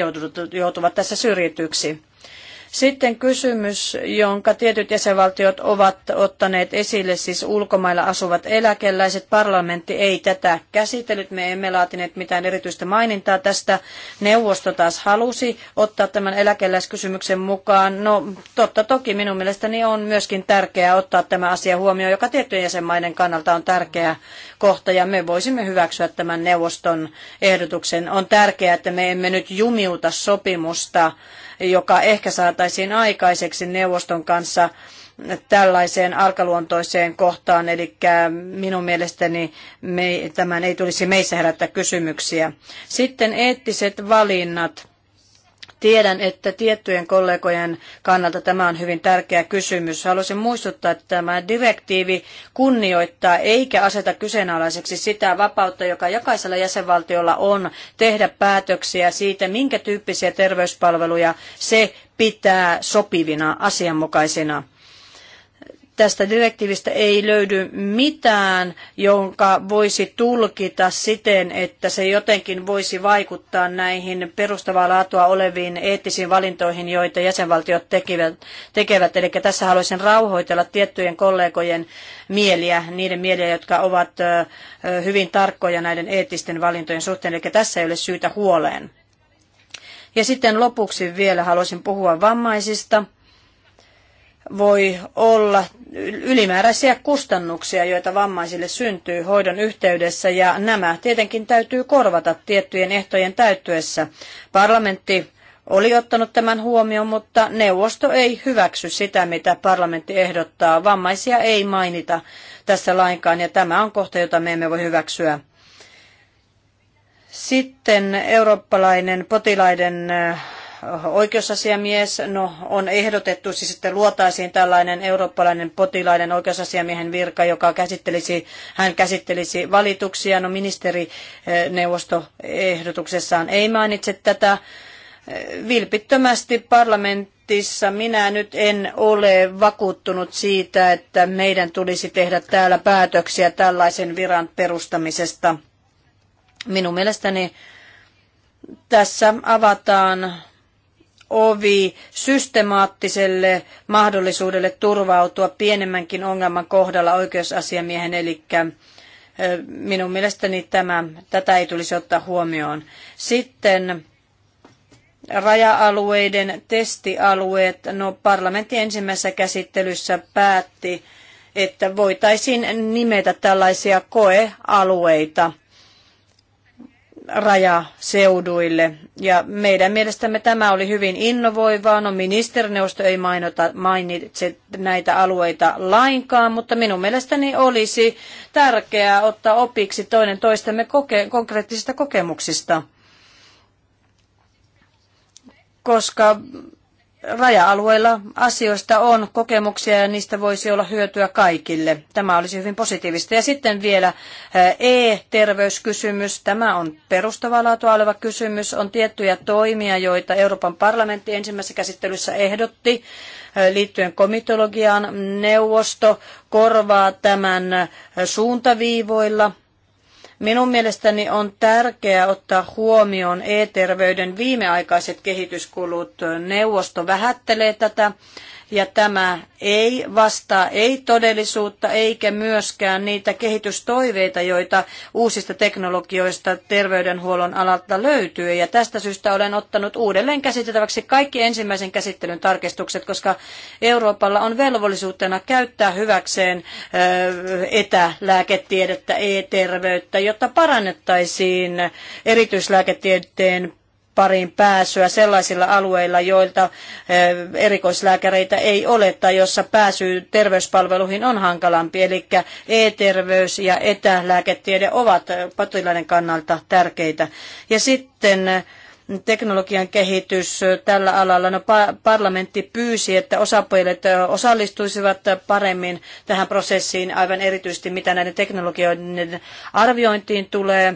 joutuvat tässä syrjityksi. Sitten kysymys, jonka tietyt jäsenvaltiot ovat ottaneet esille, siis ulkomailla asuvat eläkeläiset. Parlamentti ei tätä käsitellyt. Me emme laatineet mitään erityistä mainintaa tästä. Neuvosto taas halusi ottaa tämän eläkeläiskysymyksen mukaan. No totta toki minun mielestäni on myöskin tärkeää ottaa tämä asia huomioon, joka tiettyjen jäsenmaiden kannalta on tärkeä kohta ja me voisimme hyväksyä tämän neuvoston ehdotuksen. On tärkeää, että me emme nyt jumiuta sopimusta joka ehkä saataisiin aikaiseksi neuvoston kanssa tällaiseen arkaluontoiseen kohtaan, eli minun mielestäni me, tämän ei tulisi meissä herättää kysymyksiä. Sitten eettiset valinnat. Tiedän, että tiettyjen kollegojen kannalta tämä on hyvin tärkeä kysymys. Haluaisin muistuttaa, että tämä direktiivi kunnioittaa eikä aseta kyseenalaiseksi sitä vapautta, joka jokaisella jäsenvaltiolla on tehdä päätöksiä siitä, minkä tyyppisiä terveyspalveluja se pitää sopivina, asianmukaisina tästä direktiivistä ei löydy mitään, jonka voisi tulkita siten, että se jotenkin voisi vaikuttaa näihin perustavaa laatua oleviin eettisiin valintoihin, joita jäsenvaltiot tekevät. tekevät. Eli tässä haluaisin rauhoitella tiettyjen kollegojen mieliä, niiden mieliä, jotka ovat hyvin tarkkoja näiden eettisten valintojen suhteen. Eli tässä ei ole syytä huoleen. Ja sitten lopuksi vielä haluaisin puhua vammaisista voi olla ylimääräisiä kustannuksia, joita vammaisille syntyy hoidon yhteydessä, ja nämä tietenkin täytyy korvata tiettyjen ehtojen täyttyessä. Parlamentti oli ottanut tämän huomioon, mutta neuvosto ei hyväksy sitä, mitä parlamentti ehdottaa. Vammaisia ei mainita tässä lainkaan, ja tämä on kohta, jota me emme voi hyväksyä. Sitten eurooppalainen potilaiden oikeusasiamies. No, on ehdotettu siis, että luotaisiin tällainen eurooppalainen potilaiden oikeusasiamiehen virka, joka käsittelisi, hän käsittelisi valituksia. No, ministerineuvosto eh, ehdotuksessaan ei mainitse tätä. Eh, vilpittömästi parlamentissa minä nyt en ole vakuuttunut siitä, että meidän tulisi tehdä täällä päätöksiä tällaisen viran perustamisesta. Minun mielestäni tässä avataan ovi systemaattiselle mahdollisuudelle turvautua pienemmänkin ongelman kohdalla oikeusasiamiehen, eli minun mielestäni tämä, tätä ei tulisi ottaa huomioon. Sitten raja-alueiden testialueet, no parlamentti ensimmäisessä käsittelyssä päätti, että voitaisiin nimetä tällaisia koealueita – rajaseuduille. Ja meidän mielestämme tämä oli hyvin innovoivaa. No ministerineuvosto ei mainota, mainitse näitä alueita lainkaan, mutta minun mielestäni olisi tärkeää ottaa opiksi toinen toistemme koke- konkreettisista kokemuksista. Koska raja-alueilla asioista on kokemuksia ja niistä voisi olla hyötyä kaikille. Tämä olisi hyvin positiivista. Ja sitten vielä eh, e-terveyskysymys. Tämä on perustavaa laatua oleva kysymys. On tiettyjä toimia, joita Euroopan parlamentti ensimmäisessä käsittelyssä ehdotti eh, liittyen komitologiaan. Neuvosto korvaa tämän eh, suuntaviivoilla – Minun mielestäni on tärkeää ottaa huomioon e-terveyden viimeaikaiset kehityskulut. Neuvosto vähättelee tätä ja tämä ei vastaa ei todellisuutta eikä myöskään niitä kehitystoiveita, joita uusista teknologioista terveydenhuollon alalta löytyy. Ja tästä syystä olen ottanut uudelleen käsiteltäväksi kaikki ensimmäisen käsittelyn tarkistukset, koska Euroopalla on velvollisuutena käyttää hyväkseen etälääketiedettä, e-terveyttä, jotta parannettaisiin erityislääketieteen pariin pääsyä sellaisilla alueilla, joilta erikoislääkäreitä ei ole tai jossa pääsy terveyspalveluihin on hankalampi. Eli e-terveys ja etälääketiede ovat potilaiden kannalta tärkeitä. Ja sitten teknologian kehitys tällä alalla. No, parlamentti pyysi, että osapuolet osallistuisivat paremmin tähän prosessiin, aivan erityisesti mitä näiden teknologioiden arviointiin tulee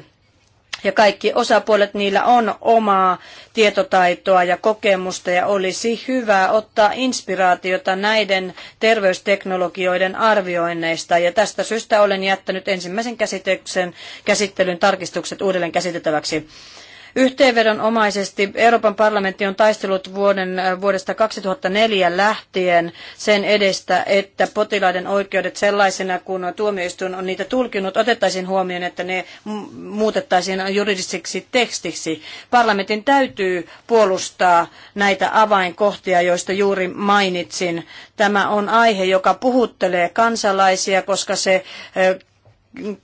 ja kaikki osapuolet, niillä on omaa tietotaitoa ja kokemusta ja olisi hyvä ottaa inspiraatiota näiden terveysteknologioiden arvioinneista. Ja tästä syystä olen jättänyt ensimmäisen käsityksen, käsittelyn tarkistukset uudelleen käsiteltäväksi. Yhteenvedonomaisesti Euroopan parlamentti on taistellut vuoden, äh, vuodesta 2004 lähtien sen edestä, että potilaiden oikeudet sellaisena, kun tuomioistuin on niitä tulkinut, otettaisiin huomioon, että ne muutettaisiin juridisiksi tekstiksi. Parlamentin täytyy puolustaa näitä avainkohtia, joista juuri mainitsin. Tämä on aihe, joka puhuttelee kansalaisia, koska se äh,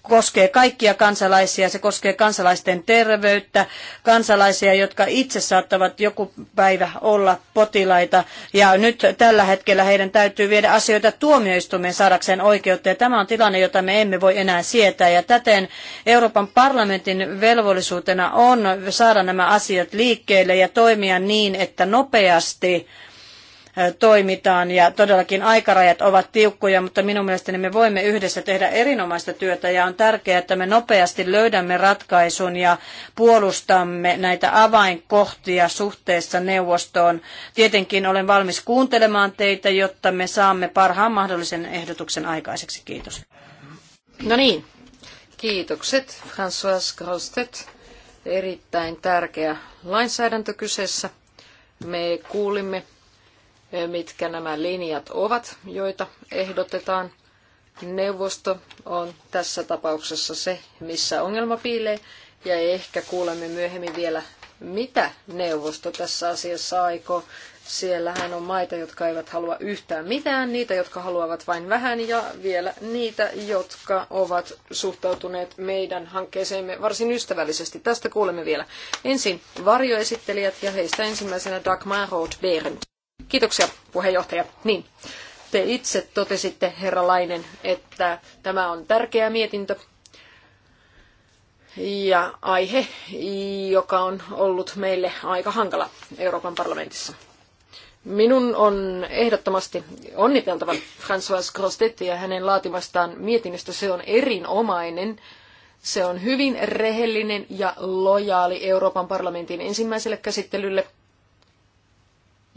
koskee kaikkia kansalaisia, se koskee kansalaisten terveyttä, kansalaisia, jotka itse saattavat joku päivä olla potilaita. Ja nyt tällä hetkellä heidän täytyy viedä asioita tuomioistuimeen saadakseen oikeutta. Ja tämä on tilanne, jota me emme voi enää sietää. Ja täten Euroopan parlamentin velvollisuutena on saada nämä asiat liikkeelle ja toimia niin, että nopeasti toimitaan ja todellakin aikarajat ovat tiukkoja, mutta minun mielestäni me voimme yhdessä tehdä erinomaista työtä ja on tärkeää, että me nopeasti löydämme ratkaisun ja puolustamme näitä avainkohtia suhteessa neuvostoon. Tietenkin olen valmis kuuntelemaan teitä, jotta me saamme parhaan mahdollisen ehdotuksen aikaiseksi. Kiitos. No niin, kiitokset François Grostet. Erittäin tärkeä lainsäädäntö kyseessä. Me kuulimme mitkä nämä linjat ovat, joita ehdotetaan. Neuvosto on tässä tapauksessa se, missä ongelma piilee, ja ehkä kuulemme myöhemmin vielä, mitä neuvosto tässä asiassa aikoo. Siellähän on maita, jotka eivät halua yhtään mitään, niitä, jotka haluavat vain vähän, ja vielä niitä, jotka ovat suhtautuneet meidän hankkeeseemme varsin ystävällisesti. Tästä kuulemme vielä. Ensin varjoesittelijät ja heistä ensimmäisenä Dagmar Roth-Berendt. Kiitoksia puheenjohtaja. Niin, te itse totesitte, herra Lainen, että tämä on tärkeä mietintö ja aihe, joka on ollut meille aika hankala Euroopan parlamentissa. Minun on ehdottomasti onniteltava François ja hänen laatimastaan mietinnöstä. Se on erinomainen. Se on hyvin rehellinen ja lojaali Euroopan parlamentin ensimmäiselle käsittelylle –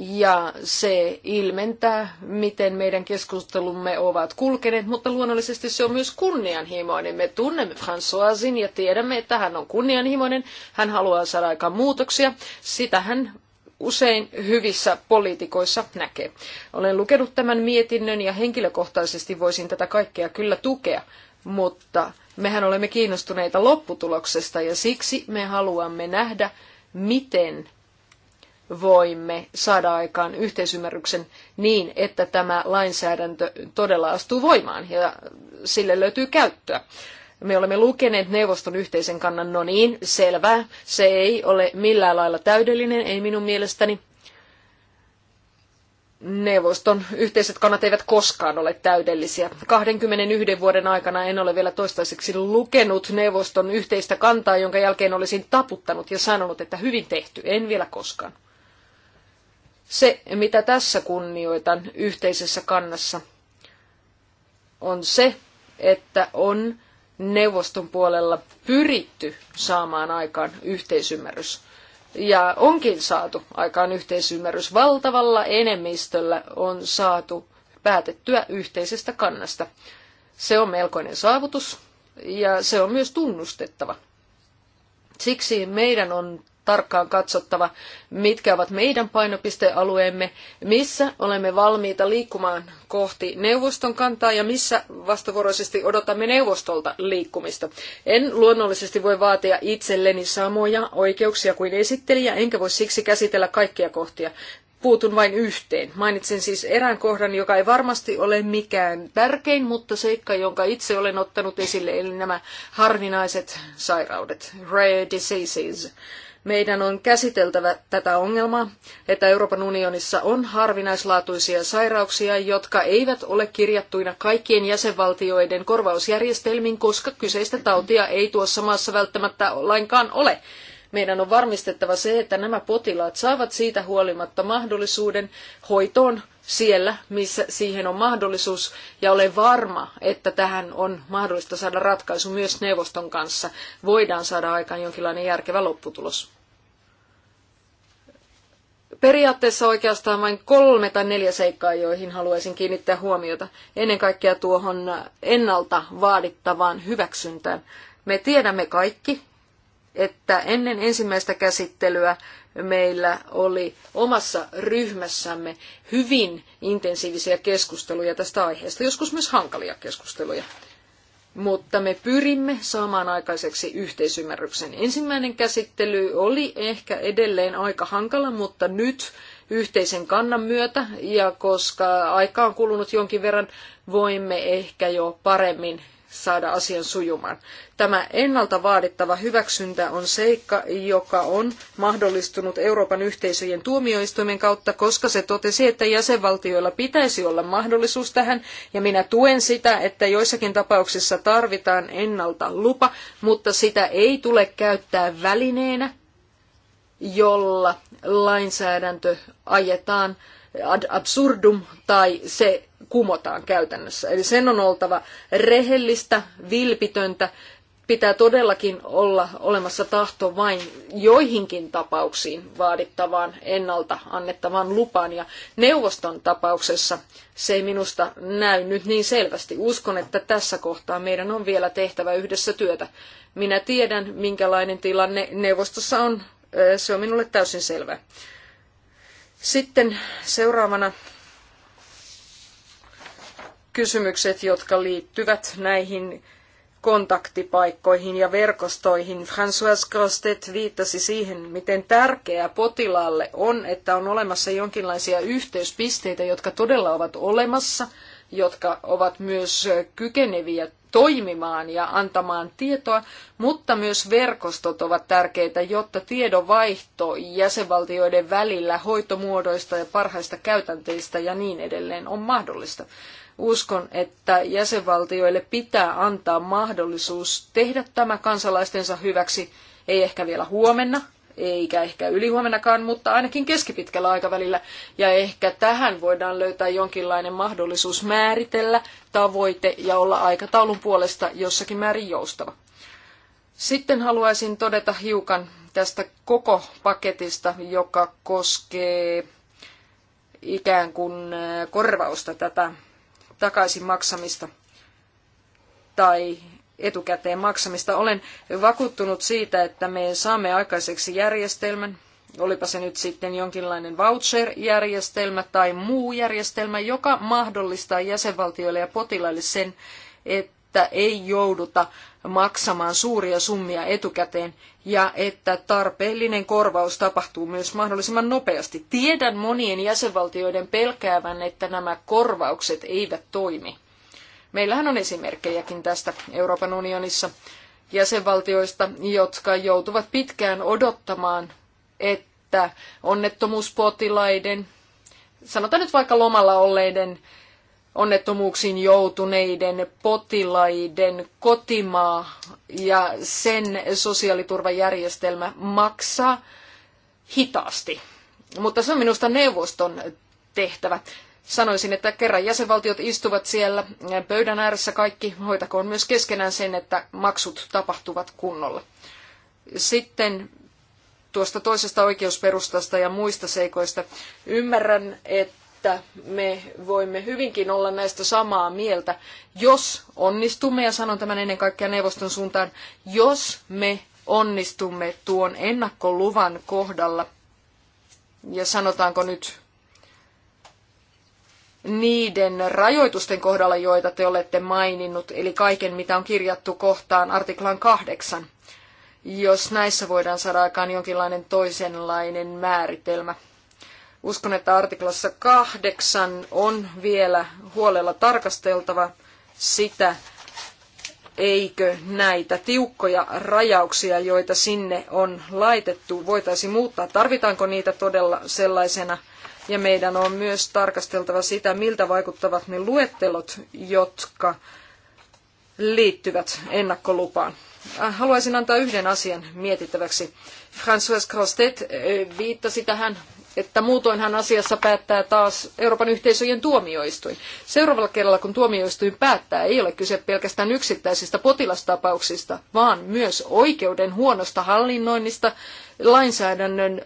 ja se ilmentää, miten meidän keskustelumme ovat kulkeneet, mutta luonnollisesti se on myös kunnianhimoinen. Me tunnemme Françoisin ja tiedämme, että hän on kunnianhimoinen, hän haluaa saada aikaan muutoksia, sitä hän usein hyvissä poliitikoissa näkee. Olen lukenut tämän mietinnön ja henkilökohtaisesti voisin tätä kaikkea kyllä tukea, mutta mehän olemme kiinnostuneita lopputuloksesta ja siksi me haluamme nähdä, miten voimme saada aikaan yhteisymmärryksen niin, että tämä lainsäädäntö todella astuu voimaan ja sille löytyy käyttöä. Me olemme lukeneet neuvoston yhteisen kannan, no niin, selvää. Se ei ole millään lailla täydellinen, ei minun mielestäni. Neuvoston yhteiset kannat eivät koskaan ole täydellisiä. 21 vuoden aikana en ole vielä toistaiseksi lukenut neuvoston yhteistä kantaa, jonka jälkeen olisin taputtanut ja sanonut, että hyvin tehty. En vielä koskaan. Se, mitä tässä kunnioitan yhteisessä kannassa, on se, että on neuvoston puolella pyritty saamaan aikaan yhteisymmärrys. Ja onkin saatu aikaan yhteisymmärrys. Valtavalla enemmistöllä on saatu päätettyä yhteisestä kannasta. Se on melkoinen saavutus ja se on myös tunnustettava. Siksi meidän on tarkkaan katsottava, mitkä ovat meidän painopistealueemme, missä olemme valmiita liikkumaan kohti neuvoston kantaa ja missä vastavuoroisesti odotamme neuvostolta liikkumista. En luonnollisesti voi vaatia itselleni samoja oikeuksia kuin esittelijä, enkä voi siksi käsitellä kaikkia kohtia puutun vain yhteen. Mainitsen siis erään kohdan, joka ei varmasti ole mikään tärkein, mutta seikka, jonka itse olen ottanut esille, eli nämä harvinaiset sairaudet, rare diseases. Meidän on käsiteltävä tätä ongelmaa, että Euroopan unionissa on harvinaislaatuisia sairauksia, jotka eivät ole kirjattuina kaikkien jäsenvaltioiden korvausjärjestelmiin, koska kyseistä tautia ei tuossa maassa välttämättä lainkaan ole. Meidän on varmistettava se, että nämä potilaat saavat siitä huolimatta mahdollisuuden hoitoon siellä, missä siihen on mahdollisuus, ja olen varma, että tähän on mahdollista saada ratkaisu myös neuvoston kanssa. Voidaan saada aikaan jonkinlainen järkevä lopputulos. Periaatteessa oikeastaan vain kolme tai neljä seikkaa, joihin haluaisin kiinnittää huomiota. Ennen kaikkea tuohon ennalta vaadittavaan hyväksyntään. Me tiedämme kaikki, että ennen ensimmäistä käsittelyä meillä oli omassa ryhmässämme hyvin intensiivisiä keskusteluja tästä aiheesta, joskus myös hankalia keskusteluja. Mutta me pyrimme saamaan aikaiseksi yhteisymmärryksen. Ensimmäinen käsittely oli ehkä edelleen aika hankala, mutta nyt yhteisen kannan myötä ja koska aika on kulunut jonkin verran, voimme ehkä jo paremmin saada asian sujumaan. Tämä ennalta vaadittava hyväksyntä on seikka, joka on mahdollistunut Euroopan yhteisöjen tuomioistuimen kautta, koska se totesi, että jäsenvaltioilla pitäisi olla mahdollisuus tähän, ja minä tuen sitä, että joissakin tapauksissa tarvitaan ennalta lupa, mutta sitä ei tule käyttää välineenä, jolla lainsäädäntö ajetaan ad absurdum tai se kumotaan käytännössä. Eli sen on oltava rehellistä, vilpitöntä, pitää todellakin olla olemassa tahto vain joihinkin tapauksiin vaadittavaan ennalta annettavaan lupaan. Ja neuvoston tapauksessa se ei minusta näy nyt niin selvästi. Uskon, että tässä kohtaa meidän on vielä tehtävä yhdessä työtä. Minä tiedän, minkälainen tilanne neuvostossa on. Se on minulle täysin selvä. Sitten seuraavana kysymykset, jotka liittyvät näihin kontaktipaikkoihin ja verkostoihin. François Grostet viittasi siihen, miten tärkeää potilaalle on, että on olemassa jonkinlaisia yhteyspisteitä, jotka todella ovat olemassa, jotka ovat myös kykeneviä toimimaan ja antamaan tietoa, mutta myös verkostot ovat tärkeitä, jotta tiedonvaihto jäsenvaltioiden välillä hoitomuodoista ja parhaista käytänteistä ja niin edelleen on mahdollista. Uskon, että jäsenvaltioille pitää antaa mahdollisuus tehdä tämä kansalaistensa hyväksi, ei ehkä vielä huomenna, eikä ehkä ylihuomennakaan, mutta ainakin keskipitkällä aikavälillä. Ja ehkä tähän voidaan löytää jonkinlainen mahdollisuus määritellä tavoite ja olla aikataulun puolesta jossakin määrin joustava. Sitten haluaisin todeta hiukan tästä koko paketista, joka koskee ikään kuin äh, korvausta tätä takaisin maksamista tai etukäteen maksamista. Olen vakuuttunut siitä, että me saamme aikaiseksi järjestelmän, olipa se nyt sitten jonkinlainen voucher-järjestelmä tai muu järjestelmä, joka mahdollistaa jäsenvaltioille ja potilaille sen, että että ei jouduta maksamaan suuria summia etukäteen ja että tarpeellinen korvaus tapahtuu myös mahdollisimman nopeasti. Tiedän monien jäsenvaltioiden pelkäävän, että nämä korvaukset eivät toimi. Meillähän on esimerkkejäkin tästä Euroopan unionissa jäsenvaltioista, jotka joutuvat pitkään odottamaan, että onnettomuuspotilaiden, sanotaan nyt vaikka lomalla olleiden onnettomuuksiin joutuneiden potilaiden kotimaa ja sen sosiaaliturvajärjestelmä maksaa hitaasti. Mutta se on minusta neuvoston tehtävä. Sanoisin, että kerran jäsenvaltiot istuvat siellä pöydän ääressä kaikki, hoitakoon myös keskenään sen, että maksut tapahtuvat kunnolla. Sitten tuosta toisesta oikeusperustasta ja muista seikoista. Ymmärrän, että että me voimme hyvinkin olla näistä samaa mieltä, jos onnistumme, ja sanon tämän ennen kaikkea neuvoston suuntaan, jos me onnistumme tuon ennakkoluvan kohdalla, ja sanotaanko nyt niiden rajoitusten kohdalla, joita te olette maininnut, eli kaiken, mitä on kirjattu kohtaan artiklan kahdeksan, jos näissä voidaan saada aikaan jonkinlainen toisenlainen määritelmä – Uskon, että artiklassa kahdeksan on vielä huolella tarkasteltava sitä, eikö näitä tiukkoja rajauksia, joita sinne on laitettu, voitaisiin muuttaa. Tarvitaanko niitä todella sellaisena? Ja meidän on myös tarkasteltava sitä, miltä vaikuttavat ne luettelot, jotka liittyvät ennakkolupaan. Äh, haluaisin antaa yhden asian mietittäväksi. François Crostet äh, viittasi tähän että muutoinhan asiassa päättää taas Euroopan yhteisöjen tuomioistuin. Seuraavalla kerralla, kun tuomioistuin päättää, ei ole kyse pelkästään yksittäisistä potilastapauksista, vaan myös oikeuden huonosta hallinnoinnista, lainsäädännön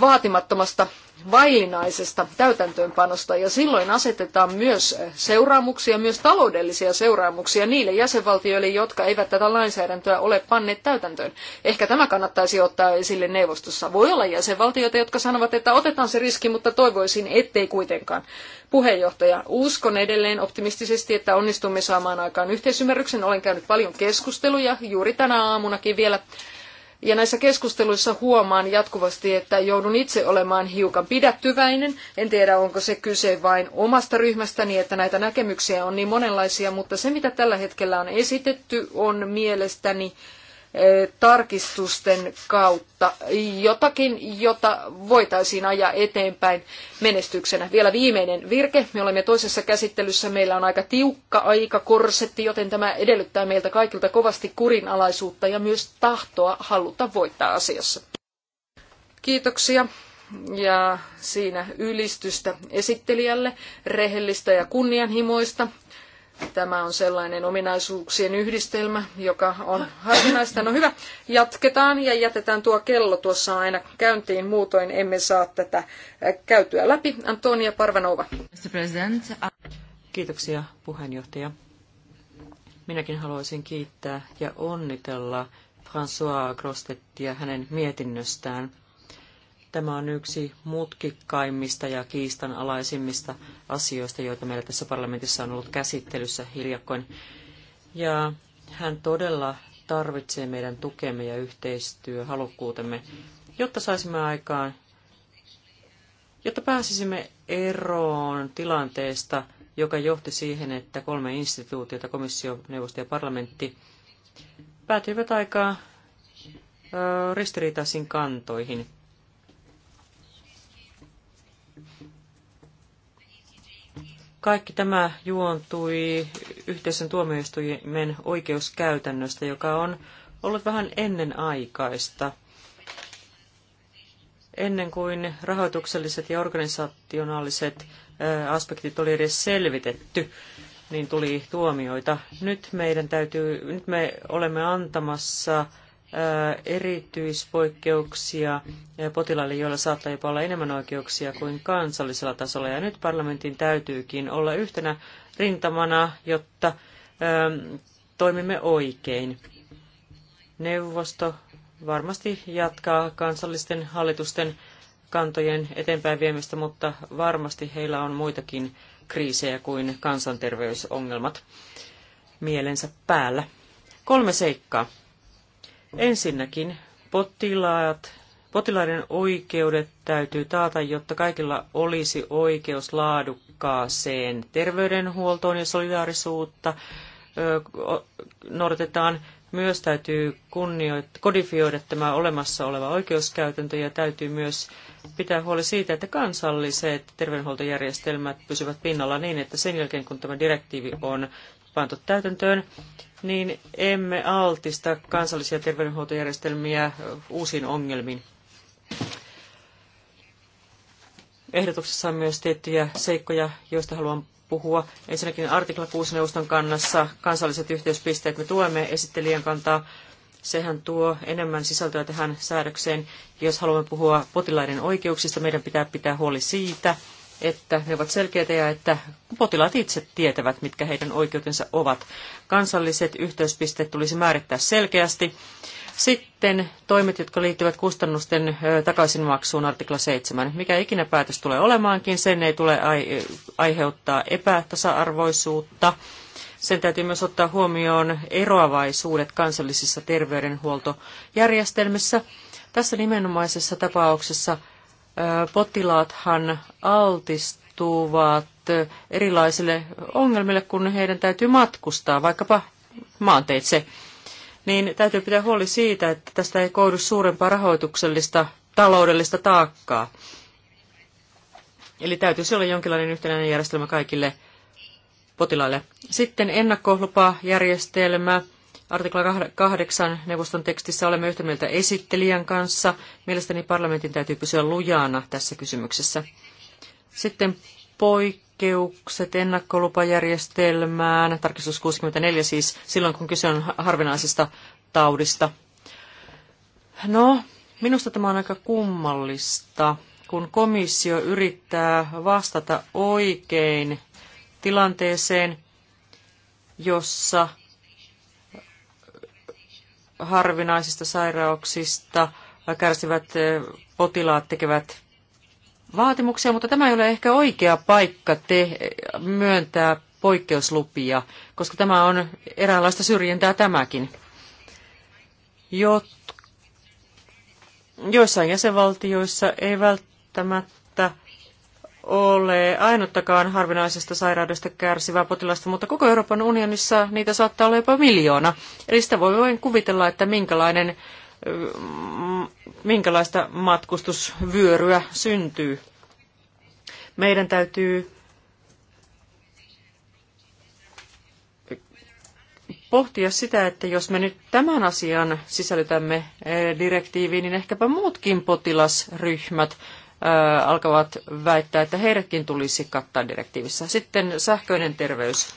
vaatimattomasta vaillinaisesta täytäntöönpanosta ja silloin asetetaan myös seuraamuksia, myös taloudellisia seuraamuksia niille jäsenvaltioille, jotka eivät tätä lainsäädäntöä ole panneet täytäntöön. Ehkä tämä kannattaisi ottaa esille neuvostossa. Voi olla jäsenvaltioita, jotka sanovat, että otetaan se riski, mutta toivoisin, ettei kuitenkaan. Puheenjohtaja, uskon edelleen optimistisesti, että onnistumme saamaan aikaan yhteisymmärryksen. Olen käynyt paljon keskusteluja juuri tänä aamunakin vielä ja näissä keskusteluissa huomaan jatkuvasti, että joudun itse olemaan hiukan pidättyväinen. En tiedä, onko se kyse vain omasta ryhmästäni, että näitä näkemyksiä on niin monenlaisia, mutta se, mitä tällä hetkellä on esitetty, on mielestäni tarkistusten kautta jotakin, jota voitaisiin ajaa eteenpäin menestyksenä. Vielä viimeinen virke. Me olemme toisessa käsittelyssä. Meillä on aika tiukka aika korsetti, joten tämä edellyttää meiltä kaikilta kovasti kurinalaisuutta ja myös tahtoa haluta voittaa asiassa. Kiitoksia ja siinä ylistystä esittelijälle, rehellistä ja kunnianhimoista Tämä on sellainen ominaisuuksien yhdistelmä, joka on harvinaista. No hyvä, jatketaan ja jätetään tuo kello tuossa aina käyntiin, muutoin emme saa tätä käytyä läpi. Antonia Parvanova. Mr. President. Kiitoksia puheenjohtaja. Minäkin haluaisin kiittää ja onnitella François Grostettia hänen mietinnöstään. Tämä on yksi mutkikkaimmista ja kiistanalaisimmista asioista, joita meillä tässä parlamentissa on ollut käsittelyssä hiljakkoin. Ja hän todella tarvitsee meidän tukemme ja yhteistyöhalukkuutemme, jotta saisimme aikaan, jotta pääsisimme eroon tilanteesta, joka johti siihen, että kolme instituutiota, komissio, neuvosto ja parlamentti, päätyivät aika ristiriitaisiin kantoihin. Kaikki tämä juontui yhteisen tuomioistuimen oikeuskäytännöstä, joka on ollut vähän ennen aikaista. Ennen kuin rahoitukselliset ja organisaationaaliset aspektit oli edes selvitetty, niin tuli tuomioita. Nyt meidän täytyy, nyt me olemme antamassa erityispoikkeuksia potilaille, joilla saattaa jopa olla enemmän oikeuksia kuin kansallisella tasolla. Ja nyt parlamentin täytyykin olla yhtenä rintamana, jotta toimimme oikein. Neuvosto varmasti jatkaa kansallisten hallitusten kantojen eteenpäin viemistä, mutta varmasti heillä on muitakin kriisejä kuin kansanterveysongelmat mielensä päällä. Kolme seikkaa. Ensinnäkin potilaat, potilaiden oikeudet täytyy taata, jotta kaikilla olisi oikeus laadukkaaseen terveydenhuoltoon ja solidaarisuutta noudatetaan. Myös täytyy kunnioit- kodifioida tämä olemassa oleva oikeuskäytäntö ja täytyy myös pitää huoli siitä, että kansalliset terveydenhuoltojärjestelmät pysyvät pinnalla niin, että sen jälkeen kun tämä direktiivi on pantu täytäntöön, niin emme altista kansallisia terveydenhuoltojärjestelmiä uusiin ongelmiin. Ehdotuksessa on myös tiettyjä seikkoja, joista haluan puhua. Ensinnäkin artikla 6 neuvoston kannassa kansalliset yhteyspisteet. Me tuemme esittelijän kantaa. Sehän tuo enemmän sisältöä tähän säädökseen. Jos haluamme puhua potilaiden oikeuksista, meidän pitää pitää huoli siitä, että ne ovat selkeitä ja että potilaat itse tietävät, mitkä heidän oikeutensa ovat. Kansalliset yhteyspisteet tulisi määrittää selkeästi. Sitten toimet, jotka liittyvät kustannusten takaisinmaksuun, artikla 7. Mikä ikinä päätös tulee olemaankin, sen ei tule aiheuttaa epätasa-arvoisuutta. Sen täytyy myös ottaa huomioon eroavaisuudet kansallisissa terveydenhuoltojärjestelmissä. Tässä nimenomaisessa tapauksessa potilaathan altistuvat erilaisille ongelmille, kun heidän täytyy matkustaa, vaikkapa maanteitse. Niin täytyy pitää huoli siitä, että tästä ei koudu suurempaa rahoituksellista, taloudellista taakkaa. Eli täytyisi olla jonkinlainen yhtenäinen järjestelmä kaikille potilaille. Sitten ennakkolupajärjestelmä. järjestelmä Artikla 8 neuvoston tekstissä olemme yhtä mieltä esittelijän kanssa. Mielestäni parlamentin täytyy pysyä lujana tässä kysymyksessä. Sitten poikkeukset ennakkolupajärjestelmään, tarkistus 64 siis, silloin kun kyse on harvinaisesta taudista. No, minusta tämä on aika kummallista, kun komissio yrittää vastata oikein tilanteeseen, jossa harvinaisista sairauksista kärsivät eh, potilaat tekevät vaatimuksia, mutta tämä ei ole ehkä oikea paikka te myöntää poikkeuslupia, koska tämä on eräänlaista syrjintää tämäkin. Jot, joissain jäsenvaltioissa ei välttämättä ole ainuttakaan harvinaisesta sairaudesta kärsivää potilasta, mutta koko Euroopan unionissa niitä saattaa olla jopa miljoona. Eli sitä voi vain kuvitella, että minkälainen, minkälaista matkustusvyöryä syntyy. Meidän täytyy pohtia sitä, että jos me nyt tämän asian sisällytämme eh, direktiiviin, niin ehkäpä muutkin potilasryhmät alkavat väittää, että heidätkin tulisi kattaa direktiivissä. Sitten sähköinen terveys.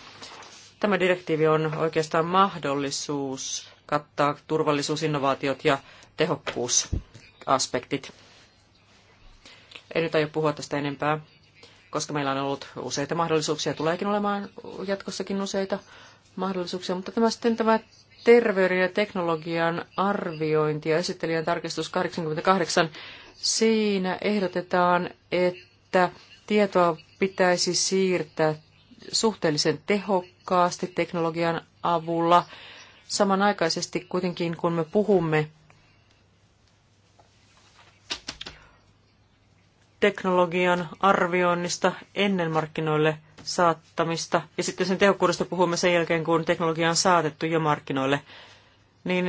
Tämä direktiivi on oikeastaan mahdollisuus kattaa turvallisuusinnovaatiot ja tehokkuusaspektit. En nyt aio puhua tästä enempää, koska meillä on ollut useita mahdollisuuksia, tuleekin olemaan jatkossakin useita mahdollisuuksia, mutta tämä sitten tämä terveyden ja teknologian arviointia, esittelijän tarkistus 88. Siinä ehdotetaan, että tietoa pitäisi siirtää suhteellisen tehokkaasti teknologian avulla. Samanaikaisesti kuitenkin, kun me puhumme teknologian arvioinnista ennen markkinoille – saattamista ja sitten sen tehokkuudesta puhumme sen jälkeen, kun teknologia on saatettu jo markkinoille. Niin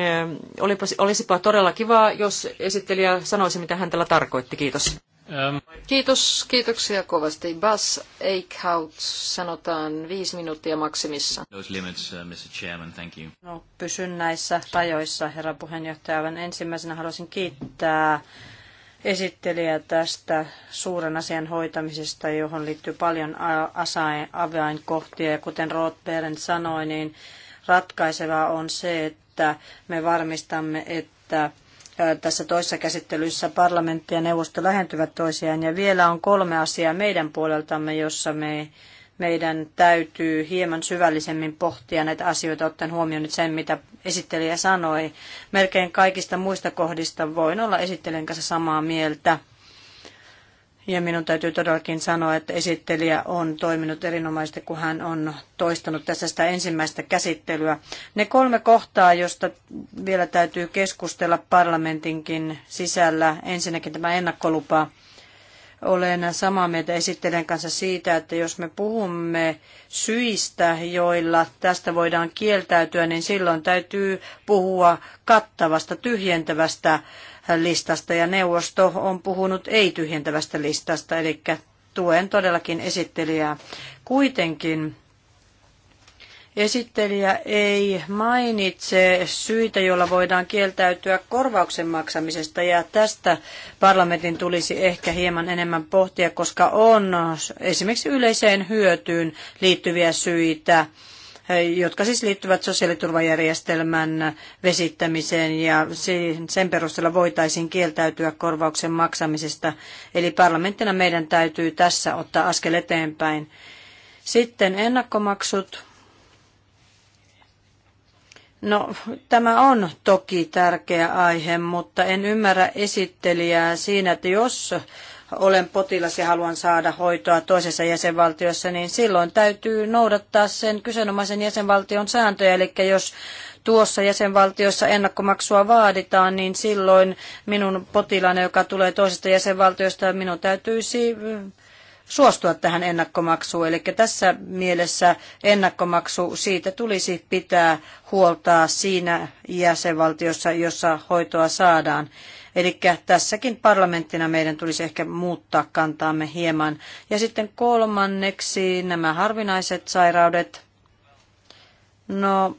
olipa, olisipa todella kivaa, jos esittelijä sanoisi, mitä hän tällä tarkoitti. Kiitos. Ähm. Kiitos, kiitoksia kovasti. Bas Eichhout, sanotaan viisi minuuttia maksimissa. limits, uh, Mr. Chairman, thank you. No, pysyn näissä rajoissa, herra puheenjohtaja. ensimmäisenä haluaisin kiittää esittelijä tästä suuren asian hoitamisesta, johon liittyy paljon avainkohtia. Ja kuten Roth Beren sanoi, niin ratkaisevaa on se, että me varmistamme, että tässä toisessa käsittelyssä parlamentti ja neuvosto lähentyvät toisiaan. Ja vielä on kolme asiaa meidän puoleltamme, jossa me meidän täytyy hieman syvällisemmin pohtia näitä asioita, ottaen huomioon nyt sen, mitä esittelijä sanoi. Melkein kaikista muista kohdista voin olla esittelijän kanssa samaa mieltä. Ja minun täytyy todellakin sanoa, että esittelijä on toiminut erinomaisesti, kun hän on toistanut tässä sitä ensimmäistä käsittelyä. Ne kolme kohtaa, josta vielä täytyy keskustella parlamentinkin sisällä. Ensinnäkin tämä ennakkolupa olen samaa mieltä esittelen kanssa siitä, että jos me puhumme syistä, joilla tästä voidaan kieltäytyä, niin silloin täytyy puhua kattavasta, tyhjentävästä listasta ja neuvosto on puhunut ei-tyhjentävästä listasta, eli tuen todellakin esittelijää. Kuitenkin Esittelijä ei mainitse syitä, joilla voidaan kieltäytyä korvauksen maksamisesta ja tästä parlamentin tulisi ehkä hieman enemmän pohtia, koska on esimerkiksi yleiseen hyötyyn liittyviä syitä jotka siis liittyvät sosiaaliturvajärjestelmän vesittämiseen ja sen perusteella voitaisiin kieltäytyä korvauksen maksamisesta. Eli parlamenttina meidän täytyy tässä ottaa askel eteenpäin. Sitten ennakkomaksut. No, tämä on toki tärkeä aihe, mutta en ymmärrä esittelijää siinä, että jos olen potilas ja haluan saada hoitoa toisessa jäsenvaltiossa, niin silloin täytyy noudattaa sen kyseenomaisen jäsenvaltion sääntöjä. Eli jos tuossa jäsenvaltiossa ennakkomaksua vaaditaan, niin silloin minun potilaana, joka tulee toisesta jäsenvaltiosta, minun täytyisi suostua tähän ennakkomaksuun. Eli tässä mielessä ennakkomaksu siitä tulisi pitää huoltaa siinä jäsenvaltiossa, jossa hoitoa saadaan. Eli tässäkin parlamenttina meidän tulisi ehkä muuttaa kantaamme hieman. Ja sitten kolmanneksi nämä harvinaiset sairaudet. No,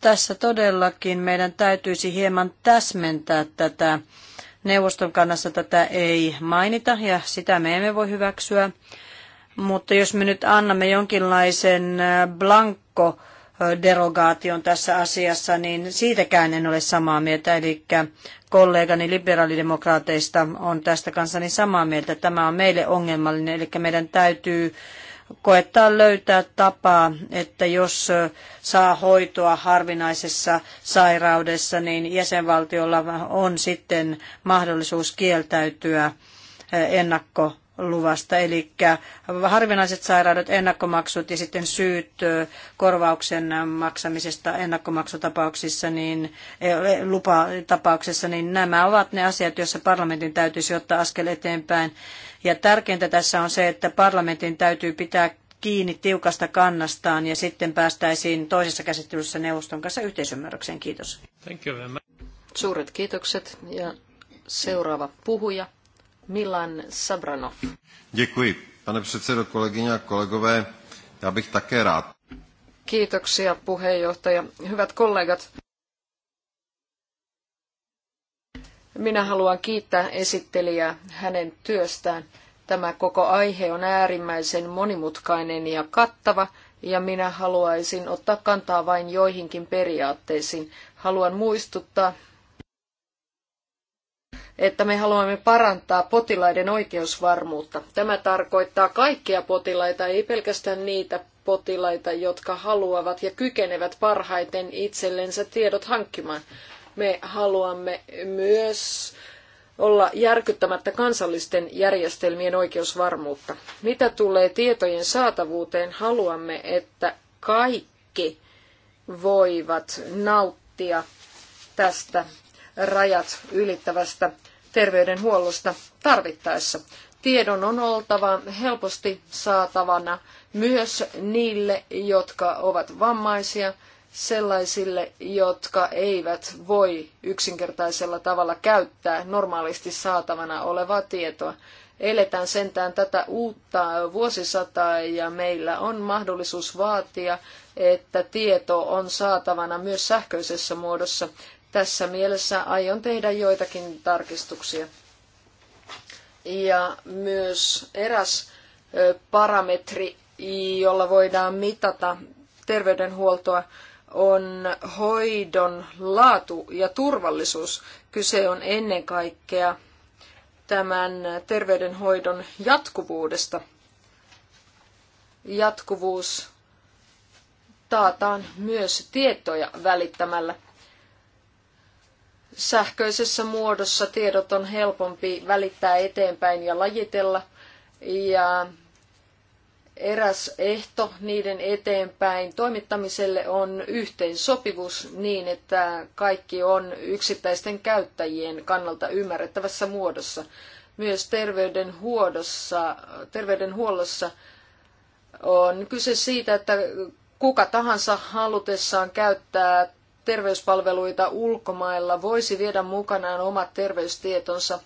tässä todellakin meidän täytyisi hieman täsmentää tätä Neuvoston kannassa tätä ei mainita ja sitä me emme voi hyväksyä. Mutta jos me nyt annamme jonkinlaisen äh, blanko derogaation tässä asiassa, niin siitäkään en ole samaa mieltä. Eli kollegani liberaalidemokraateista on tästä kanssani samaa mieltä. Tämä on meille ongelmallinen, eli meidän täytyy koettaa löytää tapaa, että jos saa hoitoa harvinaisessa sairaudessa, niin jäsenvaltiolla on sitten mahdollisuus kieltäytyä ennakko luvasta, eli harvinaiset sairaudet, ennakkomaksut ja sitten syyt korvauksen maksamisesta ennakkomaksutapauksissa, niin e, e, lupatapauksessa, niin nämä ovat ne asiat, joissa parlamentin täytyisi ottaa askel eteenpäin. Ja tärkeintä tässä on se, että parlamentin täytyy pitää kiinni tiukasta kannastaan ja sitten päästäisiin toisessa käsittelyssä neuvoston kanssa yhteisymmärrykseen. Kiitos. Suuret kiitokset ja seuraava puhuja Milan Sabranov. Děkuji, pane předsedo, kolegyně a kolegové. Já bych také rád. Kiitoksia puheenjohtaja. Hyvät kollegat, minä haluan kiittää esittelijää hänen työstään. Tämä koko aihe on äärimmäisen monimutkainen ja kattava, ja minä haluaisin ottaa kantaa vain joihinkin periaatteisiin. Haluan muistuttaa, että me haluamme parantaa potilaiden oikeusvarmuutta. Tämä tarkoittaa kaikkia potilaita, ei pelkästään niitä potilaita, jotka haluavat ja kykenevät parhaiten itsellensä tiedot hankkimaan. Me haluamme myös olla järkyttämättä kansallisten järjestelmien oikeusvarmuutta. Mitä tulee tietojen saatavuuteen, haluamme, että kaikki voivat nauttia tästä rajat ylittävästä terveydenhuollosta tarvittaessa. Tiedon on oltava helposti saatavana myös niille, jotka ovat vammaisia, sellaisille, jotka eivät voi yksinkertaisella tavalla käyttää normaalisti saatavana olevaa tietoa. Eletään sentään tätä uutta vuosisataa ja meillä on mahdollisuus vaatia, että tieto on saatavana myös sähköisessä muodossa tässä mielessä aion tehdä joitakin tarkistuksia. Ja myös eräs parametri, jolla voidaan mitata terveydenhuoltoa, on hoidon laatu ja turvallisuus. Kyse on ennen kaikkea tämän terveydenhoidon jatkuvuudesta. Jatkuvuus taataan myös tietoja välittämällä. Sähköisessä muodossa tiedot on helpompi välittää eteenpäin ja lajitella. Ja eräs ehto niiden eteenpäin toimittamiselle on yhteensopivuus niin, että kaikki on yksittäisten käyttäjien kannalta ymmärrettävässä muodossa. Myös terveydenhuollossa, terveydenhuollossa on kyse siitä, että kuka tahansa halutessaan käyttää terveyspalveluita ulkomailla voisi viedä mukanaan omat terveystietonsa.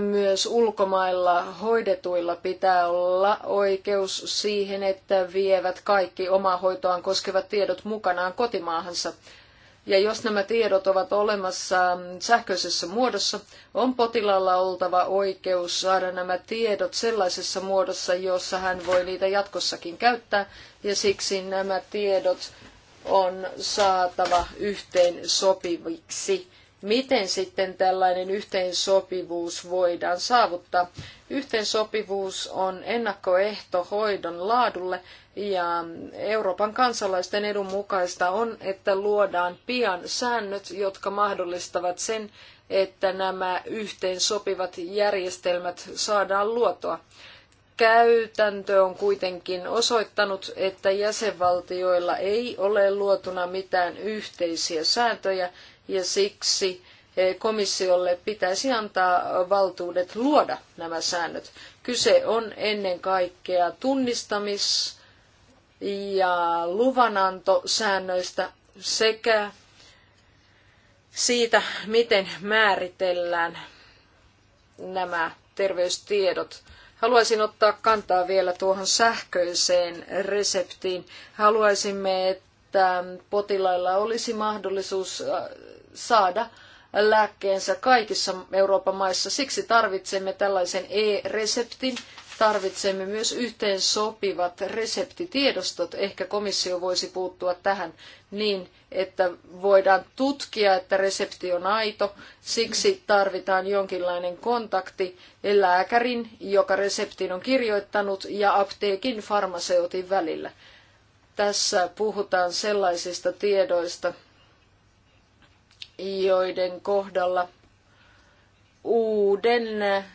Myös ulkomailla hoidetuilla pitää olla oikeus siihen, että vievät kaikki omaa hoitoaan koskevat tiedot mukanaan kotimaahansa. Ja jos nämä tiedot ovat olemassa sähköisessä muodossa, on potilaalla oltava oikeus saada nämä tiedot sellaisessa muodossa, jossa hän voi niitä jatkossakin käyttää, ja siksi nämä tiedot on saatava yhteen sopiviksi. Miten sitten tällainen yhteensopivuus voidaan saavuttaa? Yhteensopivuus on ennakkoehto hoidon laadulle ja Euroopan kansalaisten edun mukaista on, että luodaan pian säännöt, jotka mahdollistavat sen, että nämä yhteensopivat järjestelmät saadaan luotua käytäntö on kuitenkin osoittanut, että jäsenvaltioilla ei ole luotuna mitään yhteisiä sääntöjä ja siksi eh, komissiolle pitäisi antaa valtuudet luoda nämä säännöt. Kyse on ennen kaikkea tunnistamis- ja luvanantosäännöistä sekä siitä, miten määritellään nämä terveystiedot. Haluaisin ottaa kantaa vielä tuohon sähköiseen reseptiin. Haluaisimme, että potilailla olisi mahdollisuus äh, saada lääkkeensä kaikissa Euroopan maissa. Siksi tarvitsemme tällaisen e-reseptin, tarvitsemme myös yhteen sopivat reseptitiedostot. Ehkä komissio voisi puuttua tähän niin, että voidaan tutkia, että resepti on aito. Siksi tarvitaan jonkinlainen kontakti lääkärin, joka reseptin on kirjoittanut, ja apteekin farmaseutin välillä. Tässä puhutaan sellaisista tiedoista, joiden kohdalla – uuden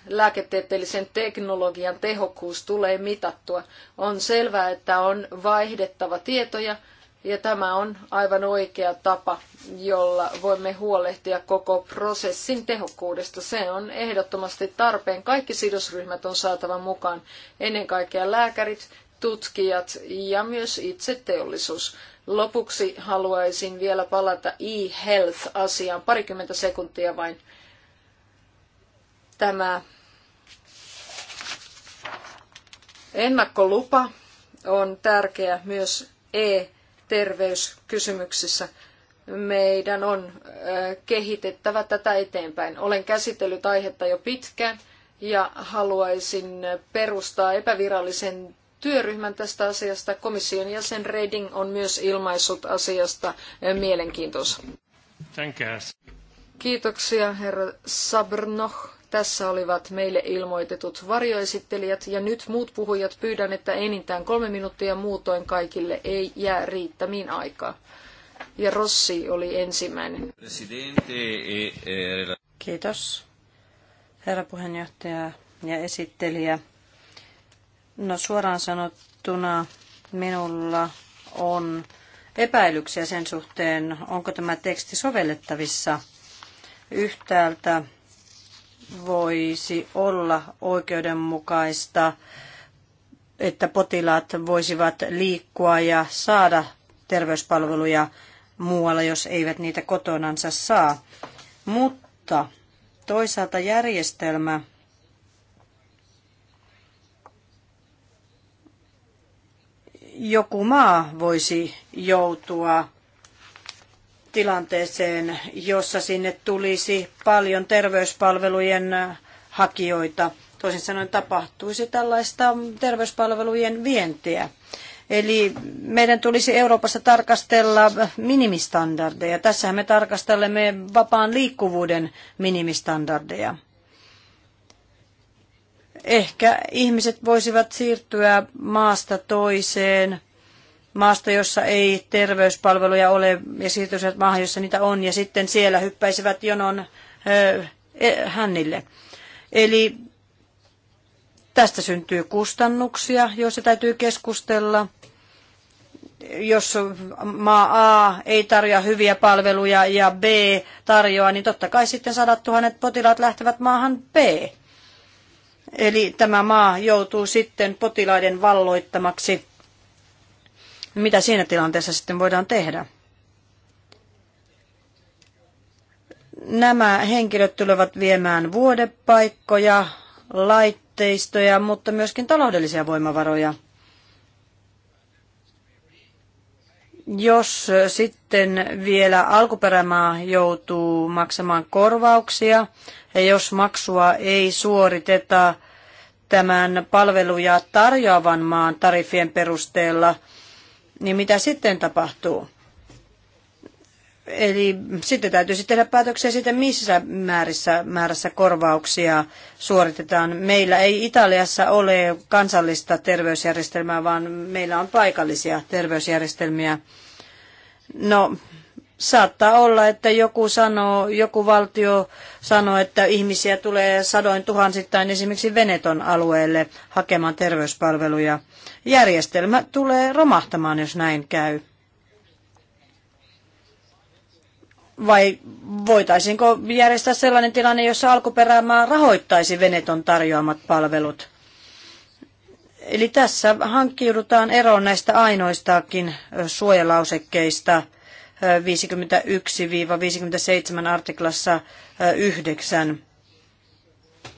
lääketieteellisen teknologian tehokkuus tulee mitattua. On selvää, että on vaihdettava tietoja ja tämä on aivan oikea tapa, jolla voimme huolehtia koko prosessin tehokkuudesta. Se on ehdottomasti tarpeen. Kaikki sidosryhmät on saatava mukaan, ennen kaikkea lääkärit, tutkijat ja myös itse teollisuus. Lopuksi haluaisin vielä palata e-health-asiaan parikymmentä sekuntia vain Tämä ennakkolupa on tärkeä myös e-terveyskysymyksissä. Meidän on kehitettävä tätä eteenpäin. Olen käsitellyt aihetta jo pitkään ja haluaisin perustaa epävirallisen työryhmän tästä asiasta. Komission jäsen Reding on myös ilmaissut asiasta mielenkiintonsa. Kiitoksia, herra Sabrnoch. Tässä olivat meille ilmoitetut varjoesittelijät ja nyt muut puhujat pyydän, että enintään kolme minuuttia muutoin kaikille ei jää riittämiin aikaa. Ja Rossi oli ensimmäinen. E, e, Kiitos, herra puheenjohtaja ja esittelijä. No suoraan sanottuna minulla on epäilyksiä sen suhteen, onko tämä teksti sovellettavissa yhtäältä voisi olla oikeudenmukaista, että potilaat voisivat liikkua ja saada terveyspalveluja muualla, jos eivät niitä kotonansa saa. Mutta toisaalta järjestelmä joku maa voisi joutua tilanteeseen, jossa sinne tulisi paljon terveyspalvelujen hakijoita. Toisin sanoen tapahtuisi tällaista terveyspalvelujen vientiä. Eli meidän tulisi Euroopassa tarkastella minimistandardeja. Tässähän me tarkastelemme vapaan liikkuvuuden minimistandardeja. Ehkä ihmiset voisivat siirtyä maasta toiseen maasta, jossa ei terveyspalveluja ole, ja siirtyisivät maahan, jossa niitä on, ja sitten siellä hyppäisivät jonon e, hännille. Eli tästä syntyy kustannuksia, joissa täytyy keskustella. Jos maa A ei tarjoa hyviä palveluja ja B tarjoaa, niin totta kai sitten sadat tuhannet potilaat lähtevät maahan B. Eli tämä maa joutuu sitten potilaiden valloittamaksi mitä siinä tilanteessa sitten voidaan tehdä? Nämä henkilöt tulevat viemään vuodepaikkoja, laitteistoja, mutta myöskin taloudellisia voimavaroja. Jos sitten vielä alkuperämaa joutuu maksamaan korvauksia ja jos maksua ei suoriteta tämän palveluja tarjoavan maan tariffien perusteella – niin mitä sitten tapahtuu? Eli sitten täytyisi siis tehdä päätöksiä siitä, missä määrissä, määrässä korvauksia suoritetaan. Meillä ei Italiassa ole kansallista terveysjärjestelmää, vaan meillä on paikallisia terveysjärjestelmiä. No, Saattaa olla, että joku, sanoo, joku valtio sanoo, että ihmisiä tulee sadoin tuhansittain esimerkiksi Veneton alueelle hakemaan terveyspalveluja. Järjestelmä tulee romahtamaan, jos näin käy. Vai voitaisiinko järjestää sellainen tilanne, jossa alkuperämaa rahoittaisi Veneton tarjoamat palvelut? Eli tässä hankkiudutaan eroon näistä ainoistakin suojalausekkeista – 51-57 artiklassa 9.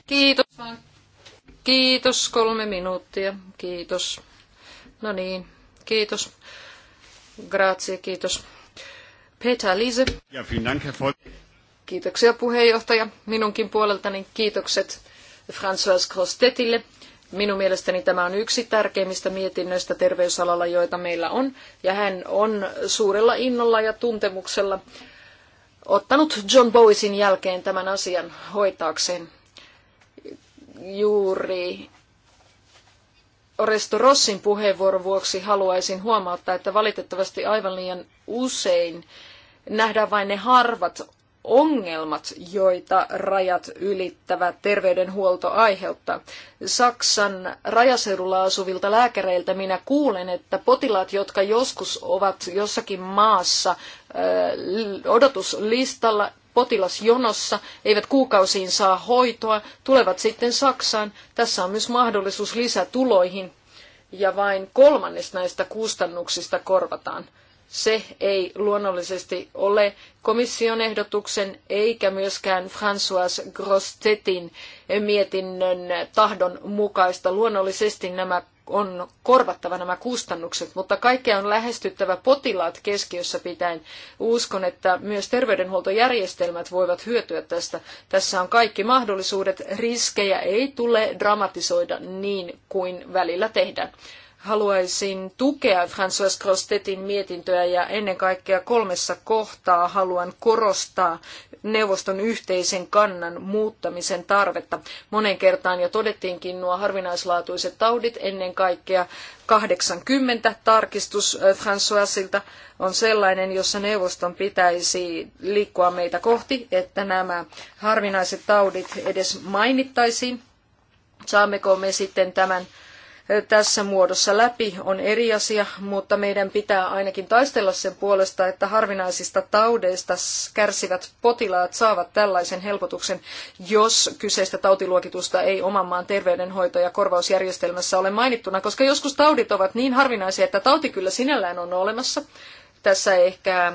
Kiitos. Kiitos, kolme minuuttia. Kiitos. No niin, kiitos. Grazie, kiitos. Peter Liese. Ja, dank, Kiitoksia puheenjohtaja. Minunkin puoleltani kiitokset François Grostetille Minun mielestäni tämä on yksi tärkeimmistä mietinnöistä terveysalalla, joita meillä on, ja hän on suurella innolla ja tuntemuksella ottanut John Bowisin jälkeen tämän asian hoitaakseen. Juuri Oresto Rossin puheenvuoron vuoksi haluaisin huomauttaa, että valitettavasti aivan liian usein nähdään vain ne harvat ongelmat, joita rajat ylittävä terveydenhuolto aiheuttaa. Saksan rajaseudulla asuvilta lääkäreiltä minä kuulen, että potilaat, jotka joskus ovat jossakin maassa äh, odotuslistalla, potilasjonossa, eivät kuukausiin saa hoitoa, tulevat sitten Saksaan. Tässä on myös mahdollisuus lisätuloihin ja vain kolmannes näistä kustannuksista korvataan se ei luonnollisesti ole komission ehdotuksen eikä myöskään François Grostetin mietinnön tahdon mukaista. Luonnollisesti nämä on korvattava nämä kustannukset, mutta kaikkea on lähestyttävä potilaat keskiössä pitäen. Uskon, että myös terveydenhuoltojärjestelmät voivat hyötyä tästä. Tässä on kaikki mahdollisuudet, riskejä ei tule dramatisoida niin kuin välillä tehdään haluaisin tukea François Crostetin mietintöä ja ennen kaikkea kolmessa kohtaa haluan korostaa neuvoston yhteisen kannan muuttamisen tarvetta. Monen kertaan jo todettiinkin nuo harvinaislaatuiset taudit, ennen kaikkea 80 tarkistus äh, Françoisilta on sellainen, jossa neuvoston pitäisi liikkua meitä kohti, että nämä harvinaiset taudit edes mainittaisiin. Saammeko me sitten tämän tässä muodossa läpi on eri asia, mutta meidän pitää ainakin taistella sen puolesta, että harvinaisista taudeista kärsivät potilaat saavat tällaisen helpotuksen, jos kyseistä tautiluokitusta ei oman maan terveydenhoito- ja korvausjärjestelmässä ole mainittuna, koska joskus taudit ovat niin harvinaisia, että tauti kyllä sinällään on olemassa. Tässä ehkä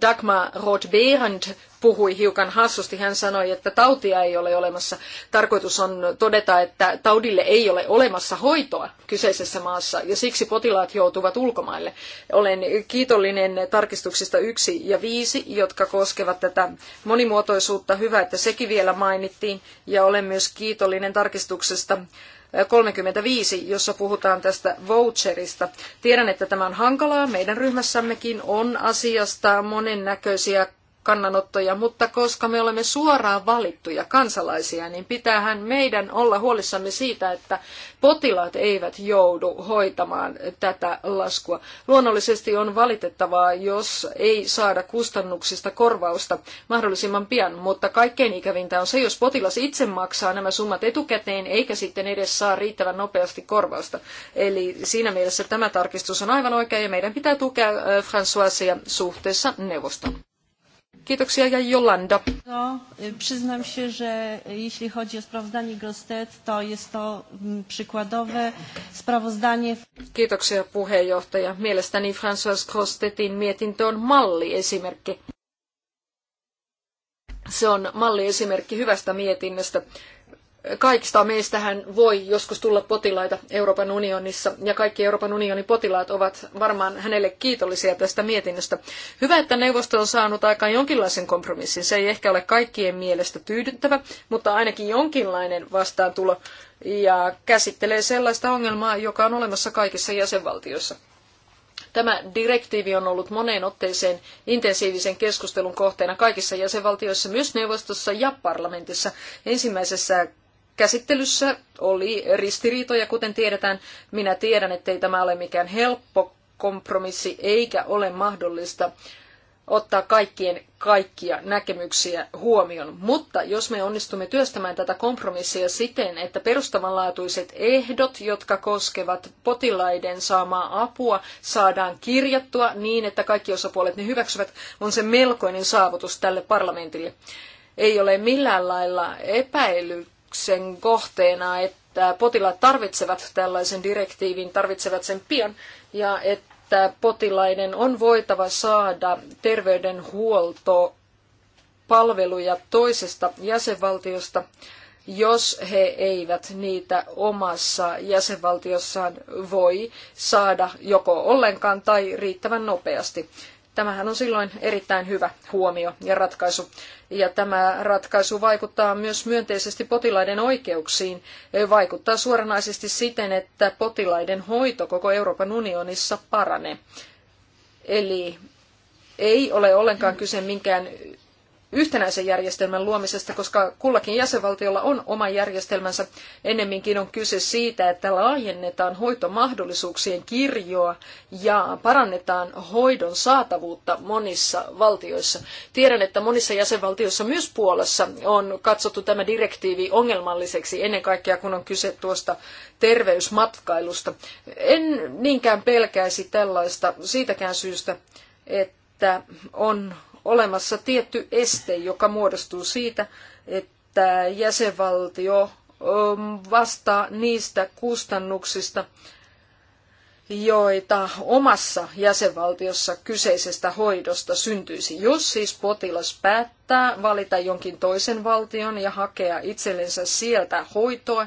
Dagmar Roth-Behrendt puhui hiukan hassusti. Hän sanoi, että tautia ei ole olemassa. Tarkoitus on todeta, että taudille ei ole olemassa hoitoa kyseisessä maassa ja siksi potilaat joutuvat ulkomaille. Olen kiitollinen tarkistuksista yksi ja viisi, jotka koskevat tätä monimuotoisuutta. Hyvä, että sekin vielä mainittiin. Ja olen myös kiitollinen tarkistuksesta 35, jossa puhutaan tästä voucherista. Tiedän, että tämä on hankalaa. Meidän ryhmässämmekin on asiasta monennäköisiä kannanottoja, mutta koska me olemme suoraan valittuja kansalaisia, niin pitäähän meidän olla huolissamme siitä, että potilaat eivät joudu hoitamaan tätä laskua. Luonnollisesti on valitettavaa, jos ei saada kustannuksista korvausta mahdollisimman pian, mutta kaikkein ikävintä on se, jos potilas itse maksaa nämä summat etukäteen eikä sitten edes saa riittävän nopeasti korvausta. Eli siinä mielessä tämä tarkistus on aivan oikea ja meidän pitää tukea äh, Françoisia suhteessa neuvostoon. Kiitoksia ja Jolanda. No, przyznam się, że jeśli chodzi o sprawozdanie Grostet, to jest to mm, przykładowe sprawozdanie. Kiitoksia puheenjohtaja. Mielestäni François Grostetin mietintö on malliesimerkki. Se on malliesimerkki hyvästä mietinnöstä kaikista meistähän voi joskus tulla potilaita Euroopan unionissa, ja kaikki Euroopan unionin potilaat ovat varmaan hänelle kiitollisia tästä mietinnöstä. Hyvä, että neuvosto on saanut aikaan jonkinlaisen kompromissin. Se ei ehkä ole kaikkien mielestä tyydyttävä, mutta ainakin jonkinlainen vastaantulo, ja käsittelee sellaista ongelmaa, joka on olemassa kaikissa jäsenvaltioissa. Tämä direktiivi on ollut moneen otteeseen intensiivisen keskustelun kohteena kaikissa jäsenvaltioissa, myös neuvostossa ja parlamentissa. Ensimmäisessä käsittelyssä oli ristiriitoja, kuten tiedetään. Minä tiedän, ettei tämä ole mikään helppo kompromissi, eikä ole mahdollista ottaa kaikkien kaikkia näkemyksiä huomioon. Mutta jos me onnistumme työstämään tätä kompromissia siten, että perustavanlaatuiset ehdot, jotka koskevat potilaiden saamaa apua, saadaan kirjattua niin, että kaikki osapuolet ne hyväksyvät, on se melkoinen saavutus tälle parlamentille. Ei ole millään lailla epäily kysymyksen kohteena, että potilaat tarvitsevat tällaisen direktiivin, tarvitsevat sen pian, ja että potilaiden on voitava saada terveydenhuolto palveluja toisesta jäsenvaltiosta, jos he eivät niitä omassa jäsenvaltiossaan voi saada joko ollenkaan tai riittävän nopeasti. Tämähän on silloin erittäin hyvä huomio ja ratkaisu. Ja tämä ratkaisu vaikuttaa myös myönteisesti potilaiden oikeuksiin. E, vaikuttaa suoranaisesti siten, että potilaiden hoito koko Euroopan unionissa paranee. Eli ei ole ollenkaan kyse minkään yhtenäisen järjestelmän luomisesta, koska kullakin jäsenvaltiolla on oma järjestelmänsä. Ennemminkin on kyse siitä, että laajennetaan hoitomahdollisuuksien kirjoa ja parannetaan hoidon saatavuutta monissa valtioissa. Tiedän, että monissa jäsenvaltioissa, myös Puolassa, on katsottu tämä direktiivi ongelmalliseksi ennen kaikkea, kun on kyse tuosta terveysmatkailusta. En niinkään pelkäisi tällaista siitäkään syystä, että on olemassa tietty este, joka muodostuu siitä, että jäsenvaltio vastaa niistä kustannuksista, joita omassa jäsenvaltiossa kyseisestä hoidosta syntyisi. Jos siis potilas päättää valita jonkin toisen valtion ja hakea itsellensä sieltä hoitoa,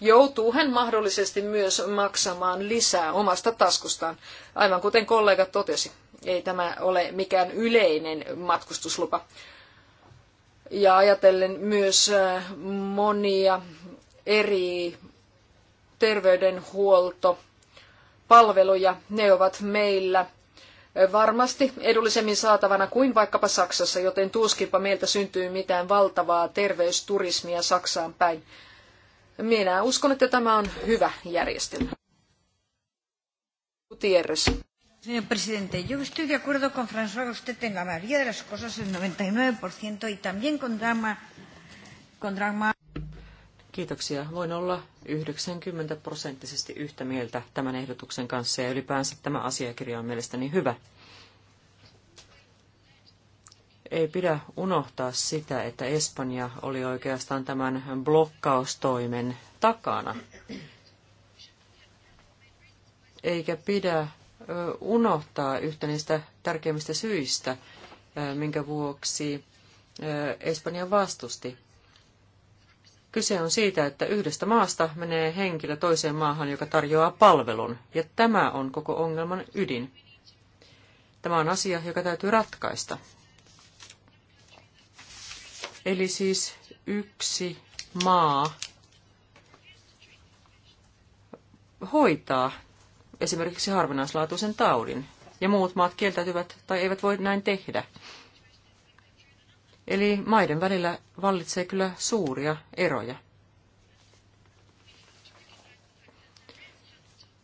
joutuu hän mahdollisesti myös maksamaan lisää omasta taskustaan, aivan kuten kollega totesi. Ei tämä ole mikään yleinen matkustuslupa. Ja ajatellen myös äh, monia eri terveydenhuoltopalveluja, ne ovat meillä äh, varmasti edullisemmin saatavana kuin vaikkapa Saksassa, joten tuskinpa meiltä syntyy mitään valtavaa terveysturismia Saksaan päin. Minä uskon, että tämä on hyvä järjestelmä. Gutierrez. Señor presidente, yo estoy de acuerdo con François usted en la mayoría de las cosas, el 99%, y también con drama, con drama. Kiitoksia. Voin olla 90 prosenttisesti yhtä mieltä tämän ehdotuksen kanssa ja ylipäänsä tämä asiakirja on mielestäni hyvä. Ei pidä unohtaa sitä, että Espanja oli oikeastaan tämän blokkaustoimen takana. Eikä pidä unohtaa yhtä niistä tärkeimmistä syistä, minkä vuoksi Espanja vastusti. Kyse on siitä, että yhdestä maasta menee henkilö toiseen maahan, joka tarjoaa palvelun, ja tämä on koko ongelman ydin. Tämä on asia, joka täytyy ratkaista. Eli siis yksi maa hoitaa esimerkiksi harvinaislaatuisen taudin, ja muut maat kieltäytyvät tai eivät voi näin tehdä. Eli maiden välillä vallitsee kyllä suuria eroja.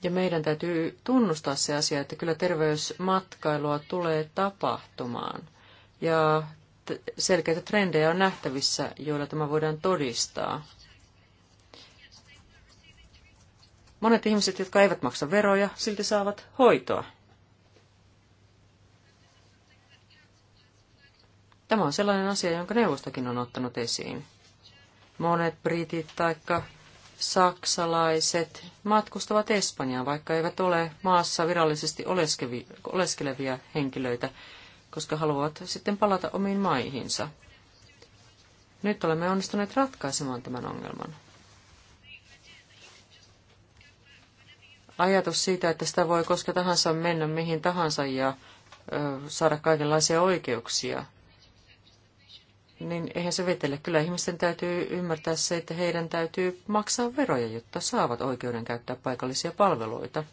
Ja meidän täytyy tunnustaa se asia, että kyllä terveysmatkailua tulee tapahtumaan. Ja selkeitä trendejä on nähtävissä, joilla tämä voidaan todistaa. Monet ihmiset, jotka eivät maksa veroja, silti saavat hoitoa. Tämä on sellainen asia, jonka neuvostokin on ottanut esiin. Monet britit tai saksalaiset matkustavat Espanjaan, vaikka eivät ole maassa virallisesti oleskelevia henkilöitä, koska haluavat sitten palata omiin maihinsa. Nyt olemme onnistuneet ratkaisemaan tämän ongelman. ajatus siitä, että sitä voi koska tahansa mennä mihin tahansa ja saada kaikenlaisia oikeuksia, niin eihän se vetele. Kyllä ihmisten täytyy ymmärtää se, että heidän täytyy maksaa veroja, jotta saavat oikeuden käyttää paikallisia palveluita.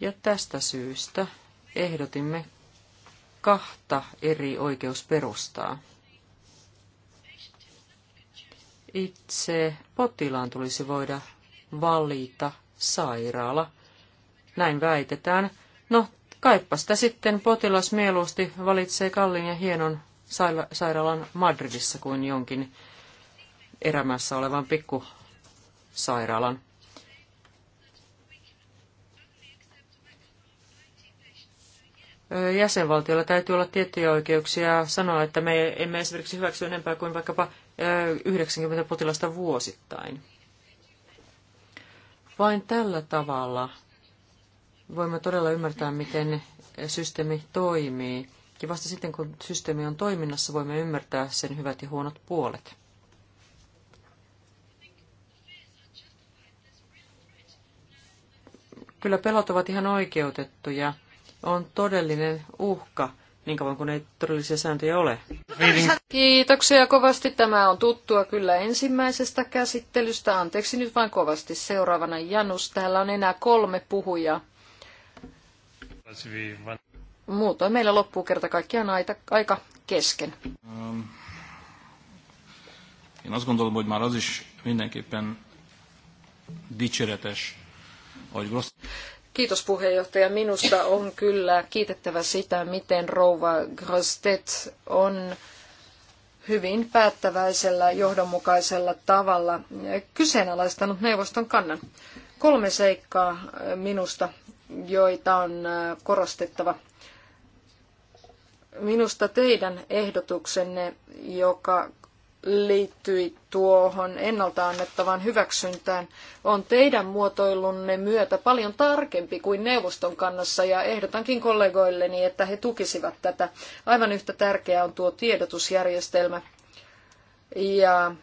Ja tästä syystä ehdotimme kahta eri oikeusperustaa. Itse potilaan tulisi voida valita sairaala. Näin väitetään. No, kaippa sitä sitten potilas mieluusti valitsee kallin ja hienon sairaalan Madridissa kuin jonkin erämässä olevan pikkusairaalan. jäsenvaltiolla täytyy olla tiettyjä oikeuksia sanoa, että me emme esimerkiksi hyväksy enempää kuin vaikkapa 90 potilasta vuosittain. Vain tällä tavalla voimme todella ymmärtää, miten systeemi toimii. Ja vasta sitten, kun systeemi on toiminnassa, voimme ymmärtää sen hyvät ja huonot puolet. Kyllä pelot ovat ihan oikeutettuja. On todellinen uhka niin kauan kuin ei todellisia sääntöjä ole. Kiitoksia kovasti. Tämä on tuttua kyllä ensimmäisestä käsittelystä. Anteeksi nyt vain kovasti. Seuraavana Janus. Täällä on enää kolme puhujaa. Muutoin meillä loppuu kerta kaikkiaan aita, aika kesken. Um, azt gondolom, hogy már az is mindenképpen dicséretes, Kiitos puheenjohtaja. Minusta on kyllä kiitettävä sitä, miten rouva Grostet on hyvin päättäväisellä johdonmukaisella tavalla kyseenalaistanut neuvoston kannan. Kolme seikkaa minusta, joita on äh, korostettava. Minusta teidän ehdotuksenne, joka liittyi tuohon ennalta annettavaan hyväksyntään, on teidän muotoilunne myötä paljon tarkempi kuin neuvoston kannassa ja ehdotankin kollegoilleni, että he tukisivat tätä. Aivan yhtä tärkeää on tuo tiedotusjärjestelmä ja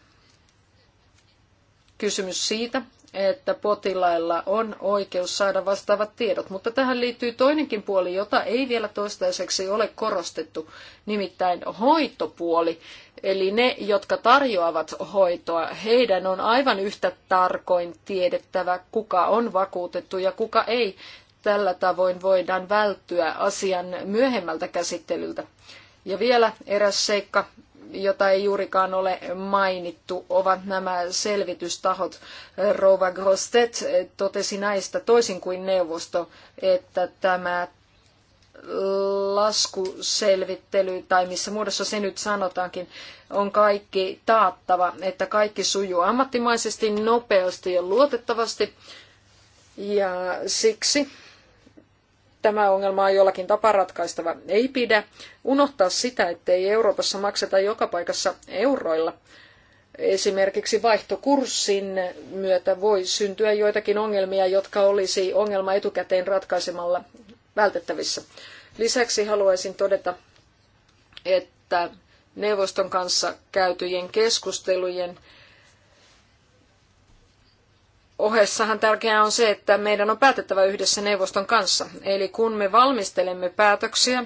kysymys siitä, että potilailla on oikeus saada vastaavat tiedot. Mutta tähän liittyy toinenkin puoli, jota ei vielä toistaiseksi ole korostettu, nimittäin hoitopuoli. Eli ne, jotka tarjoavat hoitoa, heidän on aivan yhtä tarkoin tiedettävä, kuka on vakuutettu ja kuka ei. Tällä tavoin voidaan välttyä asian myöhemmältä käsittelyltä. Ja vielä eräs seikka, jota ei juurikaan ole mainittu, ovat nämä selvitystahot. Rova Grostet totesi näistä toisin kuin neuvosto, että tämä laskuselvittely tai missä muodossa se nyt sanotaankin, on kaikki taattava, että kaikki sujuu ammattimaisesti, nopeasti ja luotettavasti. Ja siksi tämä ongelma on jollakin tapaa ratkaistava. Ei pidä unohtaa sitä, ettei Euroopassa makseta joka paikassa euroilla. Esimerkiksi vaihtokurssin myötä voi syntyä joitakin ongelmia, jotka olisi ongelma etukäteen ratkaisemalla vältettävissä. Lisäksi haluaisin todeta, että neuvoston kanssa käytyjen keskustelujen ohessahan tärkeää on se, että meidän on päätettävä yhdessä neuvoston kanssa. Eli kun me valmistelemme päätöksiä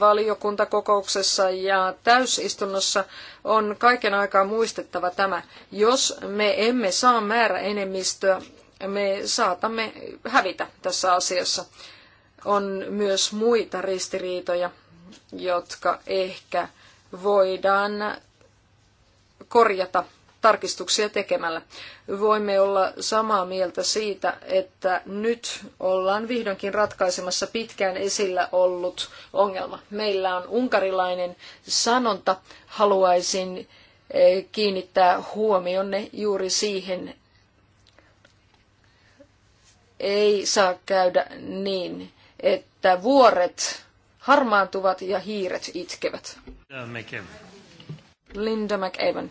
valiokuntakokouksessa ja täysistunnossa, on kaiken aikaa muistettava tämä. Jos me emme saa määräenemmistöä, me saatamme hävitä tässä asiassa on myös muita ristiriitoja, jotka ehkä voidaan korjata tarkistuksia tekemällä. Voimme olla samaa mieltä siitä, että nyt ollaan vihdoinkin ratkaisemassa pitkään esillä ollut ongelma. Meillä on unkarilainen sanonta, haluaisin eh, kiinnittää huomionne juuri siihen, ei saa käydä niin, että vuoret harmaantuvat ja hiiret itkevät. Linda McEwan.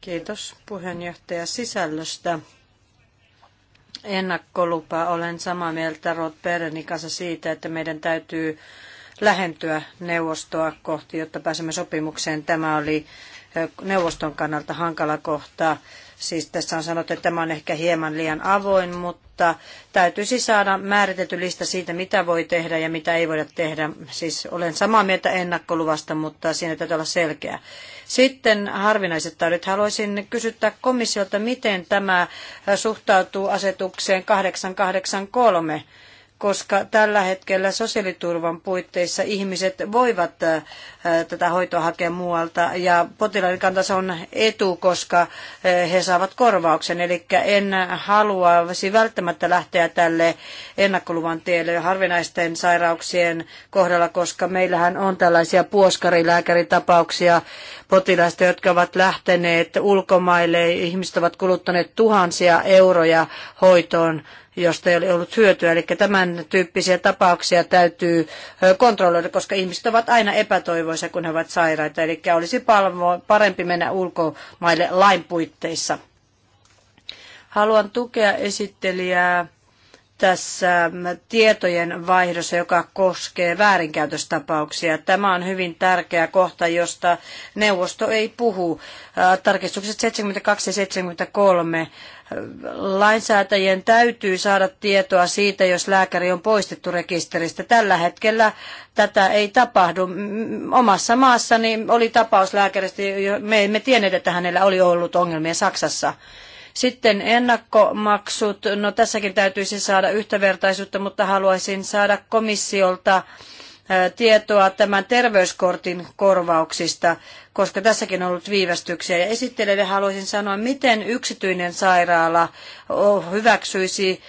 Kiitos puheenjohtaja sisällöstä. Ennakkolupa. Olen samaa mieltä Rod Perenin kanssa siitä, että meidän täytyy lähentyä neuvostoa kohti, jotta pääsemme sopimukseen. Tämä oli neuvoston kannalta hankala kohta. Siis tässä on sanottu, että tämä on ehkä hieman liian avoin, mutta täytyisi saada määritetty lista siitä, mitä voi tehdä ja mitä ei voida tehdä. Siis olen samaa mieltä ennakkoluvasta, mutta siinä täytyy olla selkeä. Sitten harvinaiset taudit. Haluaisin kysyttää komissiolta, miten tämä suhtautuu asetukseen 883 koska tällä hetkellä sosiaaliturvan puitteissa ihmiset voivat äh, tätä hoitoa hakea muualta ja potilaiden kanta se on etu, koska äh, he saavat korvauksen. Eli en haluaisi välttämättä lähteä tälle ennakkoluvan tielle harvinaisten sairauksien kohdalla, koska meillähän on tällaisia puoskarilääkäritapauksia potilaista, jotka ovat lähteneet ulkomaille. Ihmiset ovat kuluttaneet tuhansia euroja hoitoon, josta ei ole ollut hyötyä. Eli tämän tyyppisiä tapauksia täytyy kontrolloida, koska ihmiset ovat aina epätoivoisia, kun he ovat sairaita. Eli olisi parempi mennä ulkomaille lain puitteissa. Haluan tukea esittelijää tässä tietojen vaihdossa, joka koskee väärinkäytöstapauksia. Tämä on hyvin tärkeä kohta, josta neuvosto ei puhu. Tarkistukset 72 ja 73. Lainsäätäjien täytyy saada tietoa siitä, jos lääkäri on poistettu rekisteristä. Tällä hetkellä tätä ei tapahdu. Omassa maassani oli tapaus lääkäristä, me emme tienneet, että hänellä oli ollut ongelmia Saksassa. Sitten ennakkomaksut, no tässäkin täytyisi saada yhtävertaisuutta, mutta haluaisin saada komissiolta tietoa tämän terveyskortin korvauksista, koska tässäkin on ollut viivästyksiä. Ja esittelijälle haluaisin sanoa, miten yksityinen sairaala hyväksyisi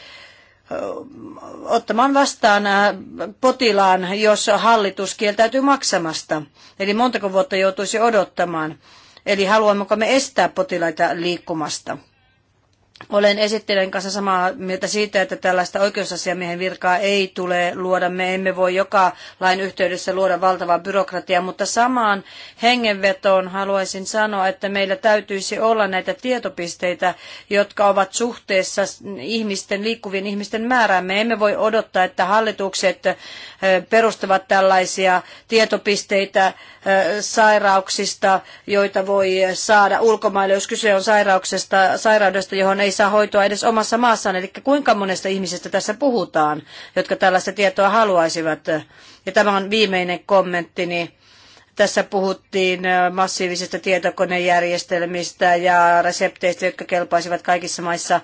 ottamaan vastaan potilaan, jos hallitus kieltäytyy maksamasta. Eli montako vuotta joutuisi odottamaan. Eli haluammeko me estää potilaita liikkumasta. Olen esittelijän kanssa samaa mieltä siitä, että tällaista oikeusasiamiehen virkaa ei tule luoda. Me emme voi joka lain yhteydessä luoda valtavaa byrokratiaa, mutta samaan hengenvetoon haluaisin sanoa, että meillä täytyisi olla näitä tietopisteitä, jotka ovat suhteessa ihmisten, liikkuvien ihmisten määrään. Me emme voi odottaa, että hallitukset perustavat tällaisia tietopisteitä sairauksista, joita voi saada ulkomaille, jos kyse on sairauksesta, sairaudesta, johon ei saa hoitoa edes omassa maassaan. Eli kuinka monesta ihmisestä tässä puhutaan, jotka tällaista tietoa haluaisivat. Ja tämä on viimeinen niin Tässä puhuttiin massiivisista tietokonejärjestelmistä ja resepteistä, jotka kelpaisivat kaikissa maissa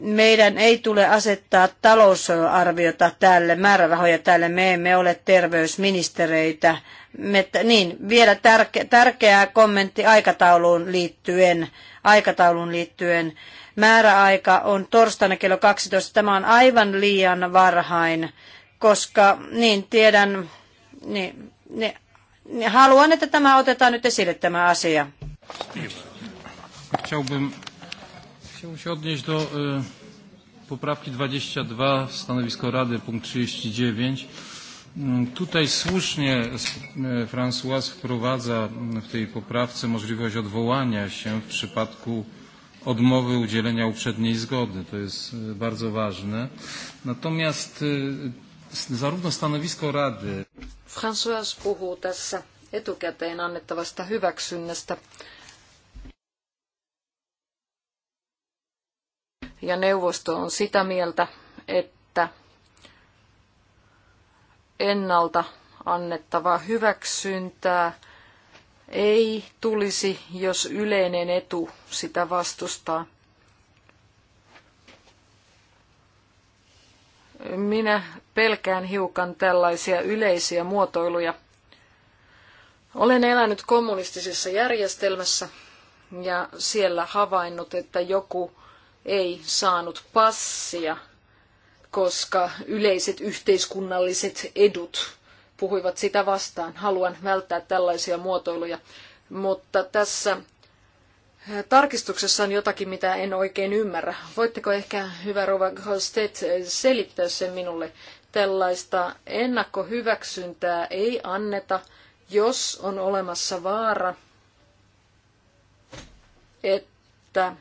meidän ei tule asettaa talousarviota tälle, määrärahoja tälle. Me emme ole terveysministereitä. Me, niin, vielä tärke, tärkeä kommentti aikatauluun liittyen aikataulun liittyen. Määräaika on torstaina kello 12. Tämä on aivan liian varhain, koska niin tiedän, niin, niin, niin haluan, että tämä otetaan nyt esille tämä asia. Chciałbym, chciałbym się odnieść do y, e, poprawki 22, stanowisko Rady, punkt 39 Tutaj słusznie e, François wprowadza w tej poprawce możliwość odwołania się w przypadku odmowy udzielenia uprzedniej zgody. To jest e, bardzo ważne. Natomiast e, zarówno stanowisko Rady... François puhuu tässä etukäteen annettavasta hyväksynnästä. Ja neuvosto on sitä mieltä, että ennalta annettavaa hyväksyntää ei tulisi, jos yleinen etu sitä vastustaa. Minä pelkään hiukan tällaisia yleisiä muotoiluja. Olen elänyt kommunistisessa järjestelmässä ja siellä havainnut, että joku ei saanut passia – koska yleiset yhteiskunnalliset edut puhuivat sitä vastaan. Haluan välttää tällaisia muotoiluja, mutta tässä eh, tarkistuksessa on jotakin, mitä en oikein ymmärrä. Voitteko ehkä, hyvä Rova Hostet, eh, selittää sen minulle? Tällaista ennakkohyväksyntää ei anneta, jos on olemassa vaara, että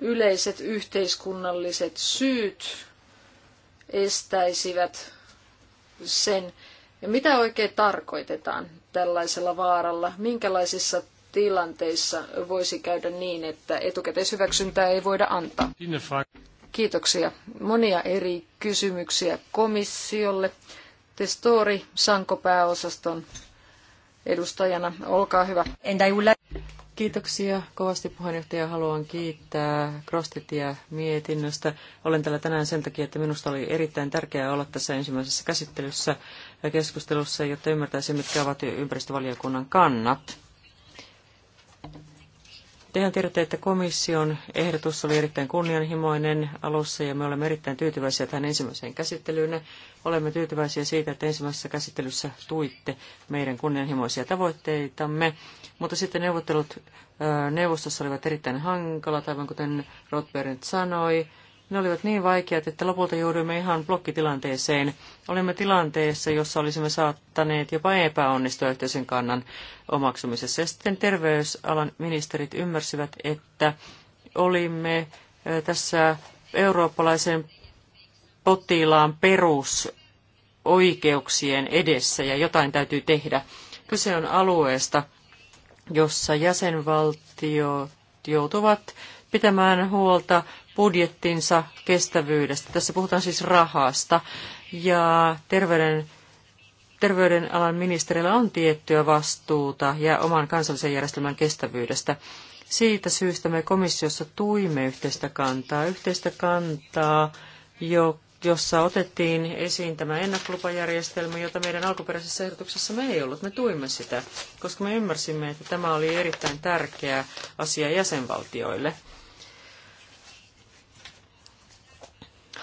yleiset yhteiskunnalliset syyt estäisivät sen. Ja mitä oikein tarkoitetaan tällaisella vaaralla? Minkälaisissa tilanteissa voisi käydä niin, että etukäteishyväksyntää ei voida antaa? Kiitoksia. Monia eri kysymyksiä komissiolle. Testori Sanko pääosaston edustajana. Olkaa hyvä. Kiitoksia kovasti puheenjohtaja. Haluan kiittää Krostitia mietinnöstä. Olen täällä tänään sen takia, että minusta oli erittäin tärkeää olla tässä ensimmäisessä käsittelyssä ja keskustelussa, jotta ymmärtäisin, mitkä ovat ympäristövaliokunnan kannat. Tehän tiedätte, että komission ehdotus oli erittäin kunnianhimoinen alussa ja me olemme erittäin tyytyväisiä tähän ensimmäiseen käsittelyyn. Olemme tyytyväisiä siitä, että ensimmäisessä käsittelyssä tuitte meidän kunnianhimoisia tavoitteitamme, mutta sitten neuvottelut neuvostossa olivat erittäin hankalat, aivan kuten Rothberg sanoi. Ne olivat niin vaikeat, että lopulta jouduimme ihan blokkitilanteeseen. Olimme tilanteessa, jossa olisimme saattaneet jopa epäonnistua yhteisen kannan omaksumisessa. Ja sitten terveysalan ministerit ymmärsivät, että olimme tässä eurooppalaisen potilaan perusoikeuksien edessä ja jotain täytyy tehdä. Kyse on alueesta, jossa jäsenvaltiot joutuvat pitämään huolta budjettinsa kestävyydestä. Tässä puhutaan siis rahasta ja terveyden, terveydenalan ministerillä on tiettyä vastuuta ja oman kansallisen järjestelmän kestävyydestä. Siitä syystä me komissiossa tuimme yhteistä kantaa, yhteistä kantaa, jo, jossa otettiin esiin tämä ennakkolupajärjestelmä, jota meidän alkuperäisessä ehdotuksessa me ei ollut. Me tuimme sitä, koska me ymmärsimme, että tämä oli erittäin tärkeä asia jäsenvaltioille.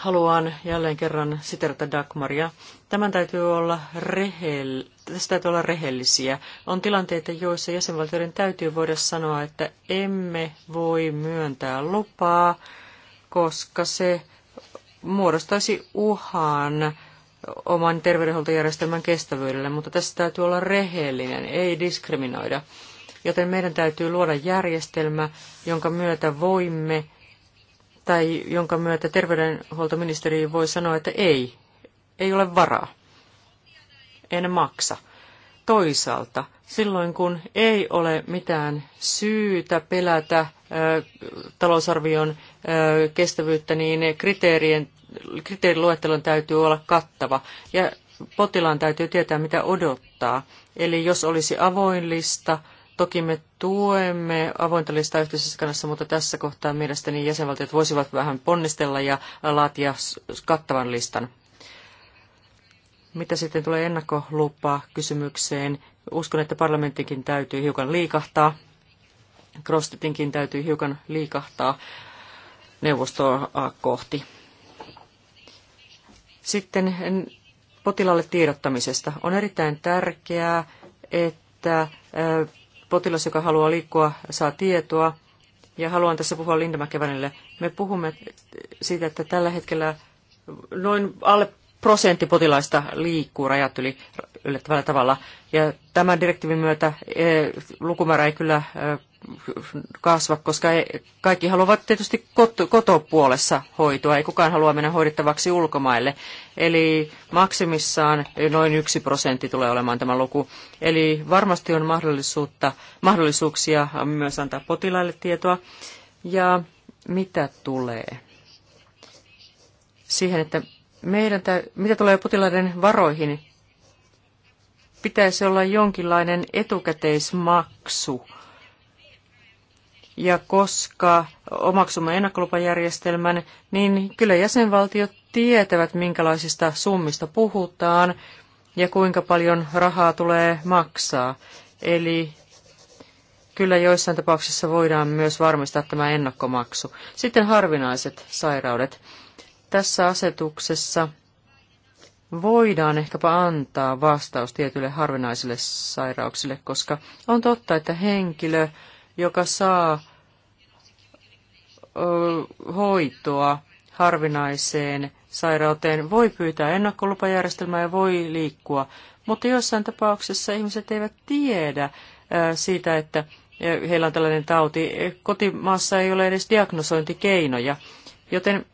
haluan jälleen kerran siterata Dagmaria. Tämän täytyy olla rehell... Tässä täytyy olla rehellisiä. On tilanteita, joissa jäsenvaltioiden täytyy voida sanoa, että emme voi myöntää lupaa, koska se muodostaisi uhan oman terveydenhuoltojärjestelmän kestävyydelle, mutta tässä täytyy olla rehellinen, ei diskriminoida. Joten meidän täytyy luoda järjestelmä, jonka myötä voimme tai jonka myötä terveydenhuoltoministeri voi sanoa, että ei, ei ole varaa, en maksa. Toisaalta, silloin kun ei ole mitään syytä pelätä talousarvion kestävyyttä, niin kriteerien, kriteeriluettelon täytyy olla kattava ja potilaan täytyy tietää, mitä odottaa. Eli jos olisi avoin lista, Toki me tuemme avointa listaa yhteisessä kannassa, mutta tässä kohtaa mielestäni jäsenvaltiot voisivat vähän ponnistella ja laatia kattavan listan. Mitä sitten tulee ennakkolupaa kysymykseen? Uskon, että parlamentinkin täytyy hiukan liikahtaa. Krostetinkin täytyy hiukan liikahtaa neuvostoa kohti. Sitten potilaalle tiedottamisesta. On erittäin tärkeää, että potilas, joka haluaa liikkua, saa tietoa. Ja haluan tässä puhua Linda Mäkevänille. Me puhumme siitä, että tällä hetkellä noin alle prosentti potilaista liikkuu rajat yli yllättävällä tavalla. Ja tämän direktiivin myötä eh, lukumäärä ei kyllä eh, kasva, koska ei, kaikki haluavat tietysti koto, kotopuolessa hoitoa, ei kukaan halua mennä hoidettavaksi ulkomaille. Eli maksimissaan noin yksi prosentti tulee olemaan tämä luku. Eli varmasti on mahdollisuutta, mahdollisuuksia myös antaa potilaille tietoa. Ja mitä tulee siihen, että meidän, mitä tulee potilaiden varoihin, pitäisi olla jonkinlainen etukäteismaksu ja koska omaksumme ennakkolupajärjestelmän, niin kyllä jäsenvaltiot tietävät, minkälaisista summista puhutaan ja kuinka paljon rahaa tulee maksaa. Eli kyllä joissain tapauksissa voidaan myös varmistaa tämä ennakkomaksu. Sitten harvinaiset sairaudet. Tässä asetuksessa voidaan ehkäpä antaa vastaus tietyille harvinaisille sairauksille, koska on totta, että henkilö joka saa hoitoa harvinaiseen sairauteen, voi pyytää ennakkolupajärjestelmää ja voi liikkua. Mutta jossain tapauksessa ihmiset eivät tiedä siitä, että heillä on tällainen tauti. Kotimaassa ei ole edes diagnosointikeinoja, joten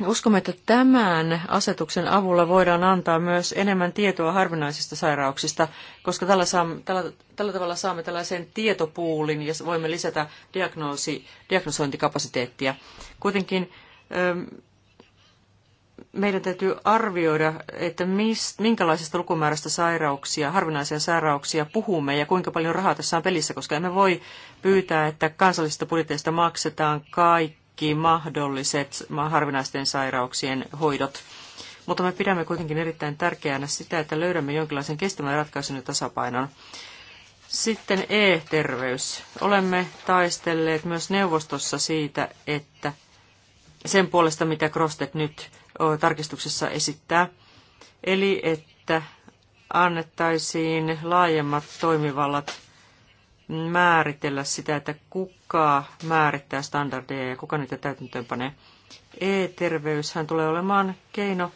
Uskomme, että tämän asetuksen avulla voidaan antaa myös enemmän tietoa harvinaisista sairauksista, koska tällä, saamme, tällä, tällä tavalla saamme tällaisen tietopuulin ja voimme lisätä diagnoosi, diagnosointikapasiteettia. Kuitenkin ähm, meidän täytyy arvioida, että mis, minkälaisesta lukumäärästä sairauksia, harvinaisia sairauksia puhumme ja kuinka paljon rahaa tässä on pelissä, koska emme voi pyytää, että kansallisista budjeteista maksetaan kaikki kaikki mahdolliset harvinaisten sairauksien hoidot. Mutta me pidämme kuitenkin erittäin tärkeänä sitä, että löydämme jonkinlaisen kestävän ratkaisun ja tasapainon. Sitten e-terveys. Olemme taistelleet myös neuvostossa siitä, että sen puolesta, mitä Krostet nyt tarkistuksessa esittää, eli että annettaisiin laajemmat toimivallat määritellä sitä, että kuka määrittää standardeja ja kuka niitä täytäntöönpanee. E-terveyshän tulee olemaan keino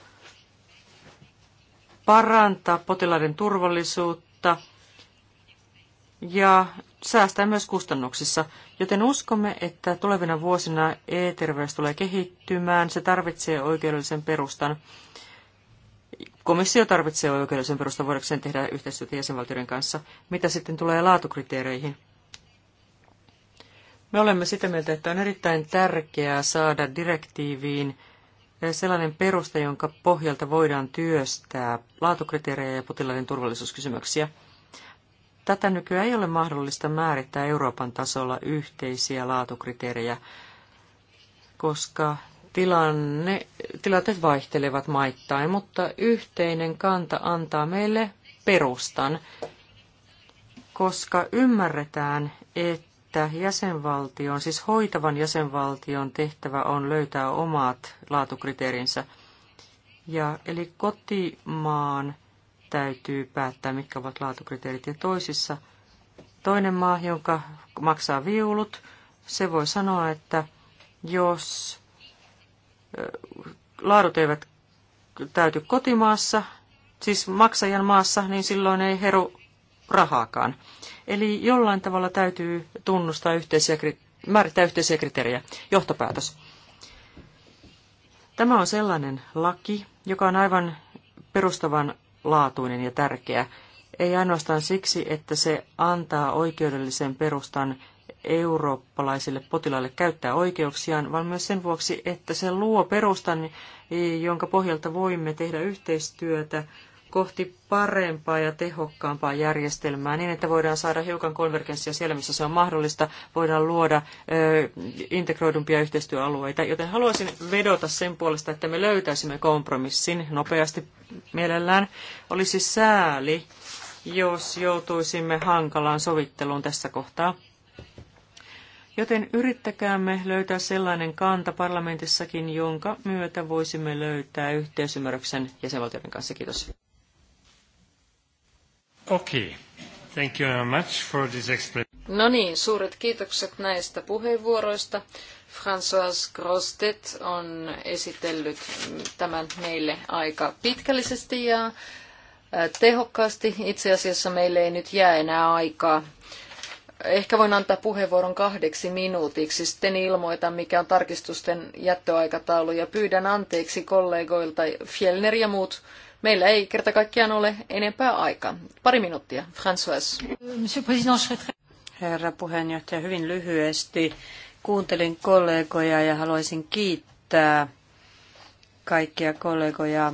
parantaa potilaiden turvallisuutta ja säästää myös kustannuksissa, joten uskomme, että tulevina vuosina e-terveys tulee kehittymään. Se tarvitsee oikeudellisen perustan. Komissio tarvitsee oikeudellisen perustan voidakseen tehdä yhteistyötä jäsenvaltioiden kanssa. Mitä sitten tulee laatukriteereihin? Me olemme sitä mieltä, että on erittäin tärkeää saada direktiiviin eh, sellainen perusta, jonka pohjalta voidaan työstää laatukriteerejä ja potilaiden turvallisuuskysymyksiä. Tätä nykyään ei ole mahdollista määrittää Euroopan tasolla yhteisiä laatukriteerejä, koska tilanne, tilanteet vaihtelevat maittain, mutta yhteinen kanta antaa meille perustan, koska ymmärretään, että jäsenvaltion, siis hoitavan jäsenvaltion tehtävä on löytää omat laatukriteerinsä. Ja, eli kotimaan täytyy päättää, mitkä ovat laatukriteerit. Ja toisissa toinen maa, jonka maksaa viulut, se voi sanoa, että jos laadut eivät täyty kotimaassa, siis maksajan maassa, niin silloin ei heru rahaakaan. Eli jollain tavalla täytyy tunnustaa yhteisiä, määrittää yhteisiä kriteerejä. Johtopäätös. Tämä on sellainen laki, joka on aivan perustavan laatuinen ja tärkeä. Ei ainoastaan siksi, että se antaa oikeudellisen perustan eurooppalaisille potilaille käyttää oikeuksiaan, vaan myös sen vuoksi, että se luo perustan, jonka pohjalta voimme tehdä yhteistyötä kohti parempaa ja tehokkaampaa järjestelmää niin, että voidaan saada hiukan konvergenssia siellä, missä se on mahdollista, voidaan luoda ö, integroidumpia yhteistyöalueita. Joten haluaisin vedota sen puolesta, että me löytäisimme kompromissin nopeasti mielellään. Olisi sääli, jos joutuisimme hankalaan sovitteluun tässä kohtaa. Joten yrittäkäämme löytää sellainen kanta parlamentissakin, jonka myötä voisimme löytää yhteisymmärryksen jäsenvaltioiden kanssa. Kiitos. Okei. Okay. Thank you very much for this no niin, suuret kiitokset näistä puheenvuoroista. François Grostet on esitellyt tämän meille aika pitkällisesti ja tehokkaasti. Itse asiassa meille ei nyt jää enää aikaa Ehkä voin antaa puheenvuoron kahdeksi minuutiksi, sitten ilmoitan, mikä on tarkistusten jättöaikataulu ja pyydän anteeksi kollegoilta Fjellner ja muut. Meillä ei kerta kaikkiaan ole enempää aikaa. Pari minuuttia. François. Herra puheenjohtaja, hyvin lyhyesti. Kuuntelin kollegoja ja haluaisin kiittää kaikkia kollegoja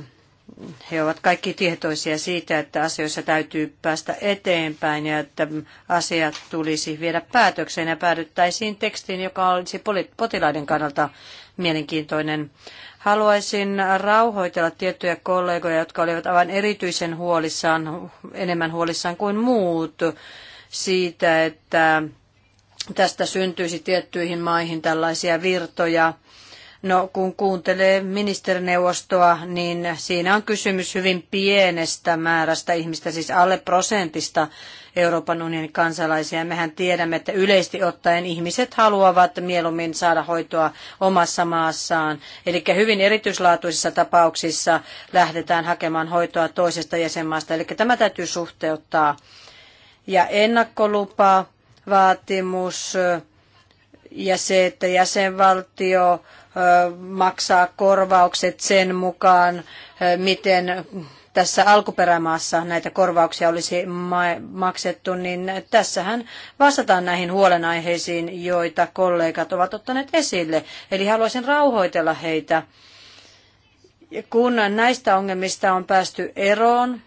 he ovat kaikki tietoisia siitä, että asioissa täytyy päästä eteenpäin ja että asiat tulisi viedä päätökseen ja päädyttäisiin tekstiin, joka olisi potilaiden kannalta mielenkiintoinen. Haluaisin rauhoitella tiettyjä kollegoja, jotka olivat aivan erityisen huolissaan, enemmän huolissaan kuin muut siitä, että tästä syntyisi tiettyihin maihin tällaisia virtoja No kun kuuntelee ministerineuvostoa, niin siinä on kysymys hyvin pienestä määrästä ihmistä, siis alle prosentista Euroopan unionin kansalaisia. Mehän tiedämme, että yleisesti ottaen ihmiset haluavat mieluummin saada hoitoa omassa maassaan. Eli hyvin erityislaatuisissa tapauksissa lähdetään hakemaan hoitoa toisesta jäsenmaasta. Eli tämä täytyy suhteuttaa. Ja ennakkolupa, vaatimus ja se, että jäsenvaltio maksaa korvaukset sen mukaan, miten tässä alkuperämaassa näitä korvauksia olisi maksettu, niin tässähän vastataan näihin huolenaiheisiin, joita kollegat ovat ottaneet esille. Eli haluaisin rauhoitella heitä. Kun näistä ongelmista on päästy eroon,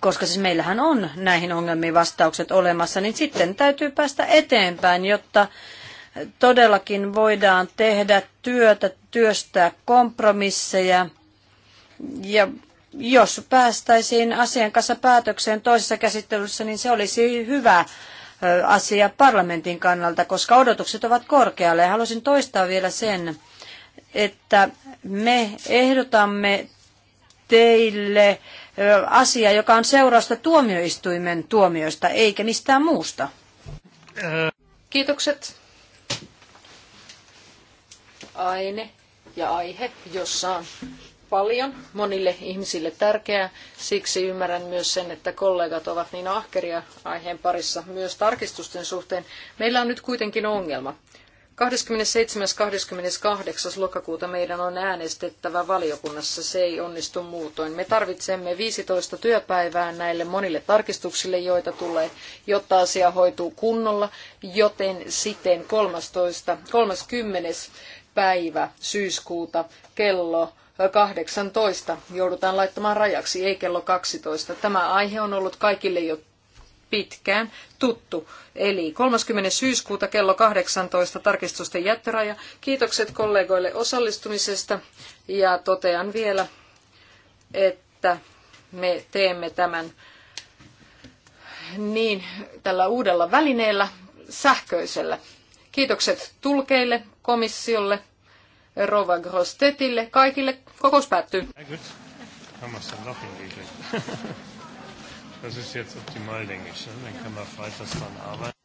koska siis meillähän on näihin ongelmiin vastaukset olemassa, niin sitten täytyy päästä eteenpäin, jotta todellakin voidaan tehdä työtä, työstää kompromisseja ja jos päästäisiin asian kanssa päätökseen toisessa käsittelyssä, niin se olisi hyvä asia parlamentin kannalta, koska odotukset ovat korkealle. Haluaisin toistaa vielä sen, että me ehdotamme teille asia, joka on seurausta tuomioistuimen tuomioista, eikä mistään muusta. Kiitokset aine ja aihe, jossa on paljon monille ihmisille tärkeää. Siksi ymmärrän myös sen, että kollegat ovat niin ahkeria aiheen parissa myös tarkistusten suhteen. Meillä on nyt kuitenkin ongelma. 27.–28. lokakuuta meidän on äänestettävä valiokunnassa. Se ei onnistu muutoin. Me tarvitsemme 15 työpäivää näille monille tarkistuksille, joita tulee, jotta asia hoituu kunnolla, joten siten 13. 30 päivä syyskuuta kello 18 joudutaan laittamaan rajaksi, ei kello 12. Tämä aihe on ollut kaikille jo pitkään tuttu. Eli 30. syyskuuta kello 18 tarkistusten jättöraja. Kiitokset kollegoille osallistumisesta ja totean vielä, että me teemme tämän niin tällä uudella välineellä sähköisellä. Kiitokset tulkeille komissiolle, Rova Grostetille, kaikille. Kokous päättyy. [laughs] Das ist jetzt optimal, denke ich. Dann kann man arbeiten.